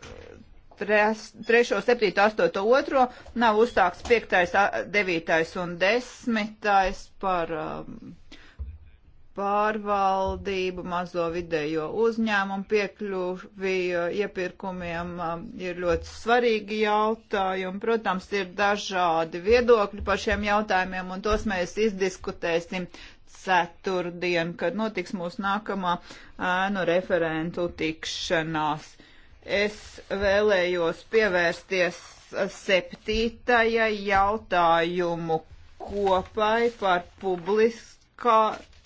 C: tres, trešo, septīto, astoto, otro. Nav uzsākts piektais, devītais un desmitais par um, pārvaldību, mazo vidējo uzņēmumu piekļuvi iepirkumiem um, ir ļoti svarīgi jautājumi. Protams, ir dažādi viedokļi par šiem jautājumiem, un tos mēs izdiskutēsim ceturtdien, kad notiks mūsu nākamā ēnu referentu tikšanās. Es vēlējos pievērsties septītajai jautājumu kopai par publiskā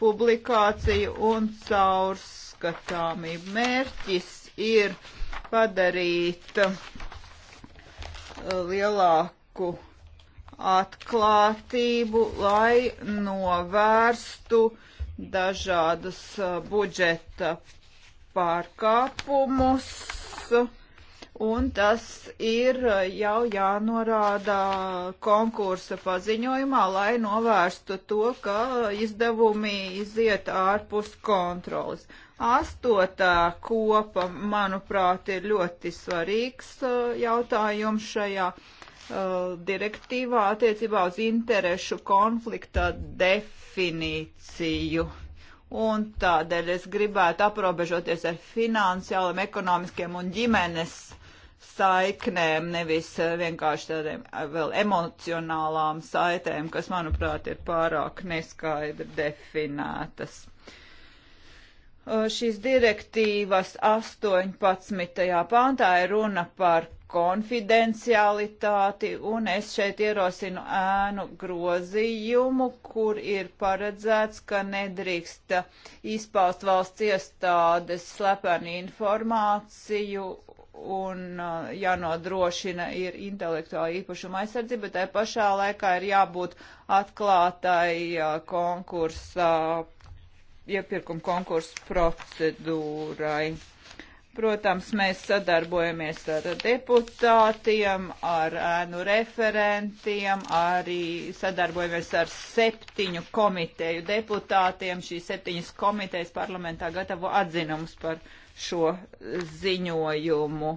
C: publikāciju un caurskatāmību. Mērķis ir padarīt uh, lielāku atklātību, lai novērstu dažādas uh, budžeta pārkāpumus. Uh, un tas ir uh, jau jānorāda konkursa paziņojumā, lai novērstu to, ka izdevumi iziet ārpus kontrolas. Astotā kopa, manuprāt, ir ļoti svarīgs uh, jautājums šajā uh, direktīvā attiecībā uz interešu konflikta definīciju. Un tādēļ es gribētu aprobežoties ar finansiāliem, ekonomiskiem un ģimenes saiknēm, nevis eh, vienkārši tādiem eh, vēl emocionālām saitēm, kas, manuprāt, ir pārāk neskaidri definētas. Eh, šīs direktīvas 18. pāntā ir runa par konfidencialitāti, un es šeit ierosinu ēnu grozījumu, kur ir paredzēts, ka nedrīkst izpaust valsts iestādes slepenu informāciju un uh, jānodrošina ir intelektuāla īpašuma aizsardzība, bet tai pašā laikā ir jābūt atklātai uh, konkursa, iepirkuma konkursa procedūrai. Protams, mēs sadarbojamies ar deputātiem, ar ēnu referentiem, arī sadarbojamies ar septiņu komiteju deputātiem. Šīs septiņas komitejas parlamentā gatavo atzinumus par uh, šo ziņojumu.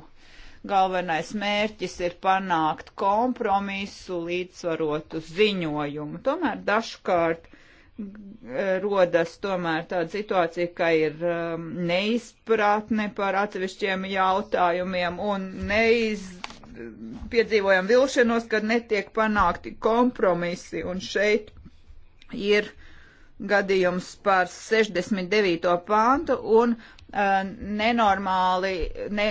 C: Galvenais mērķis ir panākt kompromisu, līdzsvarotu ziņojumu. Tomēr dažkārt eh, rodas tomēr tāda situācija, ka ir um, neizpratne par atsevišķiem jautājumiem un neiz piedzīvojam vilšanos, kad netiek panākti kompromisi. Un šeit ir gadījums par 69. pāntu un Uh, nenormāli ne,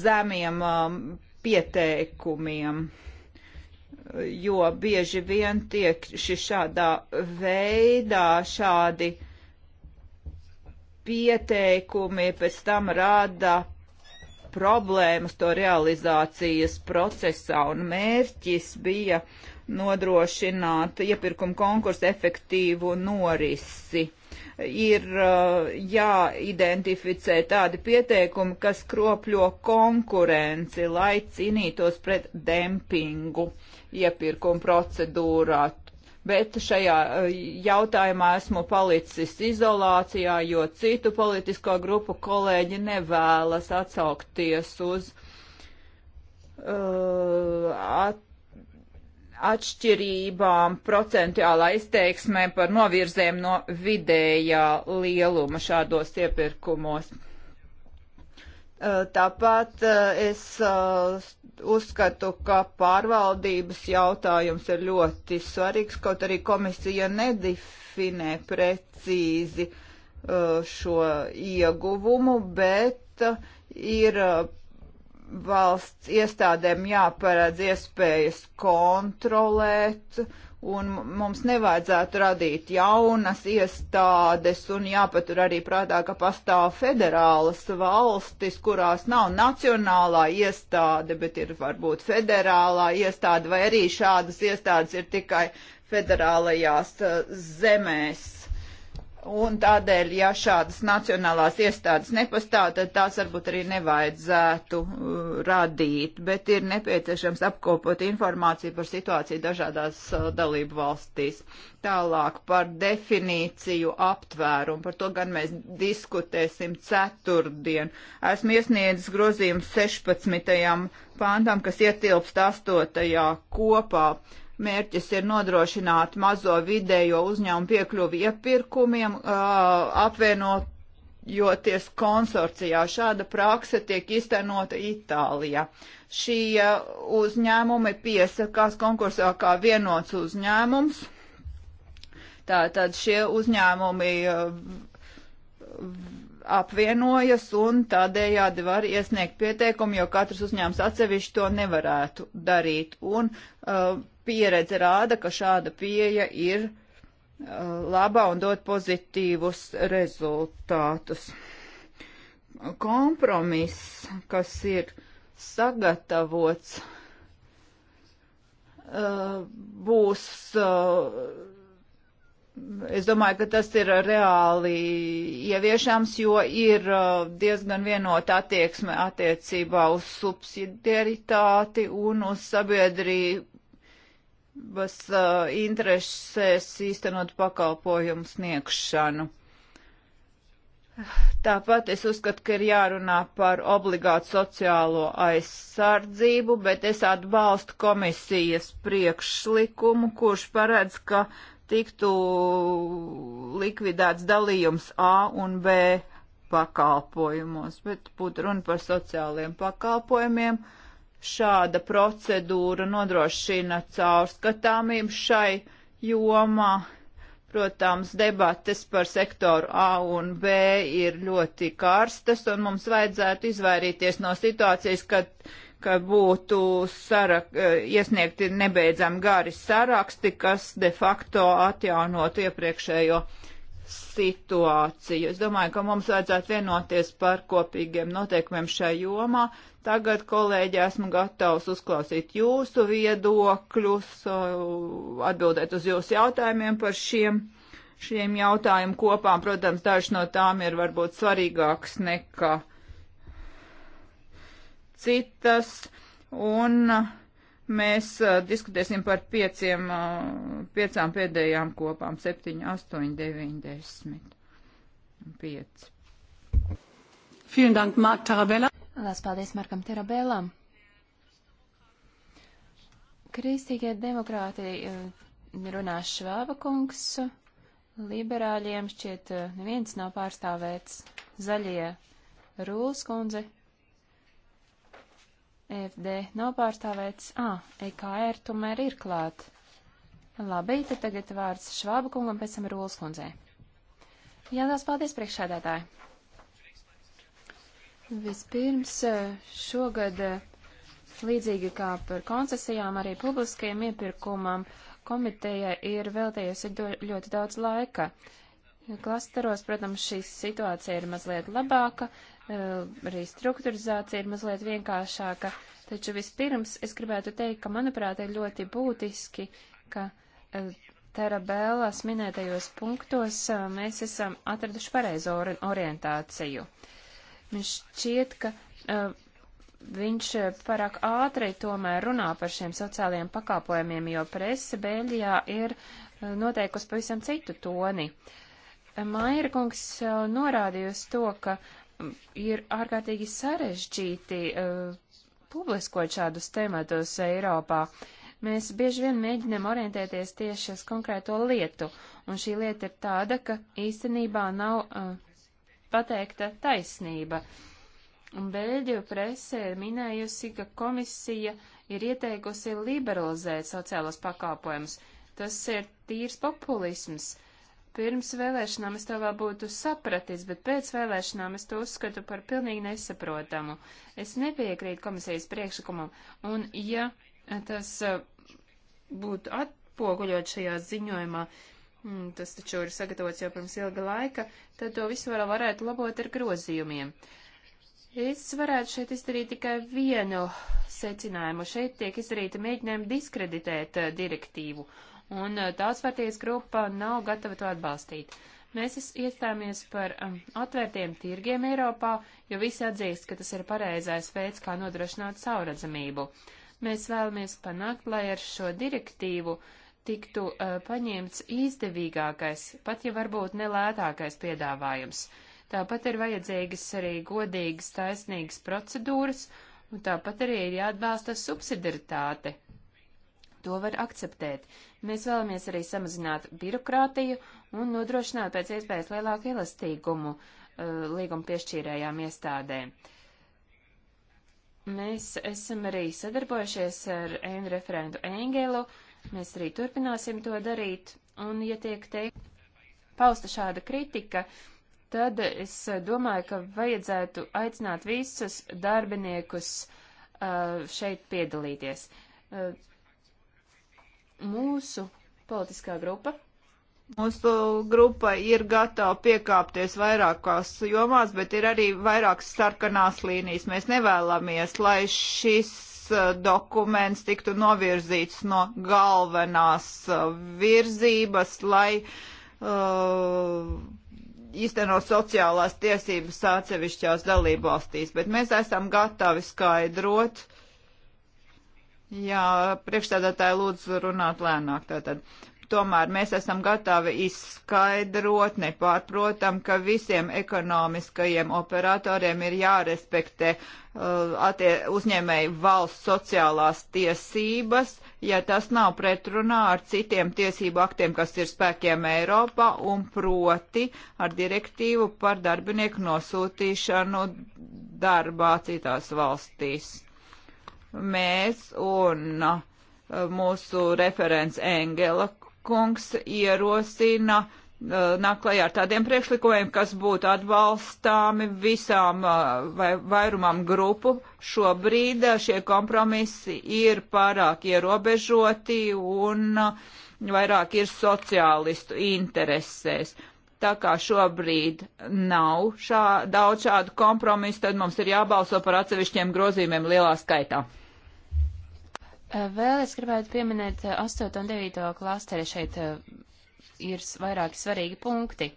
C: zemiem um, pieteikumiem, jo bieži vien tiek šis šādā veidā šādi pieteikumi pēc tam rada problēmas to realizācijas procesā, un mērķis bija nodrošināt iepirkuma konkursu efektīvu norisi ir uh, jāidentificē tādi pieteikumi, kas kropļo konkurenci, lai cīnītos pret dempingu iepirkuma procedūrā. Bet šajā uh, jautājumā esmu palicis izolācijā, jo citu politisko grupu kolēģi nevēlas atsaukties uz uh, at, atšķirībām procentuālā izteiksmē par novirzēm no vidējā lieluma šādos iepirkumos. Tāpat es uzskatu, ka pārvaldības jautājums ir ļoti svarīgs, kaut arī komisija nedefinē precīzi šo ieguvumu, bet ir valsts iestādēm jāparādz iespējas kontrolēt, un mums nevajadzētu radīt jaunas iestādes, un jāpatur arī prātā, ka pastāv federālas valstis, kurās nav nacionālā iestāde, bet ir varbūt federālā iestāde, vai arī šādas iestādes ir tikai federālajās eh, zemēs Un tādēļ, ja šādas nacionālās iestādes nepastāv, tad tās varbūt arī nevajadzētu uh, radīt, bet ir nepieciešams apkopot informāciju par situāciju dažādās uh, dalību valstīs. Tālāk par definīciju aptvērumu, par to gan mēs diskutēsim ceturtdien. Esmu iesniedzis grozījumu 16. pāntam, kas ietilpst 8. kopā Mērķis ir nodrošināt mazo vidējo uzņēmumu piekļuvi iepirkumiem, apvienojoties konsorcijā. Šāda prakse tiek iztenota Itālijā. Šie uzņēmumi piesakās konkursā kā vienots uzņēmums. Tātad šie uzņēmumi apvienojas un tādējādi var iesniegt pieteikumu, jo katrs uzņēmums atsevišķi to nevarētu darīt. Un uh, pieredze rāda, ka šāda pieeja ir uh, labā un dod pozitīvus rezultātus. Kompromiss, kas ir sagatavots, uh, būs, uh, es domāju, ka tas ir reāli ieviešams, jo ir diezgan vienota attieksme attiecībā uz subsidiaritāti un uz sabiedrību labas uh, interesēs īstenot pakalpojumu sniegšanu. Tāpat es uzskatu, ka ir jārunā par obligātu sociālo aizsardzību, bet es atbalstu komisijas priekšlikumu, kurš paredz, ka tiktu likvidēts dalījums A un B pakalpojumos, bet būtu runa par sociāliem pakalpojumiem. Uh, šāda procedūra nodrošina caurskatāmību šai jomā. Protams, debates par sektoru A un B ir ļoti karstas, un mums vajadzētu izvairīties no situācijas, kad, kad būtu sarak, iesniegti nebeidzami gari saraksti, kas de facto atjaunotu iepriekšējo situāciju. Es domāju, ka mums vajadzētu vienoties par kopīgiem noteikumiem šai jomā, Tagad, kolēģi, esmu gatavs uzklausīt jūsu viedokļus, atbildēt uz jūsu jautājumiem par šiem, šiem jautājumu kopām. Protams, daži no tām ir varbūt svarīgāks nekā citas. Un mēs diskutēsim par pieciem, piecām pēdējām kopām - 7, 8, 9, 10 un 5.
A: Vielen Dank, Mark Tarabella. Lās paldies Markam Terabēlam. Kristīgie demokrāti eh, runā Švāba kungs. Liberāļiem šķiet eh, neviens nav pārstāvēts. Zaļie Rūlas kundze. FD nav pārstāvēts. Ā, ah, e EKR tomēr ir klāt. Labi, tad tagad vārds Švāba kungam, pēc tam Rūlas kundzei. Jā, tās paldies priekšsēdētāji. Vispirms eh, šogad, eh, līdzīgi kā par koncesijām, arī publiskajam iepirkumam komiteja ir veltījusi ļoti daudz laika. Klasteros, protams, šī situācija ir mazliet labāka, eh, arī strukturizācija ir mazliet vienkāršāka, taču vispirms es gribētu teikt, ka manuprāt ir ļoti būtiski, ka Terabēlās minētajos punktos mēs esam atraduši pareizo orientāciju. Uh, Man šķiet, ka uh, viņš eh, pārāk ātri tomēr runā par šiem sociālajiem pakalpojumiem, jo presa Beļģijā ir uh, noteikusi pavisam citu toni. Maira kungs uh, norādījusi to, ka um, ir ārkārtīgi sarežģīti uh, publiskot šādus tematus Eiropā. Mēs bieži vien mēģinam orientēties tieši uz konkrēto lietu, un šī lieta ir tāda, ka īstenībā nav uh, pateikta taisnība. Un Bēļģu presē ir minējusi, ka komisija ir ieteikusi liberalizēt sociālos pakāpojumus. Tas ir tīrs populisms. Pirms vēlēšanām es to vēl būtu sapratis, bet pēc vēlēšanām es to uzskatu par pilnīgi nesaprotamu. Es nepiekrītu komisijas priekšlikumam, un ja tas eh, būtu atpoguļot šajā ziņojumā, mm, tas taču ir sagatavots jau pirms ilga laika, tad to visu vēl varētu labot ar grozījumiem. Es varētu šeit izdarīt tikai vienu secinājumu. Šeit tiek izdarīta mēģinājuma diskreditēt uh, direktīvu, un uh, eh, tautspartijas grupa nav gatava to atbalstīt. Mēs iestājāmies par um, atvērtiem tirgiem Eiropā, jo visi atzīst, ka tas ir pareizais veids, kā nodrošināt sauradzamību. Mēs vēlamies panākt, lai ar šo direktīvu uh, tiktu uh, paņemts izdevīgākais, pat ja varbūt nelētākais piedāvājums. Tāpat ir vajadzīgas arī godīgas, taisnīgas procedūras, un tāpat arī ir jāatbalsta subsidiaritāte. To var akceptēt. Mēs vēlamies arī samazināt birokrātiju un nodrošināt pēc iespējas lielāku elastīgumu uh, līguma piešķīrējām iestādēm. Mēs esam arī sadarbojušies ar N referentu Engelu, uh, Mēs arī turpināsim to darīt, un ja tiek teikt, pausta šāda kritika, tad es domāju, ka vajadzētu aicināt visus darbiniekus uh, šeit piedalīties. Uh, mūsu politiskā grupa. Mūsu
C: grupa ir gatava piekāpties vairākās jomās, bet ir arī vairākas sarkanās līnijas. Mēs nevēlamies, lai šis Eh, dokuments tiktu novirzīts no galvenās eh, virzības, lai uh, īstenot sociālās tiesības atsevišķās dalībvalstīs, bet mēs esam gatavi skaidrot. Jā, priekšstādātāji lūdzu runāt lēnāk tātad. Tomēr mēs esam gatavi izskaidrot, nepārprotam, ka visiem ekonomiskajiem operatoriem ir jārespektē uh, uzņēmēju valsts sociālās tiesības, ja tas nav pretrunā ar citiem tiesību aktiem, kas ir spēkiem Eiropā, un proti ar direktīvu par darbinieku nosūtīšanu darbā citās valstīs. Mēs un uh, mūsu referents Engela kungs ierosina uh, nāk klajā ar tādiem priekšlikumiem, kas būtu atbalstāmi visām uh, vai vairumam grupu. Šobrīd uh, šie kompromisi ir pārāk ierobežoti un vairāk ir sociālistu interesēs. Tā kā šobrīd nav šā, daudz šādu kompromisu, tad mums ir jābalso par atsevišķiem grozījumiem lielā skaitā.
A: Eh, vēl es gribētu pieminēt 8. Eh, un 9. klasteri. Šeit eh, ir vairāki svarīgi punkti.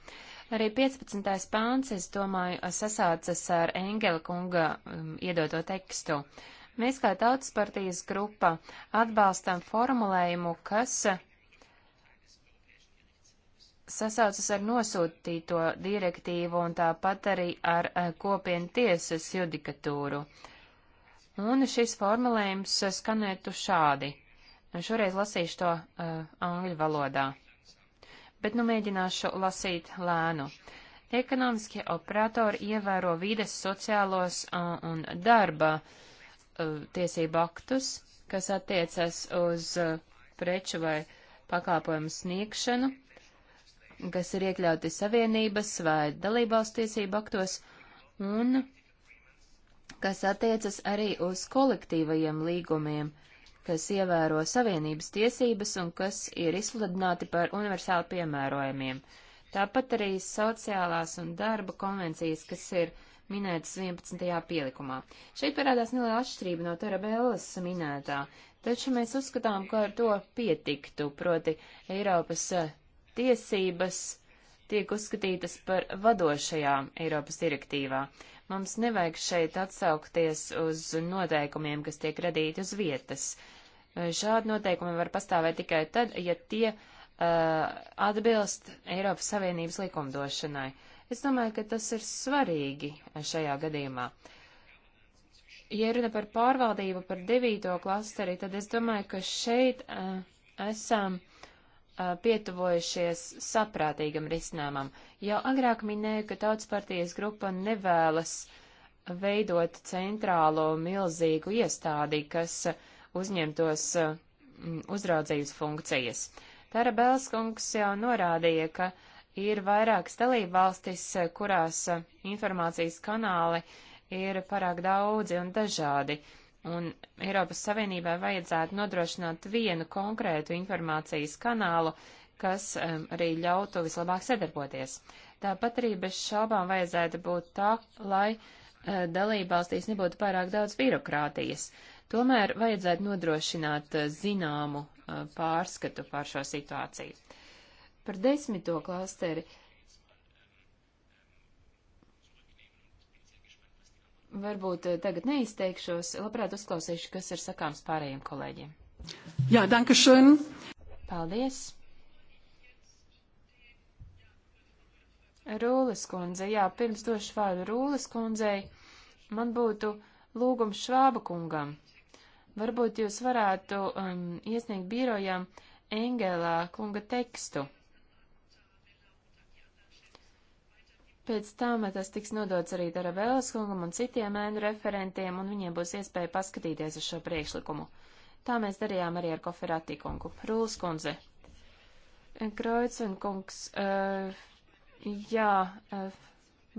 A: Arī 15. pāns, es domāju, sasācas ar Engela kunga um, iedoto tekstu. Mēs kā tautas partijas grupa atbalstam formulējumu, kas sasaucas ar nosūtīto direktīvu un tāpat arī ar kopienu tiesas judikatūru. Uh, Un šis formulējums skanētu šādi. Šoreiz lasīšu to uh, angļu valodā. Bet nu mēģināšu lasīt lēnu. Ekonomiskie operatori ievēro vides sociālos uh, un darba uh, tiesību aktus, kas attiecas uz uh, preču vai pakāpojumu sniegšanu, kas ir iekļauti savienības vai dalībvalsts tiesību aktos, un kas attiecas arī uz kolektīvajiem līgumiem, kas ievēro savienības tiesības un kas ir izsludināti par universāli piemērojumiem. Tāpat arī sociālās un darba konvencijas, kas ir minētas 11. pielikumā. Šeit parādās neliela atšķirība no Tarabellas minētā, taču mēs uzskatām, ka ar to pietiktu, proti Eiropas eh, tiesības tiek uzskatītas par vadošajām Eiropas direktīvā. Mums nevajag šeit atsaukties uz noteikumiem, kas tiek radīti uz vietas. Šādi noteikumi var pastāvēt tikai tad, ja tie uh, atbilst Eiropas Savienības likumdošanai. Es domāju, ka tas ir svarīgi šajā gadījumā. Ja runa par pārvaldību, par devīto klasteri, tad es domāju, ka šeit uh, esam pietuvojušies saprātīgam risinājumam. Jau agrāk minēju, ka tautas partijas grupa nevēlas veidot centrālo milzīgu iestādi, kas uzņemtos uzraudzības funkcijas. Tāra Belskungs jau norādīja, ka ir vairākas dalība valstis, kurās informācijas kanāli ir pārāk daudzi un dažādi. Uh, un Eiropas Savienībai vajadzētu nodrošināt vienu konkrētu informācijas kanālu, kas um, arī ļautu vislabāk sadarboties. Tāpat arī bez šaubām vajadzētu būt tā, lai uh, dalībvalstīs nebūtu pārāk daudz birokrātijas. Tomēr vajadzētu nodrošināt uh, zināmu uh, pārskatu par šo situāciju. Par desmito klasteri uh, varbūt eh, tagad neizteikšos, labprāt uzklausīšu, kas ir sakāms pārējiem kolēģiem.
C: Jā, danke schön.
A: Paldies. Rūles kundze, jā, pirms došu vārdu Rūles kundzei, man būtu lūgums Švāba kungam. Varbūt jūs varētu um, iesniegt birojam Engelā kunga tekstu. Pēc tam tas tiks nodots arī Dara Vēleskungam un citiem ēnu referentiem, un viņiem būs iespēja paskatīties uz šo priekšlikumu. Tā mēs darījām arī ar Koferati kungu. Rūlas kundze. Kroicen kungs, uh, jā, uh,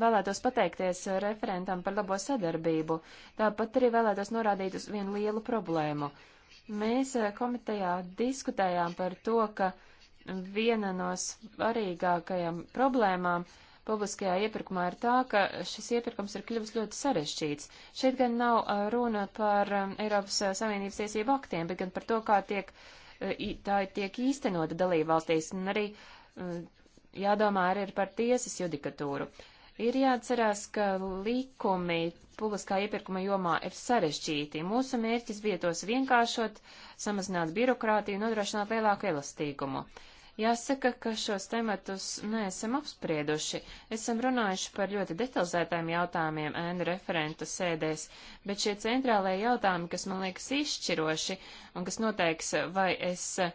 A: vēlētos pateikties eh, referentam par labo sadarbību. Tāpat arī vēlētos norādīt uz vienu lielu problēmu. Mēs uh, komitejā diskutējām par to, ka viena no svarīgākajām problēmām uh, publiskajā iepirkumā, ir tā, ka šis iepirkums ir kļuvis ļoti sarežģīts. Šeit gan nav runa par Eiropas Savienības tiesību aktiem, bet gan par to, kā tiek, tā tiek īstenota dalībvalstīs, un arī jādomā arī par tiesas judikatūru. Ir jāatcerās, ka likumi publiskā iepirkuma jomā ir sarežģīti. Mūsu mērķis bija tos vienkāršot, samazināt birokrātiju un nodrošināt lielāku elastīgumu. Uh, Jāsaka, ka šos tematus neesam apsprieduši. Esam runājuši par ļoti detalizētām jautājumiem ēnu referentu sēdēs, bet šie centrālajie jautājumi, kas man liekas izšķiroši un kas noteiks, vai es uh,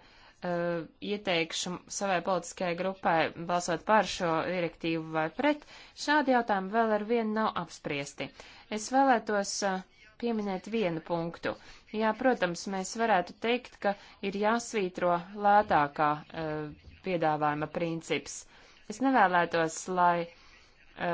A: ieteikšu savai politiskajai grupai balsot par šo direktīvu vai pret, šādi jautājumi vēl ar vienu nav apspriesti. Es vēlētos uh, pieminēt vienu punktu. Jā, protams, mēs varētu teikt, ka ir jāsvītro lētākā e, piedāvājuma princips. Es nevēlētos, lai. E,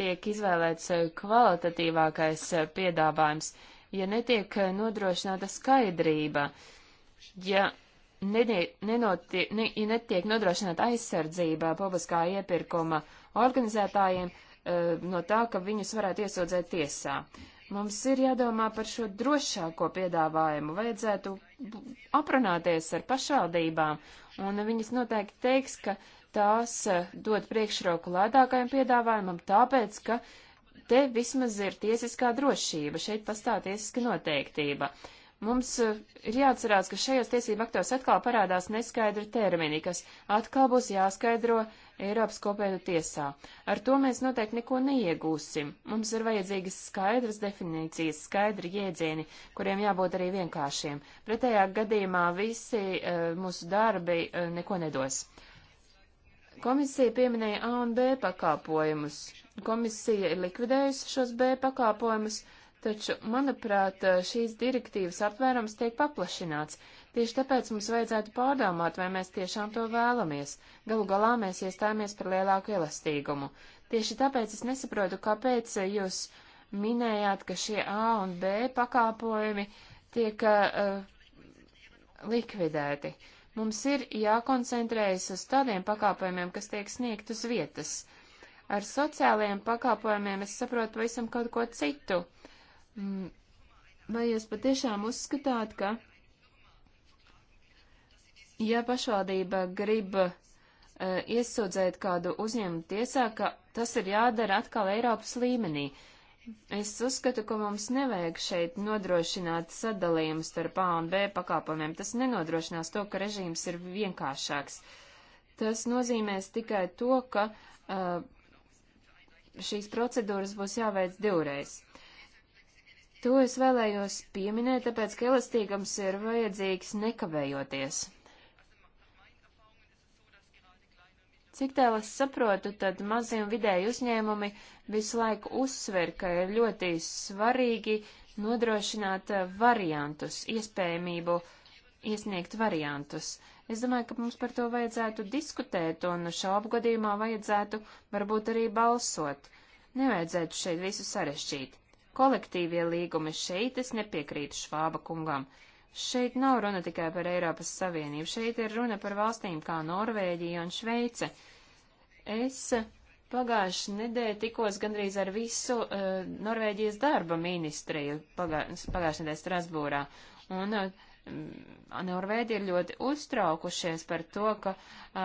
A: tiek izvēlēts kvalitatīvākais piedāvājums, ja netiek nodrošināta skaidrība, ja nenoti, ne, ja netiek nodrošināta aizsardzība publiskā iepirkuma organizētājiem eh, no tā, ka viņus varētu iesūdzēt tiesā. Mums ir jādomā par šo drošāko piedāvājumu. Vajadzētu aprunāties ar pašvaldībām, un viņas noteikti teiks, ka tās eh, dod priekšroku lētākajam piedāvājumam, tāpēc, ka te vismaz ir tiesiskā drošība, šeit pastāv tiesiska noteiktība. Uh, Mums eh, ir jāatcerās, ka šajos tiesību aktos atkal parādās neskaidri termini, kas atkal būs jāskaidro Eiropas kopienu tiesā. Ar to mēs noteikti neko neiegūsim. Mums ir vajadzīgas skaidras definīcijas, skaidri jēdzieni, kuriem jābūt arī vienkāršiem. Pretējā gadījumā visi uh, mūsu darbi uh, neko nedos. Komisija pieminēja A un B pakāpojumus. Komisija ir likvidējusi šos B pakāpojumus. Uh, Taču, manuprāt, šīs direktīvas aptvērums tiek paplašināts. Tieši tāpēc mums vajadzētu pārdomāt, vai mēs tiešām to vēlamies. Galu galā mēs iestājāmies par lielāku elastīgumu. Tieši tāpēc es nesaprotu, kāpēc jūs minējāt, ka šie A un B pakāpojumi tiek uh, likvidēti. Mums ir jākoncentrējas uz tādiem pakāpojumiem, kas tiek sniegt uz vietas. Ar sociālajiem pakāpojumiem es saprotu pavisam kaut ko citu Mm, vai jūs patiešām uzskatāt, ka ja pašvaldība grib uh, iesūdzēt kādu uzņēmumu tiesā, ka tas ir jādara atkal Eiropas līmenī? Es uzskatu, ka mums nevajag šeit nodrošināt sadalījumu starp A un B pakāpumiem. Tas nenodrošinās to, ka režīms ir vienkāršāks. Tas nozīmēs tikai to, ka uh, šīs procedūras būs jāveic divreiz. To es vēlējos pieminēt, tāpēc, ka elastīgums ir vajadzīgs nekavējoties. Cik tālu es saprotu, tad mazie un vidēji uzņēmumi visu laiku uzsver, ka ir ļoti svarīgi nodrošināt eh, variantus, iespējamību iesniegt variantus. Es domāju, ka mums par to vajadzētu diskutēt un šaubu gadījumā vajadzētu varbūt arī balsot. Nevajadzētu šeit visu sarešķīt kolektīvie līgumi. Šeit es nepiekrītu Švāba kungam. Šeit nav runa tikai par Eiropas Savienību, šeit ir runa par valstīm kā Norvēģija un Šveice. Es pagājuši nedēļu tikos gandrīz ar visu uh, Norvēģijas darba ministriju pagā, pagājuši nedēļu Strasbūrā. Un uh, Norvēģi ir ļoti uztraukušies par to, ka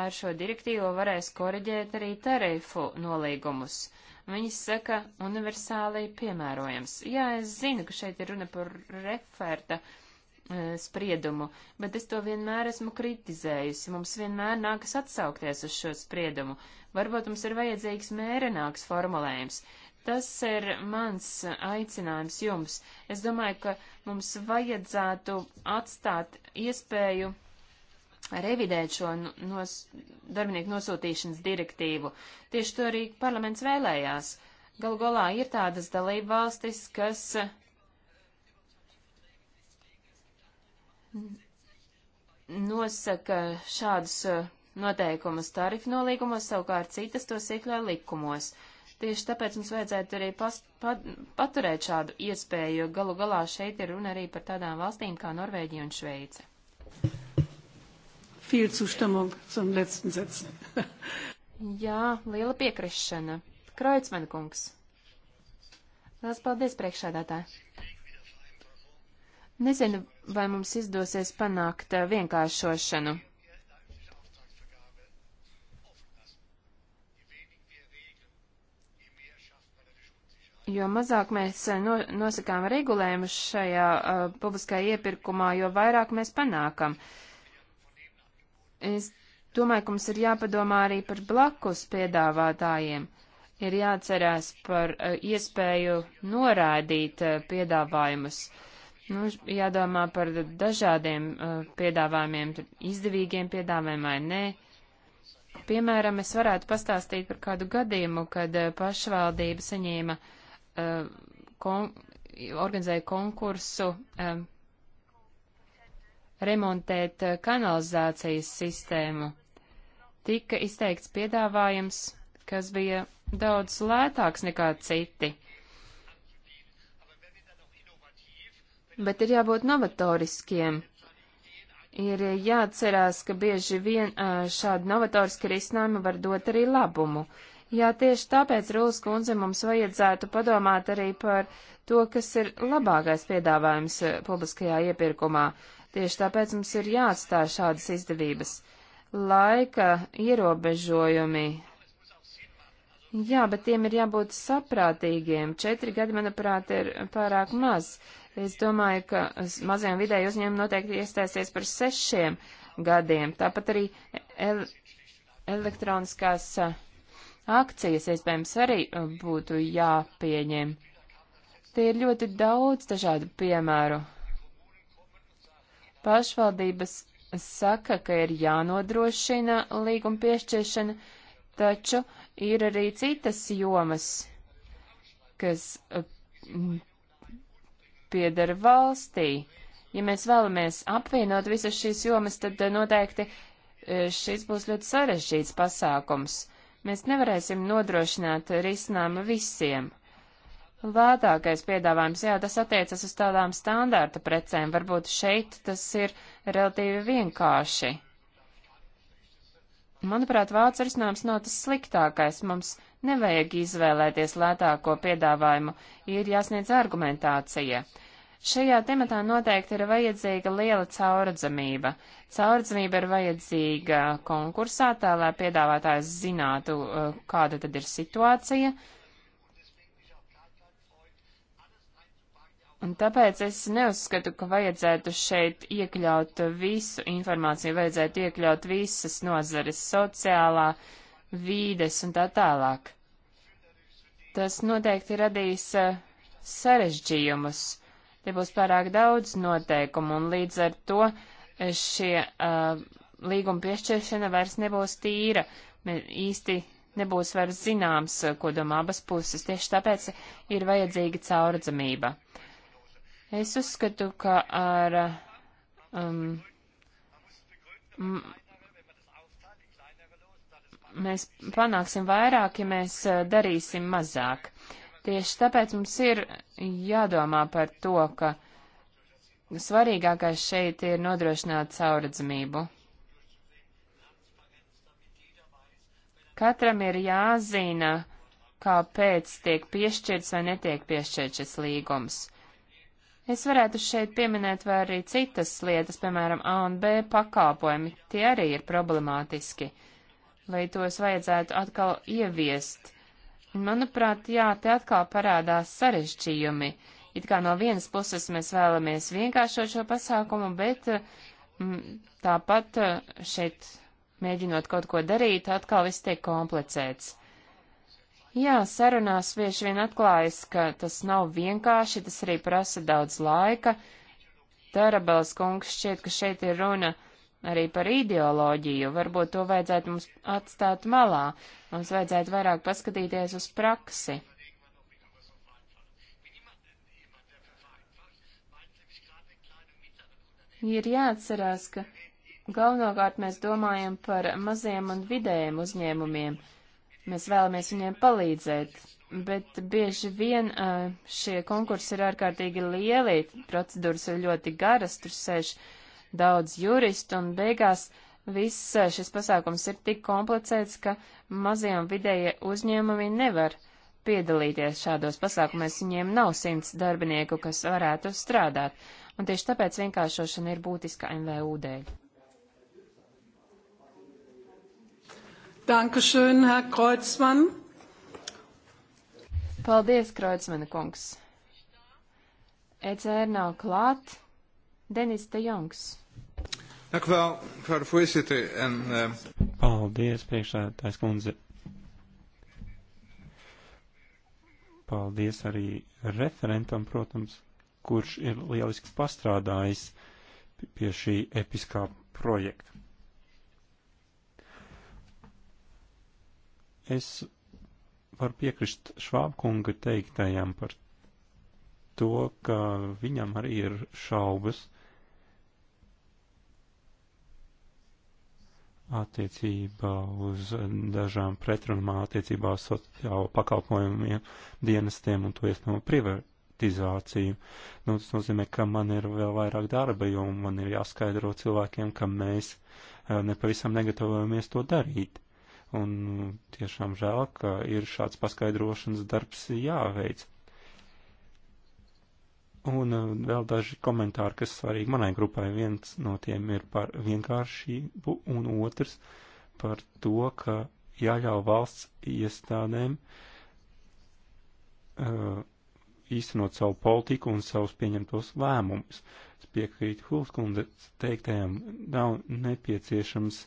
A: ar šo direktīvu varēs koriģēt arī tarifu nolīgumus. Uh, Viņas saka, universāli piemērojams. Jā, es zinu, ka šeit ir runa par referta e, spriedumu, bet es to vienmēr esmu kritizējusi. Mums vienmēr nākas atsaukties uz šo spriedumu. Varbūt mums ir vajadzīgs mērenāks formulējums. Tas ir mans aicinājums jums. Es domāju, ka mums vajadzētu atstāt iespēju revidēt šo nos, darbinieku nosūtīšanas direktīvu. Tieši to arī parlaments vēlējās. Galu galā ir tādas dalība valstis, kas nosaka šādus uh, noteikumus tarifu nolīgumos, savukārt citas tos iekļauj likumos. Tieši tāpēc mums vajadzētu arī pas, pat, paturēt šādu iespēju, jo galu galā šeit ir runa arī par tādām valstīm kā Norvēģija un Šveice
C: viel Zustimmung zum letzten Sätzen.
A: Jā, liela piekrišana. Kreutzmann kungs. Lielas paldies, priekšādātāji. Nezinu, vai mums izdosies panākt eh, vienkāršošanu. Jo mazāk mēs eh, no, nosakām regulējumus šajā uh, publiskajā iepirkumā, jo vairāk mēs panākam. Uh, Es domāju, ka mums ir jāpadomā arī par blakus piedāvātājiem. Ir jāatcerās par uh, iespēju noraidīt uh, eh, piedāvājumus. Nu, jādomā par dažādiem uh, piedāvājumiem, izdevīgiem piedāvājumiem vai nē. Piemēram, es varētu pastāstīt par kādu gadījumu, kad pašvaldība saņēma, kon organizēja konkursu remontēt eh, kanalizācijas sistēmu. Tika izteikts piedāvājums, kas bija daudz lētāks nekā citi. Bet ir jābūt novatoriskiem. Ir jāatcerās, ka bieži vien eh, šādi novatoriski risinājumi var dot arī labumu. Jā, tieši tāpēc, Rūlas kundze, mums vajadzētu padomāt arī par to, kas ir labākais piedāvājums eh, publiskajā iepirkumā. Uh, Tieši tāpēc mums ir jāatstāj šādas izdevības. Laika ierobežojumi. Jā, bet tiem ir jābūt saprātīgiem. Četri gadi, manuprāt, ir pārāk maz. Es domāju, ka mazajam vidēji uzņēmumi noteikti iestāsies par sešiem gadiem. Tāpat arī el elektroniskās akcijas iespējams arī būtu jāpieņem. Te ir ļoti daudz dažādu piemēru. Pašvaldības saka, ka ir jānodrošina līguma piešķiršana, taču ir arī citas jomas, kas uh, piedara valstī. Ja mēs vēlamies apvienot visas šīs jomas, tad uh, noteikti uh, šis būs ļoti sarežģīts pasākums. Mēs nevarēsim nodrošināt risinājumu visiem lētākais piedāvājums. Jā, tas attiecas uz tādām standārta precēm. Varbūt šeit tas ir relatīvi vienkārši. Manuprāt, vācu risinājums nav tas sliktākais. Mums nevajag izvēlēties lētāko piedāvājumu, ir jāsniedz argumentācija. Šajā tematā noteikti ir vajadzīga liela cauradzamība. Cauradzamība ir vajadzīga konkursā, tā lai piedāvātājs zinātu, uh, kāda tad ir situācija, uh, Un tāpēc es neuzskatu, ka vajadzētu šeit iekļaut visu informāciju, vajadzētu iekļaut visas nozares - sociālā, vīdes un tā tālāk. Tas noteikti radīs eh, sarežģījumus. Te būs pārāk daudz noteikumu, un līdz ar to eh, šie uh, līguma piešķiršana vairs nebūs tīra. Mēs īsti nebūs vairs zināms, ko domā abas puses. Tieši tāpēc ir vajadzīga caurdzamība. Uh, Es uzskatu, ka ar um, mēs panāksim vairāk, ja mēs uh, darīsim mazāk. Tieši tāpēc mums ir jādomā par to, ka svarīgākais šeit ir nodrošināt cauradzamību. Katram ir jāzina, kāpēc tiek piešķirts vai netiek piešķirts šis līgums. Es varētu šeit pieminēt vēl arī citas lietas, piemēram, A un B pakalpojumi. Tie arī ir problemātiski, vai tos vajadzētu atkal ieviest. Manuprāt, jā, te atkal parādās sarežģījumi. It kā no vienas puses mēs vēlamies vienkāršot šo pasākumu, bet m, mm, tāpat eh, šeit mēģinot kaut ko darīt, atkal viss tiek komplicēts. Jā, sarunās bieži vien atklājas, ka tas nav vienkārši, tas arī prasa daudz laika. Tarabels kungs šķiet, ka šeit ir runa arī par ideoloģiju, varbūt to vajadzētu mums atstāt malā, mums vajadzētu vairāk paskatīties uz praksi. Ir jāatcerās, ka galvenokārt mēs domājam par maziem un vidējiem uzņēmumiem. Mēs vēlamies viņiem palīdzēt, bet bieži vien šie konkursi ir ārkārtīgi lieli, procedūras ir ļoti garas, tur sēž daudz juristu un beigās viss šis pasākums ir tik komplicēts, ka mazie un vidējie uzņēmumi nevar piedalīties šādos pasākumos. Viņiem nav simts darbinieku, kas varētu strādāt. Un tieši tāpēc vienkāršošana ir būtiska MVU dēļ. Dankeschön, Herr Kreuzmann. Paldies, Kreuzmana kungs. ECR nav klāt. Denis de Jongs.
C: Dank u wel, mevrouw de voorzitter. En, uh...
B: Paldies, priekšsēdētājs kundze. Paldies arī referentam, protams, kurš ir lieliski pastrādājis pie šī episkā projekta. Es varu piekrist Švābkunga teiktajam par to, ka viņam arī ir šaubas attiecībā uz dažām pretrunumā attiecībā uz sociālo pakalpojumiem, dienestiem un to iespējamo privatizāciju. Nu, tas nozīmē, ka man ir vēl vairāk darba, jo man ir jāskaidro cilvēkiem, ka mēs eh, nepavisam negatavojamies to darīt. Un tiešām žēl, ka ir šāds paskaidrošanas darbs jāveic. Un uh, vēl daži komentāri, kas svarīgi manai grupai. Viens no tiem ir par vienkāršību, un otrs par to, ka jāļauj valsts iestādēm uh, īstenot savu politiku un savus pieņemtos lēmumus. Es piekrītu Hulskundze teiktajam, nav nepieciešams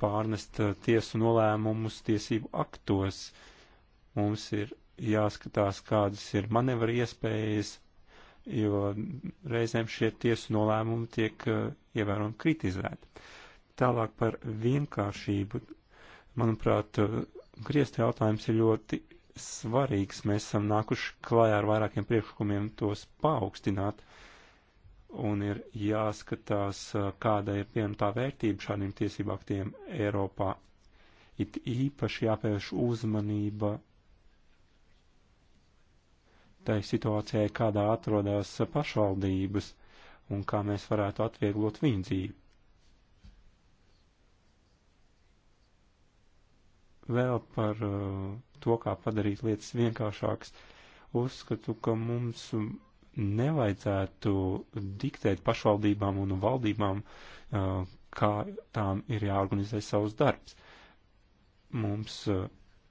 B: pārnest uh, tiesu nolēmumus tiesību aktos. Mums ir jāskatās, kādas ir manevra iespējas, jo reizēm šie tiesu nolēmumi tiek uh, ievērojami kritizēti. Tālāk par vienkāršību. Manuprāt, uh, griezta jautājums ir ļoti svarīgs. Mēs esam nākuši klājā ar vairākiem priekšlikumiem tos paaugstināt un ir jāskatās, kāda ir pieņemtā vērtība šādiem tiesību aktiem Eiropā. It īpaši jāpērš uzmanība tai situācijai, kādā atrodas pašvaldības un kā mēs varētu atvieglot viņu dzīvi. Vēl par to, kā padarīt lietas vienkāršākas, uzskatu, ka mums nevajadzētu diktēt pašvaldībām un valdībām, uh, kā tām ir jāorganizē savus darbs. Mums uh,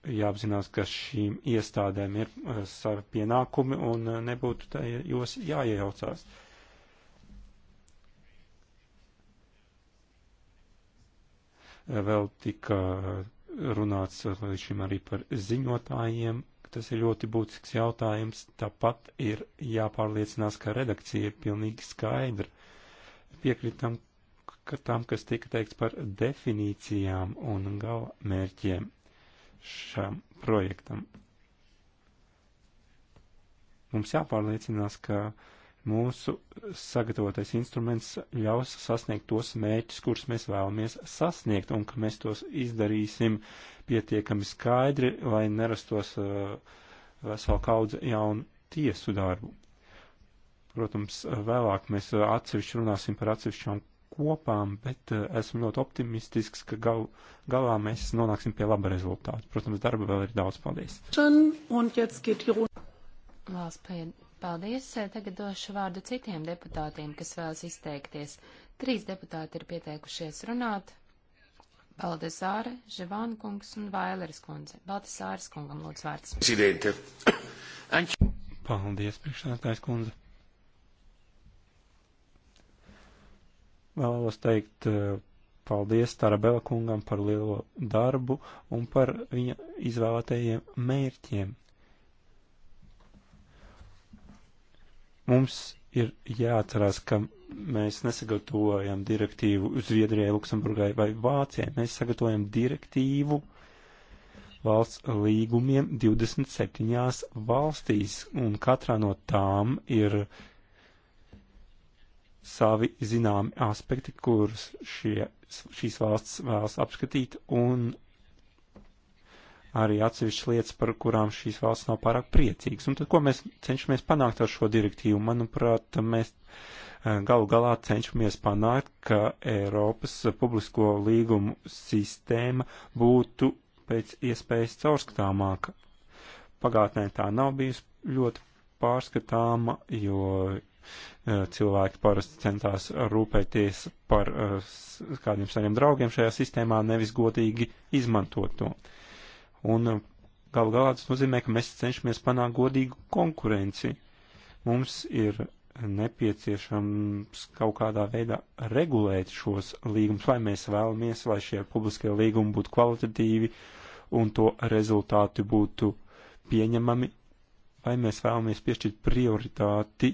B: jāapzinās, ka šīm iestādēm ir uh, savi pienākumi un nebūtu tajos jāiejaucās. Vēl tika runāts līdz šim arī par ziņotājiem ka tas ir ļoti būtisks jautājums. Tāpat ir jāpārliecinās, ka redakcija ir pilnīgi skaidra. Piekritam, ka tam, kas tika teikts par definīcijām un gala mērķiem šam projektam. Mums jāpārliecinās, ka uh, Mūsu sagatavotais instruments ļaus sasniegt tos mērķus, kurus mēs vēlamies sasniegt, un ka mēs tos izdarīsim pietiekami skaidri, lai nerastos uh, vesela kaudze jaunu tiesu darbu. Protams, vēlāk mēs atsevišķi runāsim par atsevišķām kopām, bet uh, esmu ļoti optimistisks, ka gal, galā mēs nonāksim pie laba rezultāta. Protams, darba vēl ir daudz. Paldies!
A: Lās Paldies. Tagad došu vārdu citiem deputātiem, kas vēlas izteikties. Trīs deputāti ir pieteikušies runāt. Baldesāre, Ževāna kungs un Vaileris kundze. Baldesāres kungam lūdzu vārds. Presidente.
B: Paldies, priekšsētājs kundze. Vēlos teikt eh, paldies Tarabela kungam par lielo darbu un par viņa izvēlētajiem mērķiem Mums ir jāatcerās, ka mēs nesagatavojam direktīvu Zviedrijai, Luksemburgai vai Vācijai. Mēs sagatavojam direktīvu valsts līgumiem 27 valstīs, un katrā no tām ir savi zināmi aspekti, kurus šie, šīs valsts vēlas apskatīt, un arī atsevišķas lietas, par kurām šīs valsts nav pārāk priecīgas. Un tad, ko mēs cenšamies panākt ar šo direktīvu? Manuprāt, mēs eh, galu galā cenšamies panākt, ka Eiropas eh, publisko līgumu sistēma būtu pēc iespējas caurskatāmāka. Pagātnē tā nav bijusi ļoti pārskatāma, jo eh, cilvēki parasti centās rūpēties par kādiem saviem draugiem šajā sistēmā, nevis godīgi izmantot to. Uh, un uh, galu galā tas nozīmē, ka mēs cenšamies panākt godīgu konkurenci. Mums ir nepieciešams kaut kādā veidā regulēt šos līgumus, vai mēs vēlamies, lai šie publiskie līgumi būtu kvalitatīvi un to rezultāti būtu pieņemami, vai mēs vēlamies piešķirt prioritāti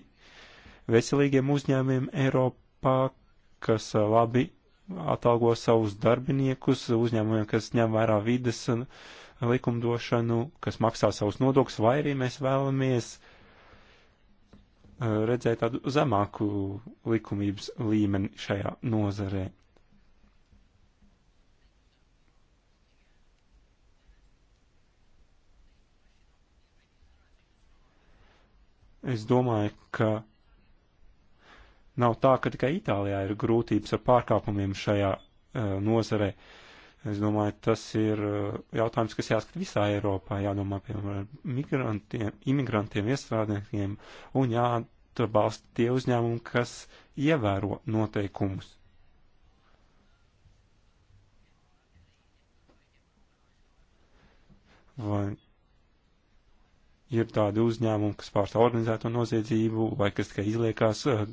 B: veselīgiem uzņēmiem Eiropā, kas uh, labi atalgo savus darbiniekus, uzņēmumiem, kas ņem vairāk vides un uh, likumdošanu, kas maksā savus nodokļus, vai arī mēs vēlamies eh, redzēt tādu zemāku likumības līmeni šajā nozarē. Es domāju, ka nav tā, ka tikai Itālijā ir grūtības ar pārkāpumiem šajā uh, nozarē. Uh, Es domāju, tas ir uh, jautājums, kas jāskat visā Eiropā, jādomā piemēram migrantiem, imigrantiem, iestrādniekiem un jāatbalsta tie uzņēmumi, kas ievēro noteikumus. Vai ir tādi uzņēmumi, kas pārstāv organizēto noziedzību vai kas tikai izliekās, uh,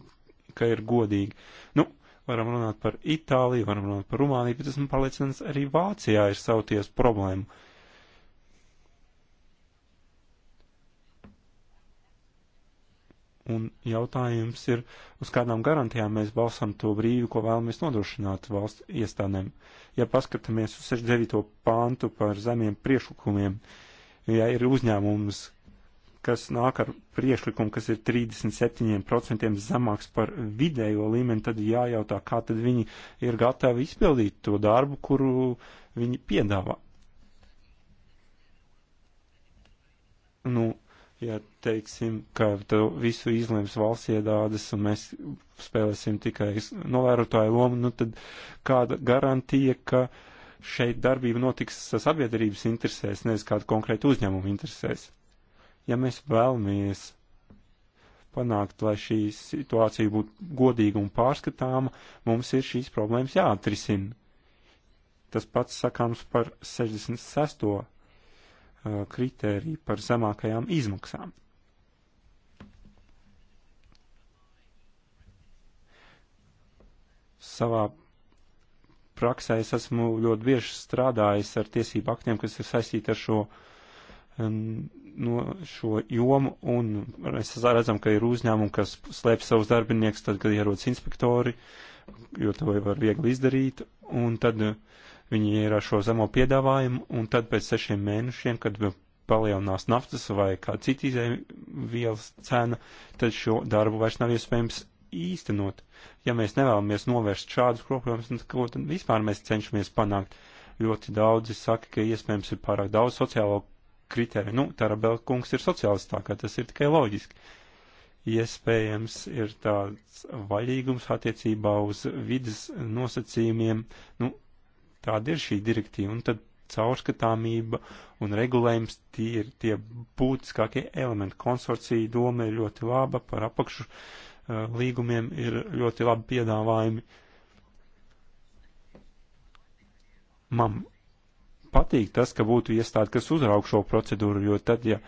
B: ka ir godīgi? Nu, varam runāt par Itāliju, varam runāt par Rumāniju, bet esmu pārliecināts, arī Vācijā ir sauties problēma. Un jautājums ir, uz kādām garantijām mēs balsam to brīvi, ko vēlamies nodrošināt valsts iestādēm. Ja paskatāmies uz 69. pāntu par zemiem priešlikumiem, ja ir uzņēmums, kas nāk ar priekšlikumu, kas ir 37% zemāks par vidējo līmeni, tad jājautā, kā tad viņi ir gatavi izpildīt to darbu, kuru viņi piedāvā. Nu, ja teiksim, ka to visu izlems valsts iedādes un mēs spēlēsim tikai novērotāju lomu, nu tad kāda garantija, ka šeit darbība notiks sabiedrības interesēs, nevis kādu konkrētu uzņēmumu interesēs. Ja mēs vēlamies panākt, lai šī situācija būtu godīga un pārskatāma, mums ir šīs problēmas jāatrisina. Tas pats sakāms par 66. Uh, kritēriju par zemākajām izmaksām. savā praksē es esmu ļoti bieži strādājis ar tiesību aktiem, kas ir saistīti ar šo Um, no šo jomu, un mēs redzam, ka ir uzņēmumi, kas slēp savus darbiniekus, tad, kad ierodas inspektori, jo to var viegli izdarīt, un tad uh, viņi ir ar šo zemo piedāvājumu, un tad pēc sešiem mēnešiem, kad palielinās naftas vai kā cita izēvielas cena, tad šo darbu vairs nav iespējams īstenot. Ja mēs nevēlamies novērst šādus kropļojumus, ko tad vispār mēs cenšamies panākt? Ļoti daudzi saka, ka iespējams ir pārāk daudz sociālo kritēriju. Nu, Tarabela kungs ir sociālists, tā kā tas ir tikai loģiski. Iespējams ir tāds vaļīgums attiecībā uz vidas nosacījumiem. Nu, tāda ir šī direktīva. Un tad caurskatāmība un regulējums tie ir tie būtiskākie elementi. Konsorcija doma ir ļoti laba, par apakšu uh, līgumiem ir ļoti labi piedāvājumi. Man patīk tas, ka būtu iestāde, kas uzrauk šo procedūru, jo tad, ja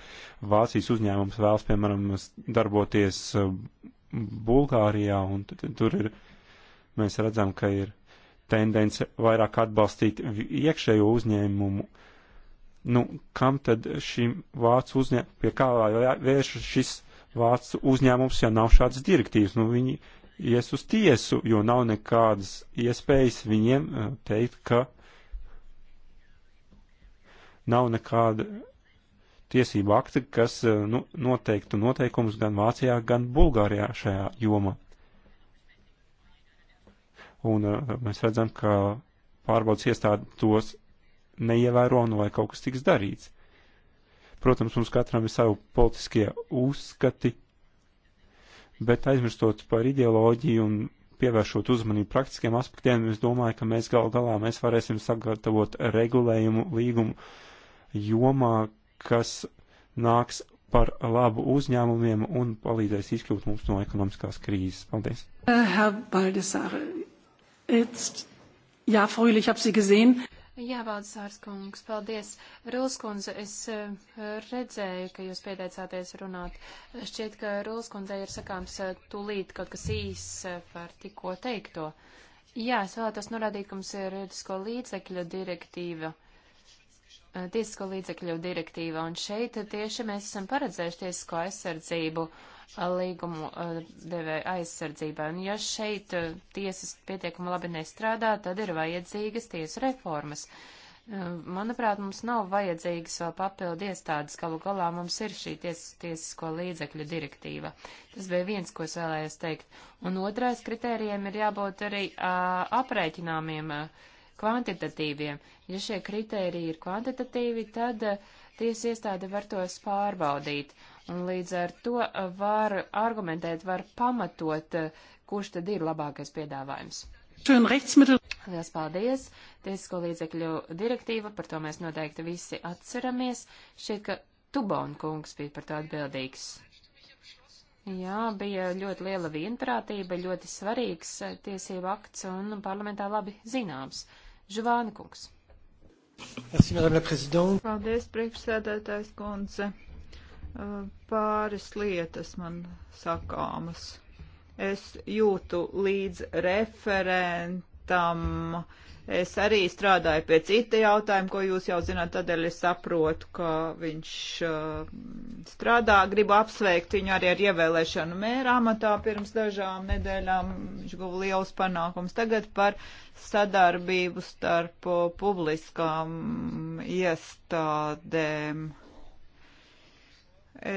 B: Vācijas uzņēmums vēlas, piemēram, darboties uh, Bulgārijā, un tur ir, mēs redzam, ka ir tendence vairāk atbalstīt iekšējo uzņēmumu, nu, kam tad šim vācu uzņēmumam, pie kā vēršas šis vācu uzņēmums, ja nav šāds direktīvs, nu, viņi ies uz tiesu, jo nav nekādas iespējas viņiem uh, teikt, ka uh, nav nekāda tiesība akta, kas eh, nu, noteiktu noteikumus gan Vācijā, gan Bulgārijā šajā jomā. Un eh, mēs redzam, ka pārbaudas iestāde tos neievēro un vai kaut kas tiks darīts. Protams, mums katram ir savi politiskie uzskati, bet aizmirstot par ideoloģiju un pievēršot uzmanību praktiskiem aspektiem, es domāju, ka mēs gal galā mēs varēsim sagatavot regulējumu līgumu, uh, jomā, kas nāks par labu uzņēmumiem un palīdzēs izkļūt mums no ekonomiskās krīzes. Paldies!
A: Äh, Jā, Frūli, ich habe Sie gesehen. Jā, Valdisārs kungs, paldies. Rūlskundze, es äh, redzēju, ka jūs pieteicāties runāt. Šķiet, ka Rūlskundze ir sakāms äh, tūlīt kaut kas īs par tikko teikto. Jā, es vēlētos norādīt, ka mums ir rītisko līdzekļu direktīva. Uh, tiesisko līdzekļu direktīva, un šeit tieši mēs esam paredzējuši tiesisko aizsardzību uh, līgumu uh, devēju aizsardzībai. Un ja šeit tiesas pietiekami labi nestrādā, tad ir vajadzīgas tiesu reformas. Manuprāt, mums nav vajadzīgas vēl papildu iestādes, galu galā mums ir šī ties, tiesisko līdzekļu direktīva. Tas bija viens, ko es vēlējos teikt. Un otrais kritērijiem ir jābūt arī uh, aprēķināmiem. Uh, kvantitatīviem. Ja šie kritēriji ir kvantitatīvi, tad eh, tiesa iestāde var tos pārbaudīt. Un līdz ar to eh, var argumentēt, var pamatot, eh, kurš tad ir labākais piedāvājums. Lielas paldies! Tiesisko līdzekļu direktīva, par to mēs noteikti visi atceramies. Šķiet, ka Tubon kungs bija par to atbildīgs. Jā, bija ļoti liela vienprātība, ļoti svarīgs tiesību akts un parlamentā labi zināms. Žuvāni kungs. Paldies, priekšsēdētājs kundze. Pāris
C: lietas man sakāmas. Es jūtu līdz referentam Es arī strādāju pie cita jautājuma, ko jūs jau zināt, tādēļ es saprotu, ka viņš uh, strādā. Gribu apsveikt viņu arī ar ievēlēšanu mēra amatā pirms dažām nedēļām. Viņš guva liels panākums tagad par sadarbību starp publiskām iestādēm.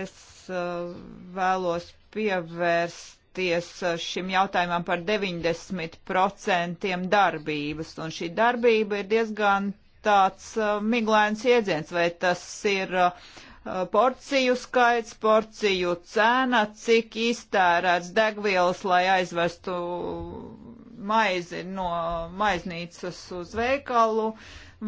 C: Es uh, vēlos pievērst pievērsties eh, šim jautājumam par 90% darbības, un šī darbība ir diezgan tāds uh, eh, miglains iedziens, vai tas ir uh, porciju skaits, porciju cena, cik iztērēts degvielas, lai aizvestu maizi no maiznīcas uz veikalu.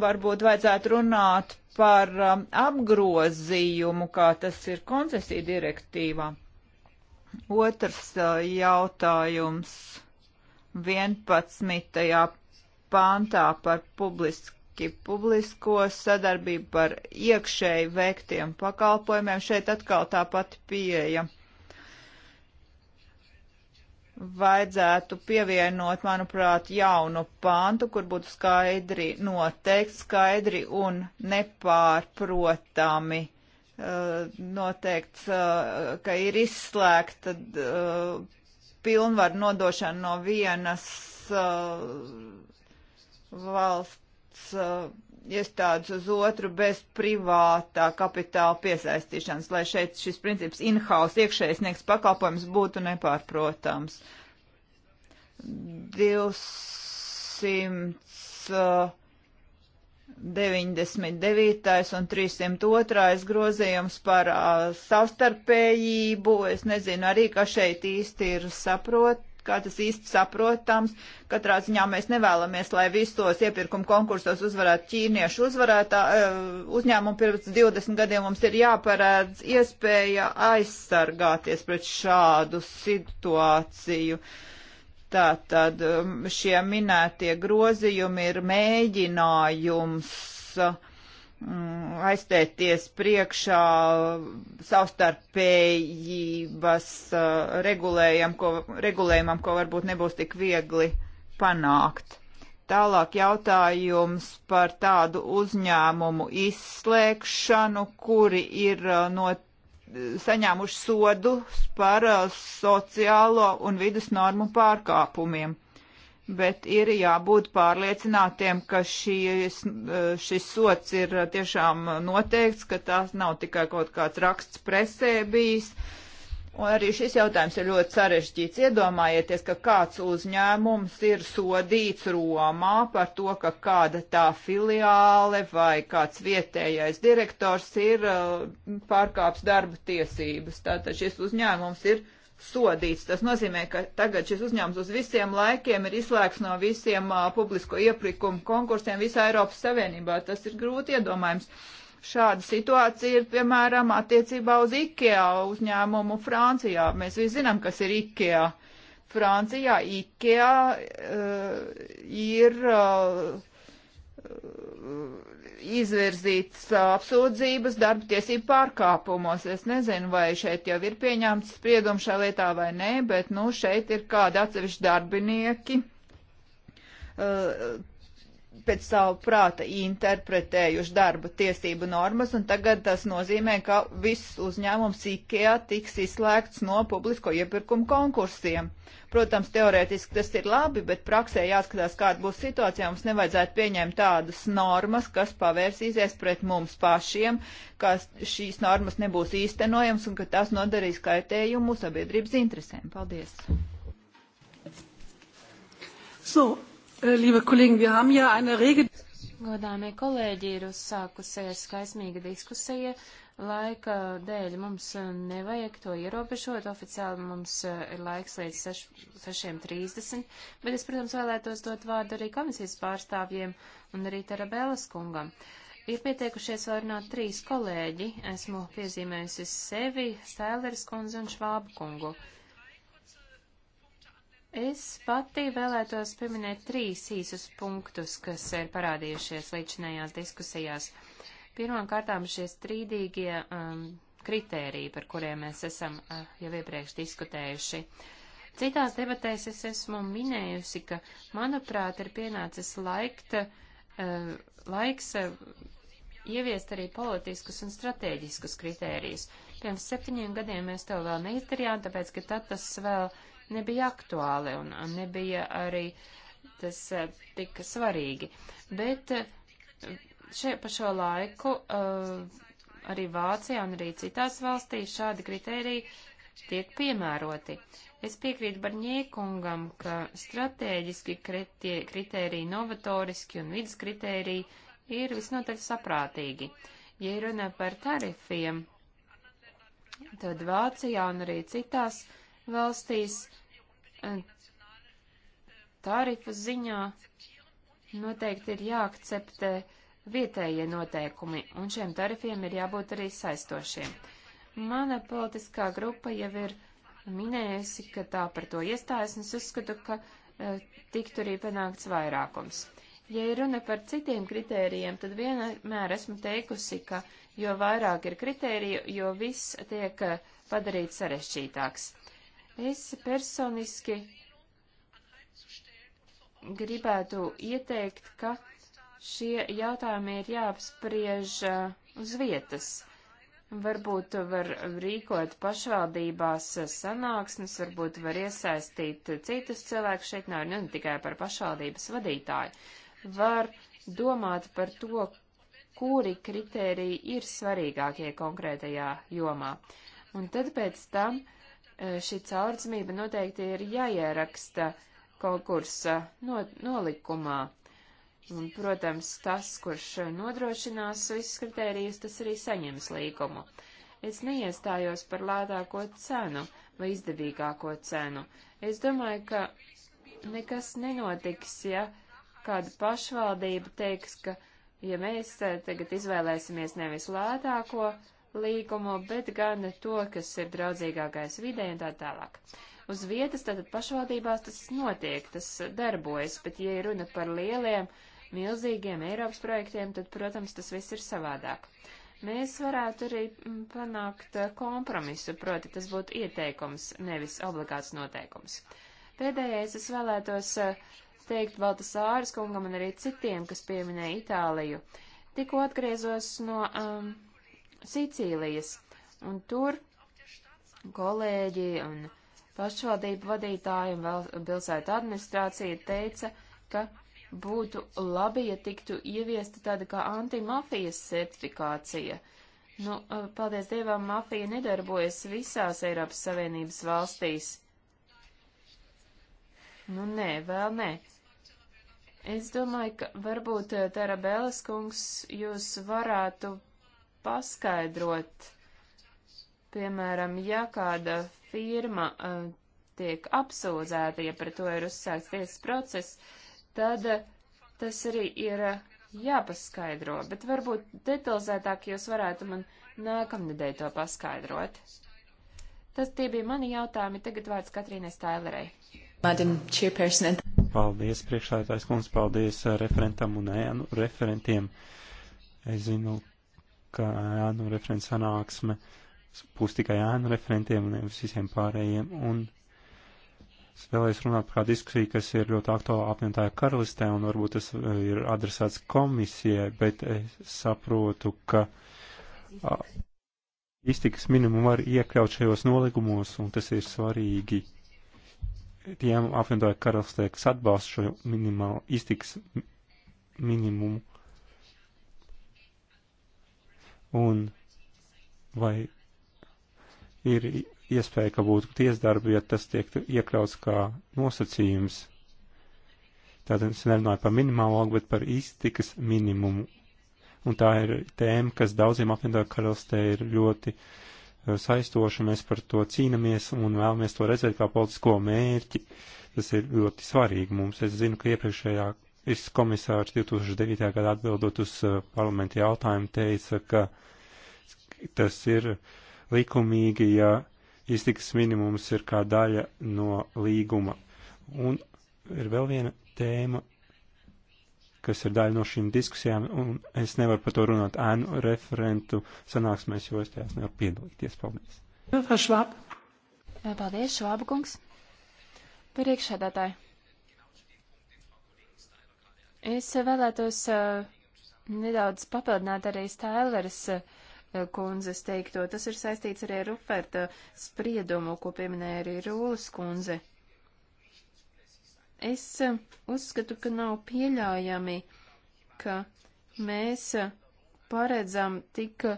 C: Varbūt vajadzētu runāt par um, apgrozījumu, kā tas ir koncesija direktīvā. Otrs jautājums 11. pāntā par publiski publisko sadarbību par iekšēji veiktiem pakalpojumiem. Šeit atkal tā pati pieeja. Vajadzētu pievienot, manuprāt, jaunu pāntu, kur būtu skaidri noteikti, skaidri un nepārprotami Eh, noteikts, eh, ka ir izslēgta eh, pilnvaru nodošana no vienas valsts iestādes uz otru bez privātā kapitāla piesaistīšanas, lai šeit šis princips in-house iekšējais sniegs pakalpojums būtu nepārprotams. 200 uh, 99. un 302. grozījums par uh, savstarpējību. Es nezinu arī, kas šeit īsti ir saprot, kā tas īsti saprotams. Katrā ziņā mēs nevēlamies, lai visos iepirkuma konkursos uzvarētu ķīniešu uzvarētā uh, uzņēmumu pirms 20 gadiem. Mums ir jāparēdz iespēja aizsargāties pret šādu situāciju. Uh, Tātad um, šie minētie grozījumi ir mēģinājums mm, aizstāties priekšā savstarpējības uh, regulējumam, ko, regulējumam, ko varbūt nebūs tik viegli panākt. Tālāk jautājums par tādu uzņēmumu izslēgšanu, kuri ir uh, not saņēmuši sodus par uh, sociālo un vidus normu pārkāpumiem. Bet ir jābūt pārliecinātiem, ka šis, uh, šis sots ir uh, tiešām noteikts, ka tās nav tikai kaut kāds raksts presē bijis, uh, Un arī šis jautājums ir ļoti sarežģīts. Iedomājieties, ka kāds uzņēmums ir sodīts Romā par to, ka kāda tā filiāle vai kāds vietējais direktors ir uh, pārkāps darba tiesības. Tātad šis uzņēmums ir sodīts. Tas nozīmē, ka tagad šis uzņēmums uz visiem laikiem ir izslēgts no visiem uh, publisko iepirkumu konkursiem visā Eiropas Savienībā. Tas ir grūti iedomājams. Uh, Šāda situācija ir, piemēram, attiecībā uz IKEA uzņēmumu Francijā. Mēs visi zinām, kas ir IKEA. Francijā IKEA uh, ir uh, eh, izvirzītas apsūdzības darba tiesību pārkāpumos. Es nezinu, vai šeit jau ir pieņemts spriedums šajā lietā vai nē, bet, nu, šeit ir kādi atsevišķi darbinieki, eh, pēc savu prāta interpretējuši darba tiesību normas, un tagad tas nozīmē, ka viss uzņēmums IKEA tiks izslēgts no publisko iepirkumu konkursiem. Protams, teorētiski tas ir labi, bet praksē jāskatās, kāda būs situācija. Mums nevajadzētu pieņemt tādas normas, kas pavērsīsies pret mums pašiem, ka šīs normas nebūs īstenojams un ka tās nodarīs kaitējumu sabiedrības interesēm. Paldies! So, Äh, liebe Kollegen, wir haben ja eine rege.
A: Godāmie kolēģi, ir uzsākusies skaismīga diskusija. Laika dēļ mums äh, nevajag to ierobežot. Oficiāli mums äh, ir laiks līdz 6.30, bet es, protams, vēlētos dot vārdu arī komisijas pārstāvjiem un arī Tarabēlas kungam. Ir pieteikušies vēl runāt trīs kolēģi. Esmu piezīmējusi sevi, Stēleris kundzi un Švābu kungu. Uh, Es pati vēlētos pieminēt trīs īsus punktus, kas ir parādījušies līdzinējās diskusijās. Pirmām kārtām šie strīdīgie um, kritēriji, par kuriem mēs esam uh, jau iepriekš diskutējuši. Citās debatēs es esmu minējusi, ka, manuprāt, ir pienācis laikt, uh, laiks uh, ieviest arī politiskus un strateģiskus kritērijus. Pirms septiņiem gadiem mēs to vēl neizdarījām, tāpēc, ka tad tas vēl uh, nebija aktuāli un nebija arī tas eh, tik svarīgi. Bet eh, šie pa šo laiku eh, arī Vācijā un arī citās valstīs šādi kriteriji tiek piemēroti. Es piekrītu Barņiekungam, ka strateģiski kritēriji, novatoriski un vidas kritēriji ir visnotaļ saprātīgi. Ja runā par tarifiem, tad Vācijā un arī citās valstīs eh, tarifu ziņā noteikti ir jāakceptē vietējie noteikumi, un šiem tarifiem ir jābūt arī saistošiem. Mana politiskā grupa jau ir minējusi, ka tā par to iestājas, un es uzskatu, ka e, tiktu arī panākts vairākums. Ja ir runa par citiem kritērijiem, tad vienmēr esmu teikusi, ka jo vairāk ir kritēriju, jo viss tiek eh, padarīts sarešķītāks. Es personiski gribētu ieteikt, ka šie jautājumi ir jāapspriež uh, uz vietas. Varbūt var rīkot pašvaldībās sanāksmes, varbūt var iesaistīt citus cilvēkus. Šeit nav runa tikai par pašvaldības vadītāju. Var domāt par to, kuri kritēriji ir svarīgākie konkrētajā jomā. Un tad pēc tam uh, šī caurdzamība noteikti ir jāieraksta konkursa no, nolikumā. Un, protams, tas, kurš nodrošinās visus kritērijus, tas arī saņems līgumu. Es neiestājos par lētāko cenu vai izdevīgāko cenu. Es domāju, ka nekas nenotiks, ja kāda pašvaldība teiks, ka ja mēs tagad izvēlēsimies nevis lētāko, uh, līgumu, bet gan to, kas ir draudzīgākais vidē un tā tālāk. Uz vietas tātad pašvaldībās tas notiek, tas darbojas, bet ja runa par lieliem, milzīgiem Eiropas projektiem, tad, protams, tas viss ir savādāk. Mēs varētu arī mm, panākt eh, kompromisu, proti tas būtu ieteikums, nevis obligāts noteikums. Pēdējais es vēlētos eh, teikt Baltasāras kungam un arī citiem, kas pieminēja Itāliju. Tikko atgriezos no um, Sicīlijas, un tur kolēģi un pašvaldību vadītāji un pilsētu administrācija teica, ka būtu labi, ja tiktu ieviesta tāda kā antimafijas certifikācija. Nu, eh, paldies Dievam, mafija nedarbojas visās Eiropas Savienības valstīs. Nu, nē, vēl nē. Es domāju, ka varbūt eh, Tarabēlas kungs jūs varētu paskaidrot, piemēram, ja kāda firma uh, tiek apsūdzēta, ja par to ir uzsākts tiesas process, tad uh, tas arī ir uh, jāpaskaidro, bet varbūt detalizētāk jūs varētu man nākamnedēļ to paskaidrot. Tas tie bija mani jautājumi, tagad vārds Katrīnai Stailerei. Madam Chairperson. Paldies,
B: priekšlētājs kundze, paldies referentam un ēnu referentiem. Es zinu, ka ēnu referents sanāksme būs tikai ēnu referentiem un nevis visiem pārējiem. Un es vēlējos runāt par kādu diskusiju, kas ir ļoti aktuāla apvienotāja karalistē, un varbūt tas e, ir adresēts komisijai, bet es saprotu, ka iztikas minimumu var iekļaut šajos nolikumos, un tas ir svarīgi tiem apvienotāju karalistē, kas atbalsta šo minimālu iztikas minimumu un vai ir iespēja, ka būtu tiesdarbi, ja tas tiek iekļauts kā nosacījums. Tātad es nerunāju par minimālo algu, bet par iztikas minimumu. Un tā ir tēma, kas daudziem apvienotā karalistē ir ļoti eh, saistoša. Mēs par to cīnamies un vēlamies to redzēt kā politisko mērķi. Tas ir ļoti svarīgi mums. Es zinu, ka iepriekšējā Viskomisārs 2009. gadā atbildot uz uh, parlamenta jautājumu teica, ka tas ir likumīgi, ja iztikas minimums ir kā daļa no līguma. Un ir vēl viena tēma, kas ir daļa no šīm diskusijām, un es nevaru par to runāt ēnu referentu sanāksmēs, jo es tajās nevaru piedalīties. Paldies.
A: Paldies, Švāba kungs. Priekšsēdētāji. Es vēlētos eh, nedaudz papildināt arī Stēleres eh, kundzes teikto. Tas ir saistīts arī ar Ruferta spriedumu, ko pieminēja arī Rūlas kundze. Es eh, uzskatu, ka nav pieļaujami, ka mēs paredzam tik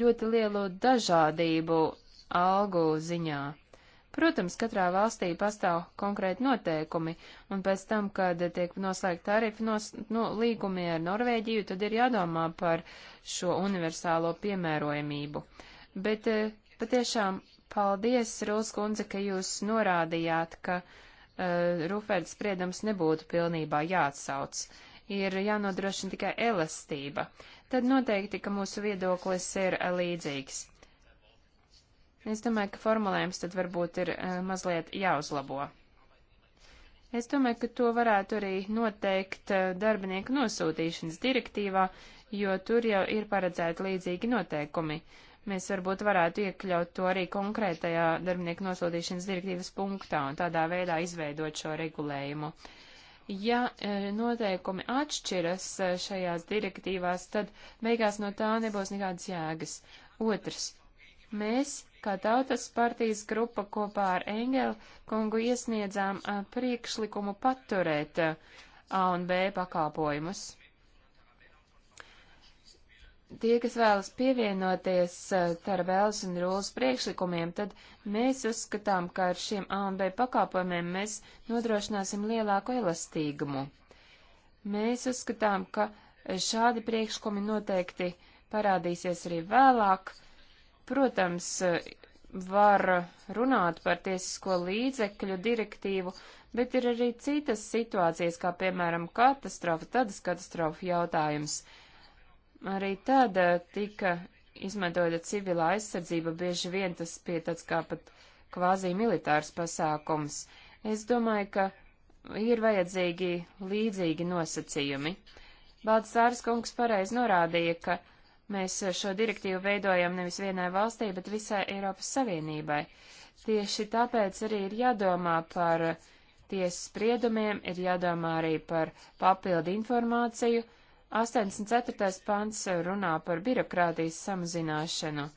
A: ļoti lielu dažādību algu ziņā. Protams, katrā valstī pastāv konkrēti noteikumi, un pēc tam, kad tiek noslēgta tarifu nos, no, līgumi ar Norvēģiju, tad ir jādomā par šo universālo piemērojamību. Bet eh, patiešām paldies, Rūls kundze, ka jūs norādījāt, ka uh, eh, Rūfēdas spriedums nebūtu pilnībā jāatsauc. Ir jānodrošina tikai elastība. Tad noteikti, ka mūsu viedoklis ir eh, līdzīgs. Es domāju, ka formulējums tad varbūt ir eh, mazliet jāuzlabo. Es domāju, ka to varētu arī noteikt eh, darbinieku nosūtīšanas direktīvā, jo tur jau ir paredzēti līdzīgi noteikumi. Mēs varbūt varētu iekļaut to arī konkrētajā darbinieku nosūtīšanas direktīvas punktā un tādā veidā izveidot šo regulējumu. Ja eh, noteikumi atšķiras šajās direktīvās, tad beigās no tā nebūs nekādas jēgas. Otrs. Mēs Kā tautas partijas grupa kopā ar Engelu kungu iesniedzām priekšlikumu paturēt A un B pakalpojumus. Tie, kas vēlas pievienoties Tarabēlas un Rūlas priekšlikumiem, tad mēs uzskatām, ka ar šiem A un B pakalpojumiem mēs nodrošināsim lielāku elastīgumu. Mēs uzskatām, ka šādi priekšlikumi noteikti parādīsies arī vēlāk, Protams, var runāt par tiesisko līdzekļu direktīvu, bet ir arī citas situācijas, kā piemēram katastrofa, tādas katastrofa jautājums. Arī tad eh, tika izmantota civilā aizsardzība, bieži vien tas pie tāds kā pat kvāzī militārs pasākums. Es domāju, ka ir vajadzīgi līdzīgi nosacījumi. Baltasārs kungs pareiz norādīja, ka Mēs šo direktīvu veidojam nevis vienai valstī, bet visai Eiropas Savienībai. Tieši tāpēc arī ir jādomā par tiesas spriedumiem, ir jādomā arī par papildu informāciju. 84. pants runā par birokrātijas samazināšanu.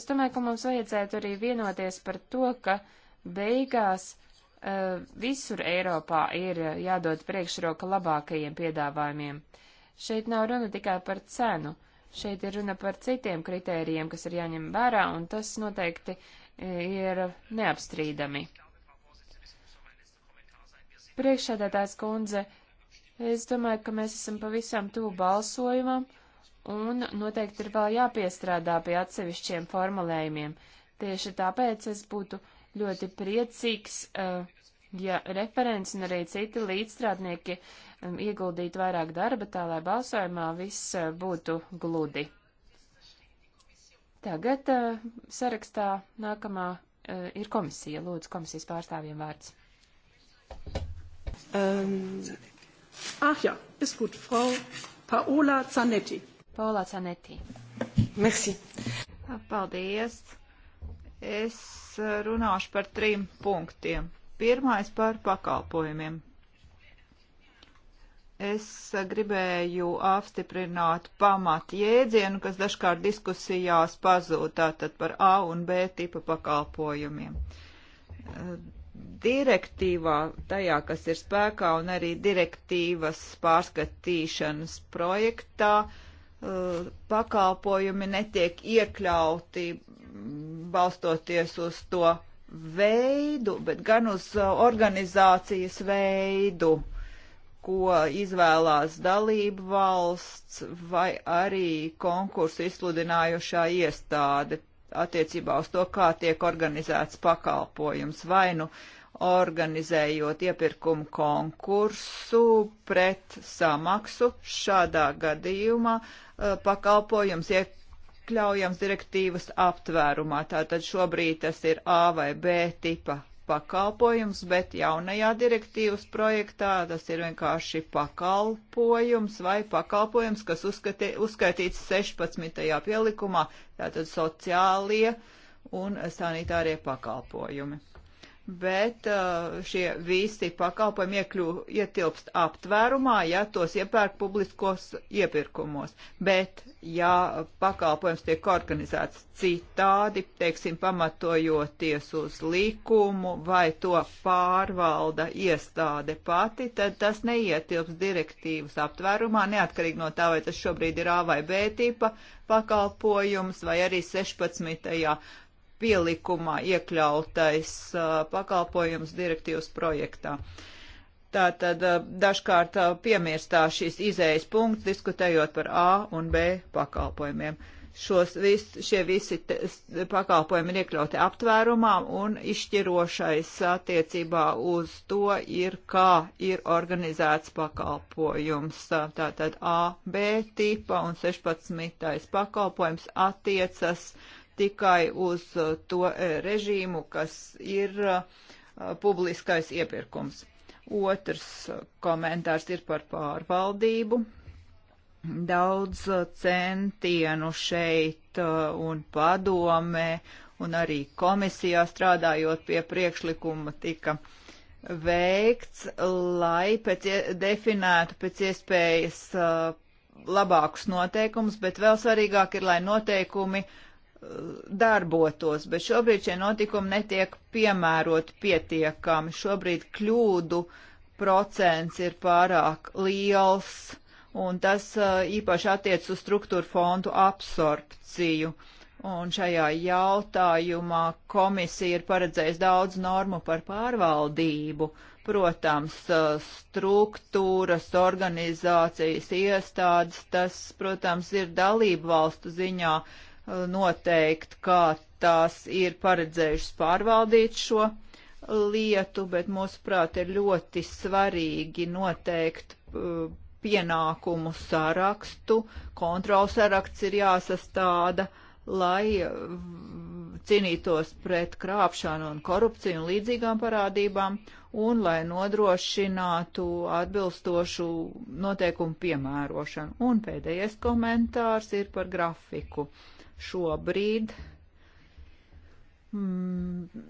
A: Es domāju, ka mums vajadzētu arī vienoties par to, ka beigās e, visur Eiropā ir jādod priekšroka labākajiem piedāvājumiem. Šeit nav runa tikai par cenu. Šeit ir runa par citiem kritērijiem, kas ir jāņem vērā, un tas noteikti e, ir neapstrīdami. Priekšsēdētājs kundze, es domāju, ka mēs esam pavisam tuvu balsojumam, un noteikti ir vēl jāpiestrādā pie atsevišķiem formulējumiem. Tieši tāpēc es būtu ļoti priecīgs uh, ja referents un arī citi līdzstrādnieki um, ieguldītu vairāk darba, tā lai balsojumā viss uh, būtu gludi. Tagad uh, sarakstā nākamā uh, ir komisija. Lūdzu, komisijas pārstāvjiem vārds. Um, ah, jā, es būtu Frau Paola Zanetti. Paola Zanetti. Merci. Paldies. Es uh,
C: runāšu par trim punktiem. Pirmais par pakalpojumiem. Es gribēju apstiprināt pamat jēdzienu, kas dažkārt diskusijās pazūd tātad par A un B tipa pakalpojumiem. Direktīvā, tajā, kas ir spēkā un arī direktīvas pārskatīšanas projektā, eh, pakalpojumi netiek iekļauti balstoties uz to veidu, bet gan uz uh, organizācijas veidu, ko izvēlās dalību valsts vai arī konkursu izsludinājušā iestāde attiecībā uz to, kā tiek organizēts pakalpojums, vai nu organizējot iepirkumu konkursu pret samaksu. Šādā gadījumā uh, pakalpojums iek iekļaujams direktīvas aptvērumā. Tātad šobrīd tas ir A vai B tipa pakalpojums, bet jaunajā direktīvas projektā tas ir vienkārši pakalpojums vai pakalpojums, kas uzskati, uzskaitīts 16. pielikumā, tātad sociālie un sanitārie pakalpojumi bet uh, šie visi pakalpojumi iekļu, ietilpst aptvērumā, ja tos iepērk publiskos iepirkumos. Bet, ja pakalpojums tiek organizēts citādi, teiksim, pamatojoties uz likumu vai to pārvalda iestāde pati, tad tas neietilpst direktīvas aptvērumā, neatkarīgi no tā, vai tas šobrīd ir A vai B tipa pakalpojums vai arī 16 pielikumā iekļautais pakalpojums direktīvas projektā. Tātad dažkārt piemirstā šīs izējas punkts, diskutējot par A un B pakalpojumiem. Šos vis, šie visi pakalpojumi ir iekļauti aptvērumā un izšķirošais attiecībā uz to ir, kā ir organizēts pakalpojums. Tātad A, B tipa un 16. pakalpojums attiecas uh, tikai uz uh, to uh, režīmu, kas ir uh, publiskais iepirkums. Otrs komentārs ir par pārvaldību. Daudz centienu šeit un padomē un arī komisijā strādājot pie priekšlikuma tika veikts, lai pēc, definētu pēc iespējas labākus noteikumus, bet vēl svarīgāk ir, lai noteikumi uh, darbotos, bet šobrīd šie notikumi netiek piemērot pietiekami. Šobrīd kļūdu procents ir pārāk liels, un tas īpaši attiec uz struktūra fondu absorpciju. Un šajā jautājumā komisija ir paredzējusi daudz normu par pārvaldību. Protams, struktūras, organizācijas, iestādes, tas, protams, ir dalību valstu ziņā noteikt, kā tās ir paredzējušas pārvaldīt šo lietu, bet mūsuprāt ir ļoti svarīgi noteikt uh, pienākumu sarakstu, kontrols saraksts ir jāsastāda, lai uh, cīnītos pret krāpšanu un korupciju un līdzīgām parādībām, un lai nodrošinātu atbilstošu noteikumu piemērošanu. Un pēdējais komentārs ir par grafiku. Uh, šobrīd mm,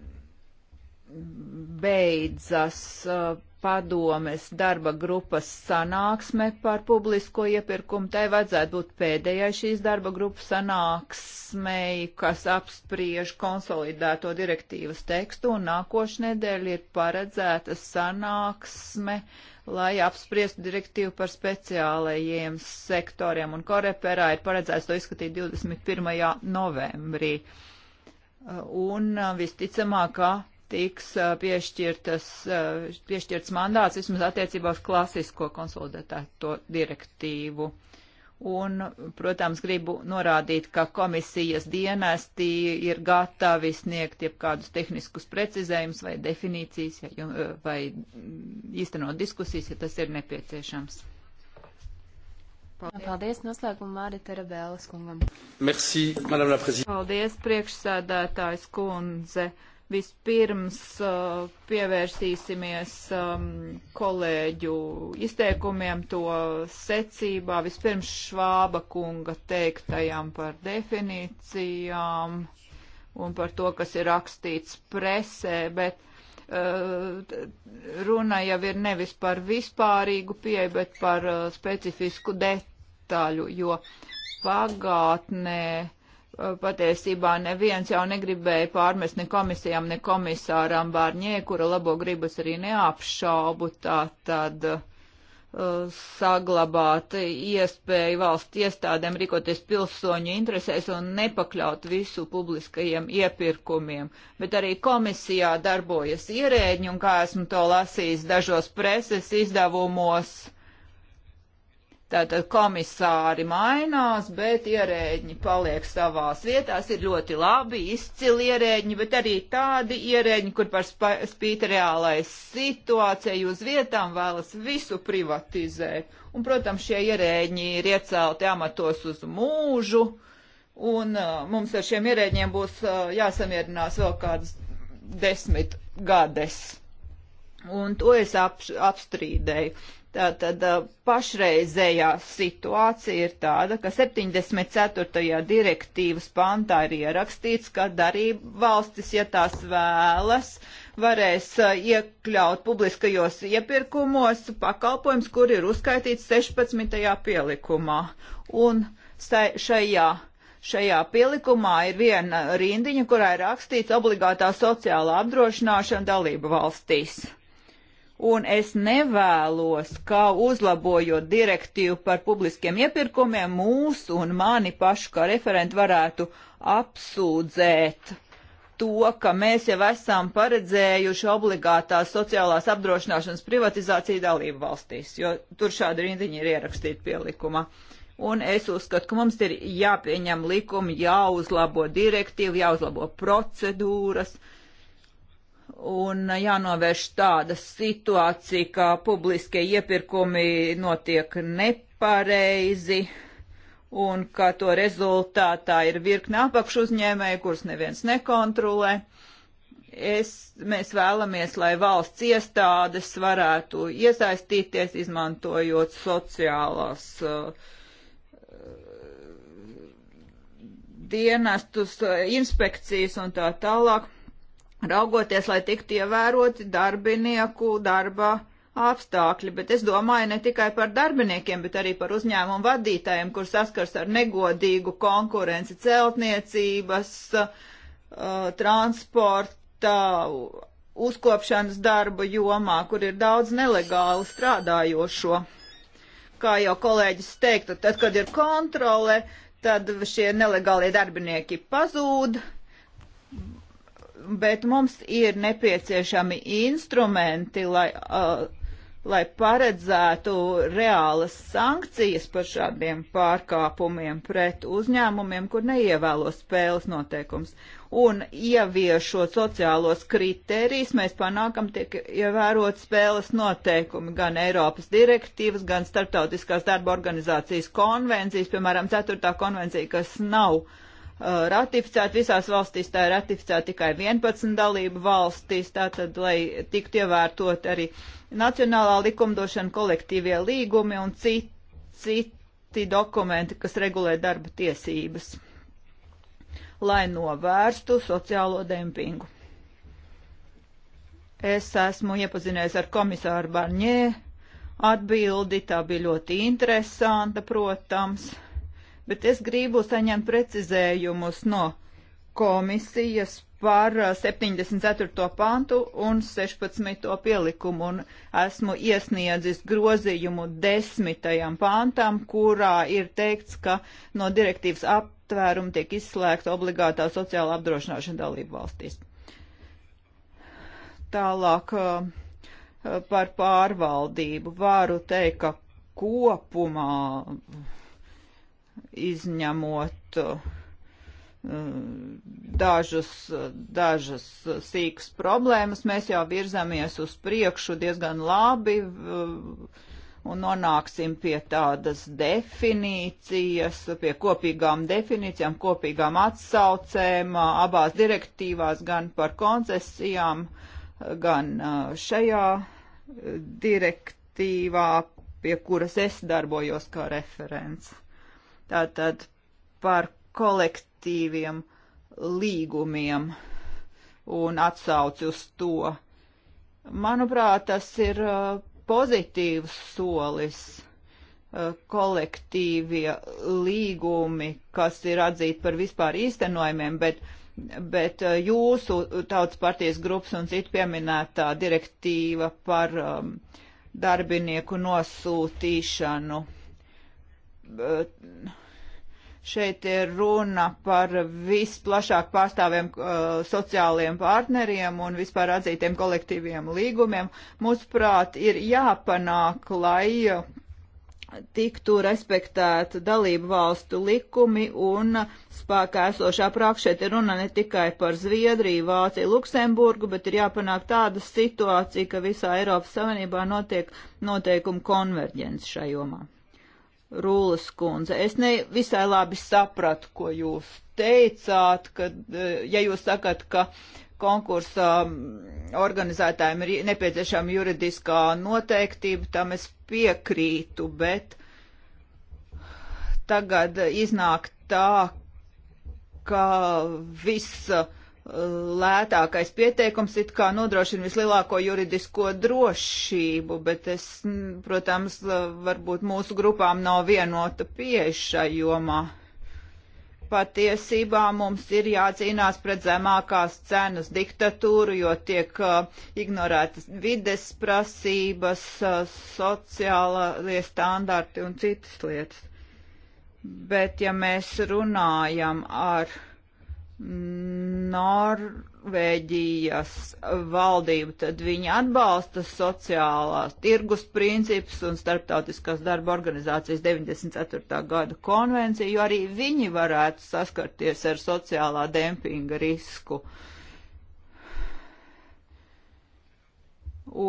C: beidzas uh, padomes darba grupas sanāksme par publisko iepirkumu. Tai vajadzētu būt pēdējai šīs darba grupas sanāksmei, kas apspriež konsolidēto direktīvas tekstu, un nākošnedēļ ir paredzēta sanāksme lai apspriestu direktīvu par speciālajiem sektoriem, un Koreperā ir paredzēts to izskatīt 21. novembrī. Uh, un uh, visticamāk, ka tiks uh, piešķirts mandāts vismaz attiecībā uz klasisko konsolidētāto direktīvu. Un, protams, gribu norādīt, ka komisijas dienesti ir gatavi sniegt jebkādus tehniskus precizējumus vai definīcijas ja, eh, vai mm, īstenot diskusijas, ja tas ir
A: nepieciešams. Paldies, Paldies noslēgumā arī Terabēlas kungam. Merci, madame la prezidente. Paldies, priekšsēdētājs kundze.
C: Vispirms uh, pievērsīsimies um, kolēģu izteikumiem to secībā. Vispirms Švāba kunga teiktajam par definīcijām un par to, kas ir rakstīts presē, bet uh, runa jau ir nevis par vispārīgu pieeju, bet par uh, specifisku detaļu, jo pagātnē patiesībā neviens jau negribēja pārmest ne komisijām, ne komisāram Bārņē, kura labo gribas arī neapšaubu, tā tad uh, saglabāt iespēju valsts iestādēm rīkoties pilsoņu interesēs un nepakļaut visu publiskajiem iepirkumiem. Bet arī komisijā darbojas ierēģi, un kā esmu to lasījis dažos preses izdevumos, uh, Tātad komisāri mainās, bet ierēģi paliek savās vietās. Ir ļoti labi, izcili ierēģi, bet arī tādi ierēģi, kur par spīti reālais situācija uz vietām vēlas visu privatizēt. Un, protams, šie ierēģi ir iecelti amatos uz mūžu, un uh, mums ar šiem ierēģiem būs uh, jāsamierinās vēl kādas desmit gades. Un to es ap, apstrīdēju Tātad pašreizējā situācija ir tāda, ka 74. direktīvas pantā ir ierakstīts, ka darība valstis, ja tās vēlas, varēs iekļaut publiskajos iepirkumos pakalpojums, kur ir uzskaitīts 16. pielikumā. Un šajā Šajā pielikumā ir viena rindiņa, kurā ir rakstīts obligātā sociālā apdrošināšana dalību valstīs un es nevēlos, kā uzlabojot direktīvu par publiskiem iepirkumiem, mūs un mani pašu kā referentu varētu apsūdzēt to, ka mēs jau esam paredzējuši obligātās sociālās apdrošināšanas privatizāciju dalību valstīs, jo tur šādi rindiņi ir ierakstīti pielikumā. Un es uzskatu, ka mums ir jāpieņem likumi, jāuzlabo direktīvu, jāuzlabo procedūras, uh, un jānovērš tāda situācija, kā publiskie iepirkumi notiek nepareizi un ka to rezultātā ir virkne apakšu uzņēmēju, kurus neviens nekontrolē. Es, mēs vēlamies, lai valsts iestādes varētu iesaistīties, izmantojot sociālās uh, dienestus, uh, inspekcijas un tā tālāk raugoties, lai tiktu ievēroti darbinieku darba apstākļi, bet es domāju ne tikai par darbiniekiem, bet arī par uzņēmumu vadītājiem, kur saskars ar negodīgu konkurenci celtniecības, uh, transporta, uzkopšanas darba jomā, kur ir daudz nelegāli strādājošo. Kā jau kolēģis teiktu, tad, kad ir kontrole, tad šie nelegālie darbinieki pazūd, uh, bet mums ir nepieciešami instrumenti, lai, uh, lai paredzētu reālas sankcijas par šādiem pārkāpumiem pret uzņēmumiem, kur neievēlo spēles noteikums. Un ieviešot sociālos kriterijus, mēs panākam tiek ievērot spēles noteikumi gan Eiropas direktīvas, gan starptautiskās darba organizācijas konvencijas, piemēram, ceturtā konvencija, kas nav uh, Uh, ratificēta. Visās valstīs tā ir ratificēta tikai 11 dalību valstīs, tātad, lai tiktu ievērtot arī nacionālā likumdošana, kolektīvie līgumi un citi, citi dokumenti, kas regulē darba tiesības, lai novērstu sociālo dempingu. Es esmu iepazinies ar komisāru Barņē atbildi, tā bija ļoti interesanta, protams bet es gribu saņemt precizējumus no komisijas par 74. Eh, pantu un 16. pielikumu, un esmu iesniedzis grozījumu 10. pantam, kurā ir teikts, ka no direktīvas aptvērumu tiek izslēgta obligātā sociāla apdrošināšana dalību valstīs. Tālāk eh, par pārvaldību varu teikt, ka kopumā izņemot uh, dažas, dažas sīkas problēmas. Mēs jau virzamies uz priekšu diezgan labi uh, un nonāksim pie tādas definīcijas, pie kopīgām definīcijām, kopīgām atsaucēm uh, abās direktīvās, gan par koncesijām, gan šajā direktīvā, pie kuras es darbojos kā referents. Tātad par kolektīviem līgumiem un atsauci uz to. Manuprāt, tas ir pozitīvs solis kolektīvie līgumi, kas ir atzīti par vispār īstenojumiem, bet, bet jūsu tautas partijas grupas un citu pieminētā direktīva par um, darbinieku nosūtīšanu. Bet, Šeit ir runa par visplašāk pārstāvjiem uh, sociāliem partneriem un vispār atzītiem kolektīviem līgumiem. Mūsuprāt, ir jāpanāk, lai uh, tiktu respektēta dalību valstu likumi un spēkā esošā prākš. Šeit ir runa ne tikai par Zviedriju, Vāciju, Luksemburgu, bet ir jāpanāk tāda situācija, ka visā Eiropas Savienībā notiek noteikumu konverģence šajomā. Rūlas kundze, es ne visai labi sapratu, ko jūs teicāt, kad, eh, ja jūs sakat, ka konkursā mm, organizētājiem ir nepieciešama juridiskā noteiktība, tam es piekrītu, bet tagad iznāk tā, ka visa lētākais pieteikums it kā nodrošina vislielāko juridisko drošību, bet es, protams, varbūt mūsu grupām nav vienota pieeja šai jomā. Patiesībā mums ir jācīnās pret zemākās cenas diktatūru, jo tiek uh, ignorētas vides prasības, uh, sociālie standarti un citas lietas. Bet ja mēs runājam ar Norvēģijas valdību, tad viņi atbalsta sociālās tirgus principus un starptautiskās darba organizācijas 94. gada konvenciju, jo arī viņi varētu saskarties ar sociālā dempinga risku.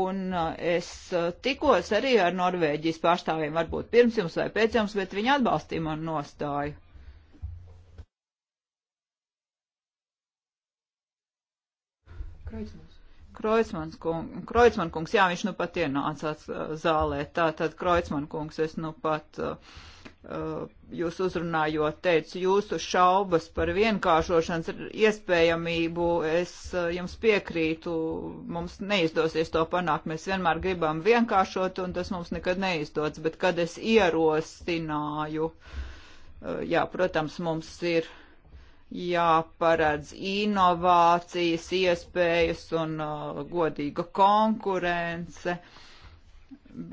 C: Un uh, es uh, tikos arī ar Norvēģijas pārstāvjiem, varbūt pirms jums vai pēc jums, bet viņi atbalstīja manu nostāju. Kreuzmans. Kreuzmans kungs, Kreuzman kungs, jā, viņš nu pat ienācās zālē. Tātad Kreuzman kungs, es nu pat uh, jūs uzrunājot, teicu, jūsu šaubas par vienkāršošanas iespējamību, es jums piekrītu, mums neizdosies to panākt, mēs vienmēr gribam vienkāršot, un tas mums nekad neizdodas, bet kad es ierostināju, jā, protams, mums ir jāparedz inovācijas iespējas un uh, godīga konkurence,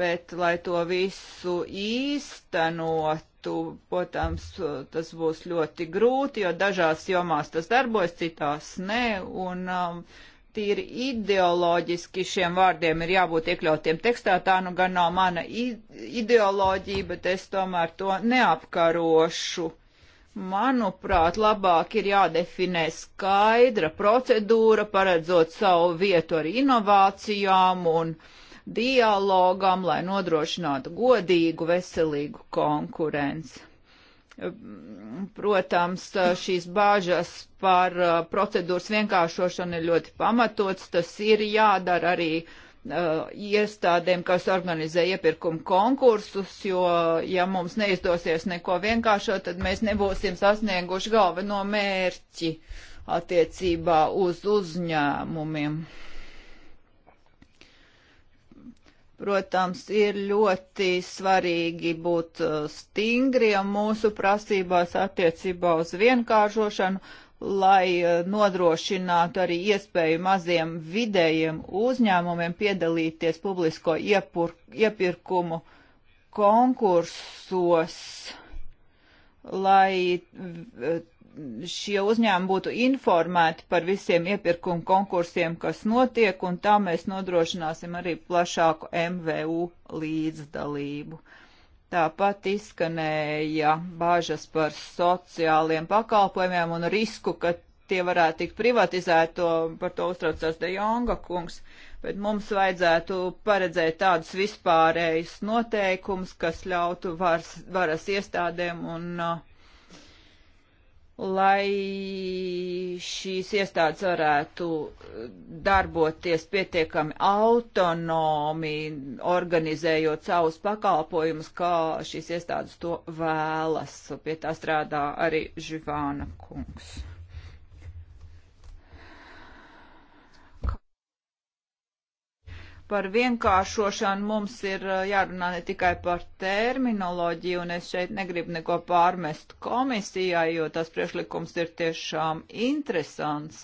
C: bet, lai to visu īstenotu, protams, tas būs ļoti grūti, jo dažās jomās tas darbojas, citās nē, un um, tīri ideoloģiski šiem vārdiem ir jābūt iekļautiem tekstā, tā nu gan nav mana ideoloģija, bet es tomēr to neapkarošu. Uh, Manuprāt, labāk ir jādefinē skaidra procedūra, paredzot savu vietu ar inovācijām un dialogam, lai nodrošinātu godīgu, veselīgu konkurenci. Protams, šīs bāžas par uh, procedūras vienkāršošanu ir ļoti pamatots, tas ir jādara arī uh, uh, iestādēm, kas organizē iepirkumu konkursus, jo, ja mums neizdosies neko vienkāršot, tad mēs nebūsim sasnieguši galveno mērķi attiecībā uz uzņēmumiem. Protams, ir ļoti svarīgi būt uh, stingriem mūsu prasībās attiecībā uz vienkāršošanu, lai eh, nodrošinātu arī iespēju maziem vidējiem uzņēmumiem piedalīties publisko iepur, iepirkumu konkursos, lai eh, šie uzņēmumi būtu informēti par visiem iepirkumu konkursiem, kas notiek, un tā mēs nodrošināsim arī plašāku MVU līdzdalību. Tāpat izskanēja bāžas par sociāliem pakalpojumiem un risku, ka tie varētu tikt privatizēti, to, par to uztraucās De Jonga kungs, bet mums vajadzētu paredzēt tādus vispārējus noteikumus, kas ļautu varas, varas iestādēm un uh, lai šīs iestādes varētu eh, darboties pietiekami autonomi, organizējot savus pakalpojumus, kā šīs iestādes to vēlas. Pie tā strādā arī Živāna kungs. par vienkāršošanu mums ir uh, jārunā ne tikai par terminoloģiju, un es šeit negribu neko pārmest komisijai, jo tas priešlikums ir tiešām interesants.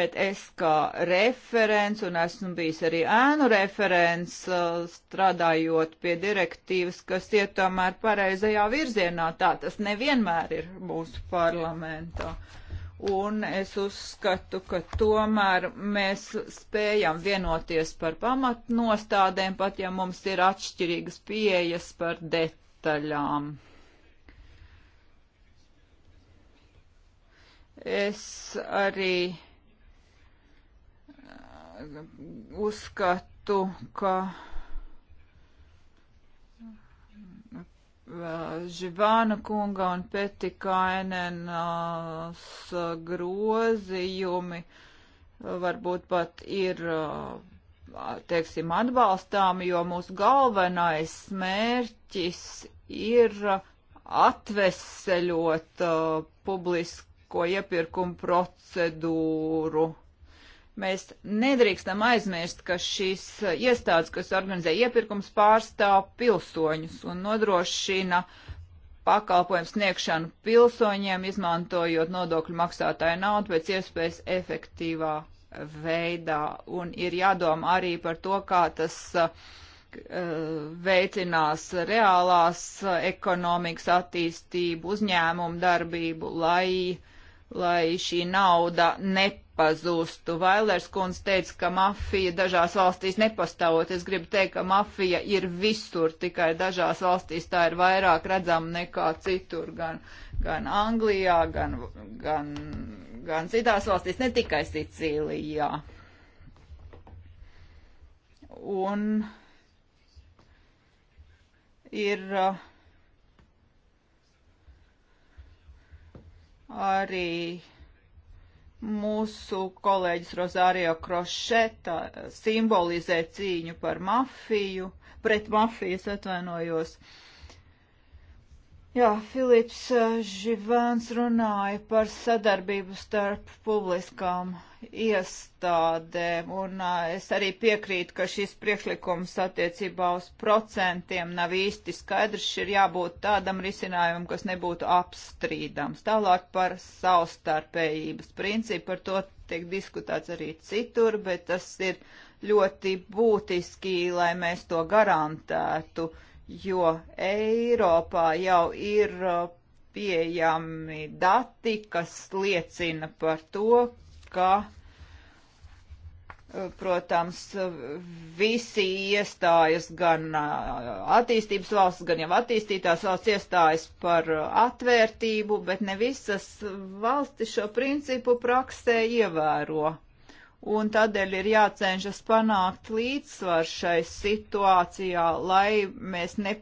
C: Bet es kā referents, un esmu bijis arī ēnu referents, uh, strādājot pie direktīvas, kas iet tomēr pareizajā virzienā, tā tas nevienmēr ir mūsu parlamentā. Uh, un es uzskatu, ka tomēr mēs spējam vienoties par pamatnostādēm, pat ja mums ir atšķirīgas pieejas par detaļām. Es arī uh, uzskatu, ka Živāna kunga un Petikainenas grozījumi varbūt pat ir, teiksim, atbalstāmi, jo mūsu galvenais mērķis ir atveseļot publisko iepirkumu procedūru. Mēs nedrīkstam aizmirst, ka šīs uh, iestādes, kas organizē iepirkums, pārstāv pilsoņus un nodrošina pakalpojumu sniegšanu pilsoņiem, izmantojot nodokļu maksātāju naudu pēc iespējas efektīvā veidā. Un ir jādomā arī par to, kā tas uh, uh veicinās reālās uh, ekonomikas attīstību, uzņēmumu darbību, lai uh, lai šī nauda nepazustu. Vailers kundze teica, ka mafija dažās valstīs nepastāvot. Es gribu teikt, ka mafija ir visur, tikai dažās valstīs tā ir vairāk redzama nekā citur, gan, gan Anglijā, gan, gan, gan citās valstīs, ne tikai Sicīlijā. Un ir uh, arī mūsu kolēģis Rozārio Krošeta simbolizē cīņu par mafiju, pret mafijas atvainojos. Uh, Jā, Filips eh, Živāns runāja par sadarbību starp publiskām iestādēm, un eh, es arī piekrītu, ka šis priekšlikums attiecībā uz procentiem nav īsti skaidrs. Ir jābūt tādam risinājumam, kas nebūtu apstrīdams. Tālāk par savstarpējības principu, par to tiek diskutēts arī citur, bet tas ir ļoti būtiski, lai mēs to garantētu. Uh, jo Eiropā jau ir uh, pieejami dati, kas liecina par to, ka, uh, protams, visi iestājas gan uh, attīstības valsts, gan jau attīstītās valsts iestājas par atvērtību, bet ne visas valsti šo principu praksē ievēro un tādēļ ir jācenšas panākt līdzsvaru šai situācijā, lai mēs ne,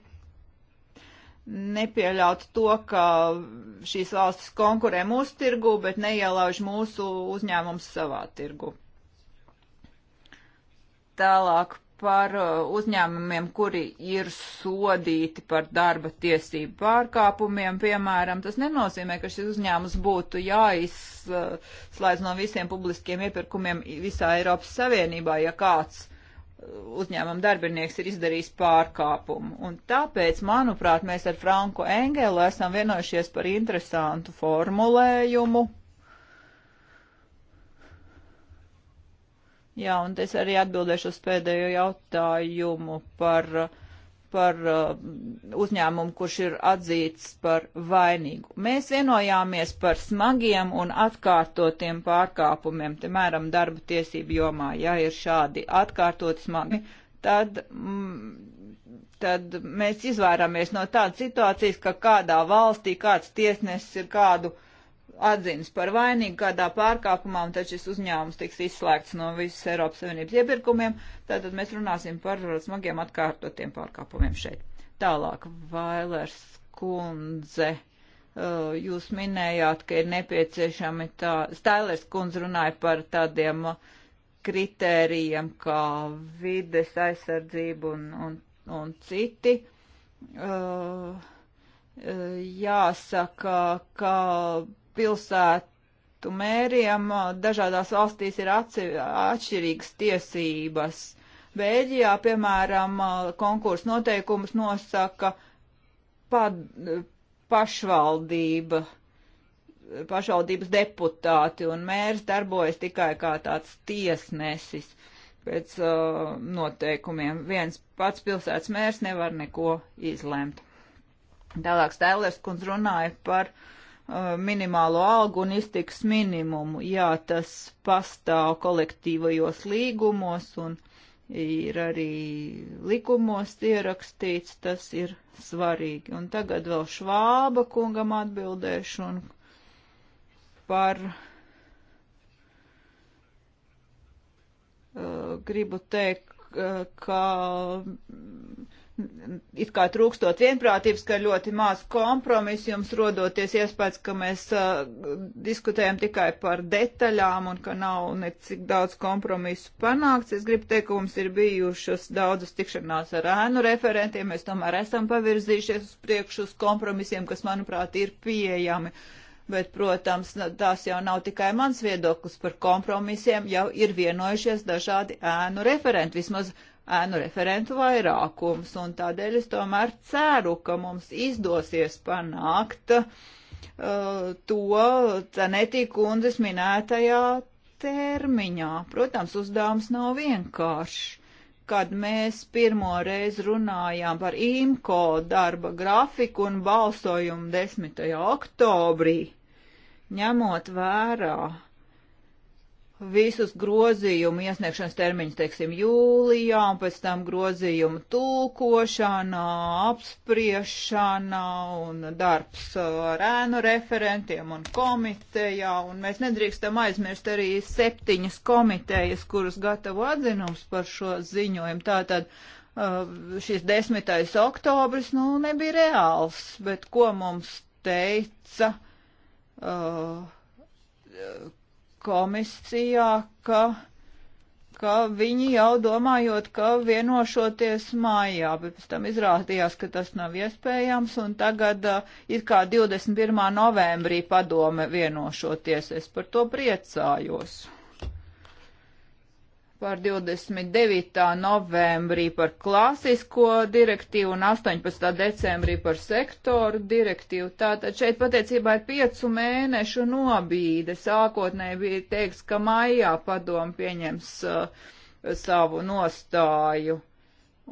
C: nepieļautu to, ka šīs valstis konkurē mūsu tirgu, bet neielauž mūsu uzņēmumus savā tirgu. Tālāk par uh, uzņēmumiem, kuri ir sodīti par darba tiesību pārkāpumiem, piemēram, tas nenozīmē, ka šis uzņēmums būtu jāizslēdz no visiem publiskiem iepirkumiem visā Eiropas Savienībā, ja kāds uh, uzņēmuma darbinieks ir izdarījis pārkāpumu. Un tāpēc, manuprāt, mēs ar Franku Engelu esam vienojušies par interesantu formulējumu Jā, un es arī atbildēšu uz pēdējo jautājumu par, par uh, uzņēmumu, kurš ir atzīts par vainīgu. Mēs vienojāmies par smagiem un atkārtotiem pārkāpumiem, piemēram, darba tiesību jomā. Ja ir šādi atkārtoti smagi, tad, mm, tad mēs izvairāmies no tādas situācijas, ka kādā valstī kāds tiesnesis ir kādu atzīmes par vainīgu kādā pārkāpumā, un tad šis uzņēmums tiks izslēgts no visas Eiropas Savienības iepirkumiem, tātad mēs runāsim par smagiem atkārtotiem pārkāpumiem šeit. Tālāk, Vailers kundze, uh, jūs minējāt, ka ir nepieciešami tā, Stailers kundze runāja par tādiem kritērijiem kā vides aizsardzība un, un, un citi. Uh, uh jāsaka, ka pilsētu mēriem dažādās valstīs ir atšķirīgas tiesības. Bēļģijā, piemēram, konkursu noteikumus nosaka pad, pašvaldība, pašvaldības deputāti, un mērs darbojas tikai kā tāds tiesnesis pēc uh, noteikumiem. Viens pats pilsētas mērs nevar neko izlemt. Tālāk Stēlers kundz runāja par uh, Uh, minimālo algu un iztiks minimumu. Jā, tas pastāv kolektīvajos līgumos un ir arī likumos ierakstīts, tas ir svarīgi. Un tagad vēl švāba kungam atbildēšu un par. Uh, gribu teikt, uh, ka it kā trūkstot vienprātības, ka ļoti maz kompromisu jums rodoties iespējas, ka mēs uh, diskutējam tikai par detaļām un ka nav necik daudz kompromisu panākts. Es gribu teikt, ka mums ir bijušas daudzas tikšanās ar ēnu referentiem. Mēs tomēr esam pavirzījušies uz priekšu uz kompromisiem, kas, manuprāt, ir pieejami. Bet, protams, tās jau nav tikai mans viedoklis par kompromisiem, jau ir vienojušies dažādi ēnu referenti. Vismaz ēnu referentu vairākums, un tādēļ es tomēr ceru, ka mums izdosies panākt uh, to Cenetī kundzes minētajā termiņā. Protams, uzdevums nav vienkāršs. Kad mēs pirmo reizi runājām par IMCO darba grafiku un balsojumu 10. oktobrī, ņemot vērā visus grozījumu iesniegšanas termiņus, teiksim, jūlijā, un pēc tam grozījumu tulkošanā, apspriešanā un darbs uh, ar ēnu referentiem un komitejā, un mēs nedrīkstam aizmirst arī septiņas komitejas, kuras gatavo atzinums par šo ziņojumu. Tātad uh, šis 10. oktobris, nu, nebija reāls, bet ko mums teica? Uh, komisijā, ka, ka viņi jau domājot, ka vienošoties mājā, bet pēc tam izrādījās, ka tas nav iespējams, un tagad uh, it kā 21. novembrī padome vienošoties. Es par to priecājos par 29. novembrī par klasisko direktīvu un 18. decembrī par sektoru direktīvu. Tātad šeit patiecībā ir piecu mēnešu nobīde. Sākotnēji bija teiks, ka maijā padomu pieņems uh, savu nostāju. Uh,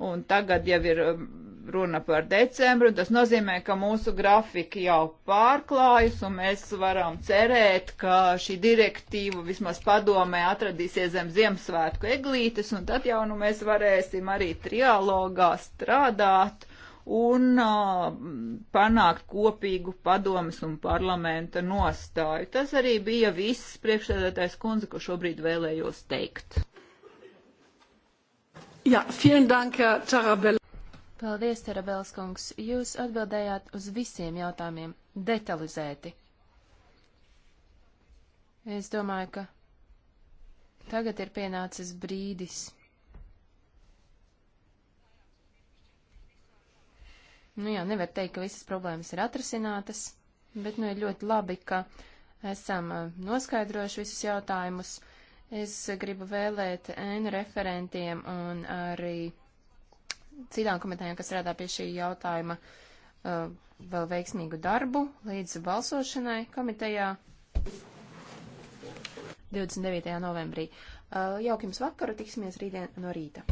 C: Un tagad jau ir um, runa par decembru, tas nozīmē, ka mūsu grafiki jau pārklājas, un mēs varam cerēt, ka šī direktīva vismaz padomē atradīsies zem Ziemassvētku eglītes, un tad jau nu, mēs varēsim arī trialogā strādāt un uh, panākt kopīgu padomas un parlamenta nostāju. Tas arī bija viss priekšsēdētājs kundze, ko šobrīd vēlējos teikt. Jā, ja, vielen dank, Tarabela.
A: Paldies, Tarabels kungs. Jūs atbildējāt uz visiem jautājumiem detalizēti. Es domāju, ka tagad ir pienācis brīdis. Nu jā, nevar teikt, ka visas problēmas ir atrasinātas, bet nu ir ļoti labi, ka esam eh, noskaidrojuši visus jautājumus. Es gribu vēlēt ēnu referentiem un arī citām komitējām, kas strādā pie šī jautājuma, uh, vēl veiksmīgu darbu līdz balsošanai komitejā 29. novembrī. Uh, jauki jums vakaru, tiksimies rītdien no rīta.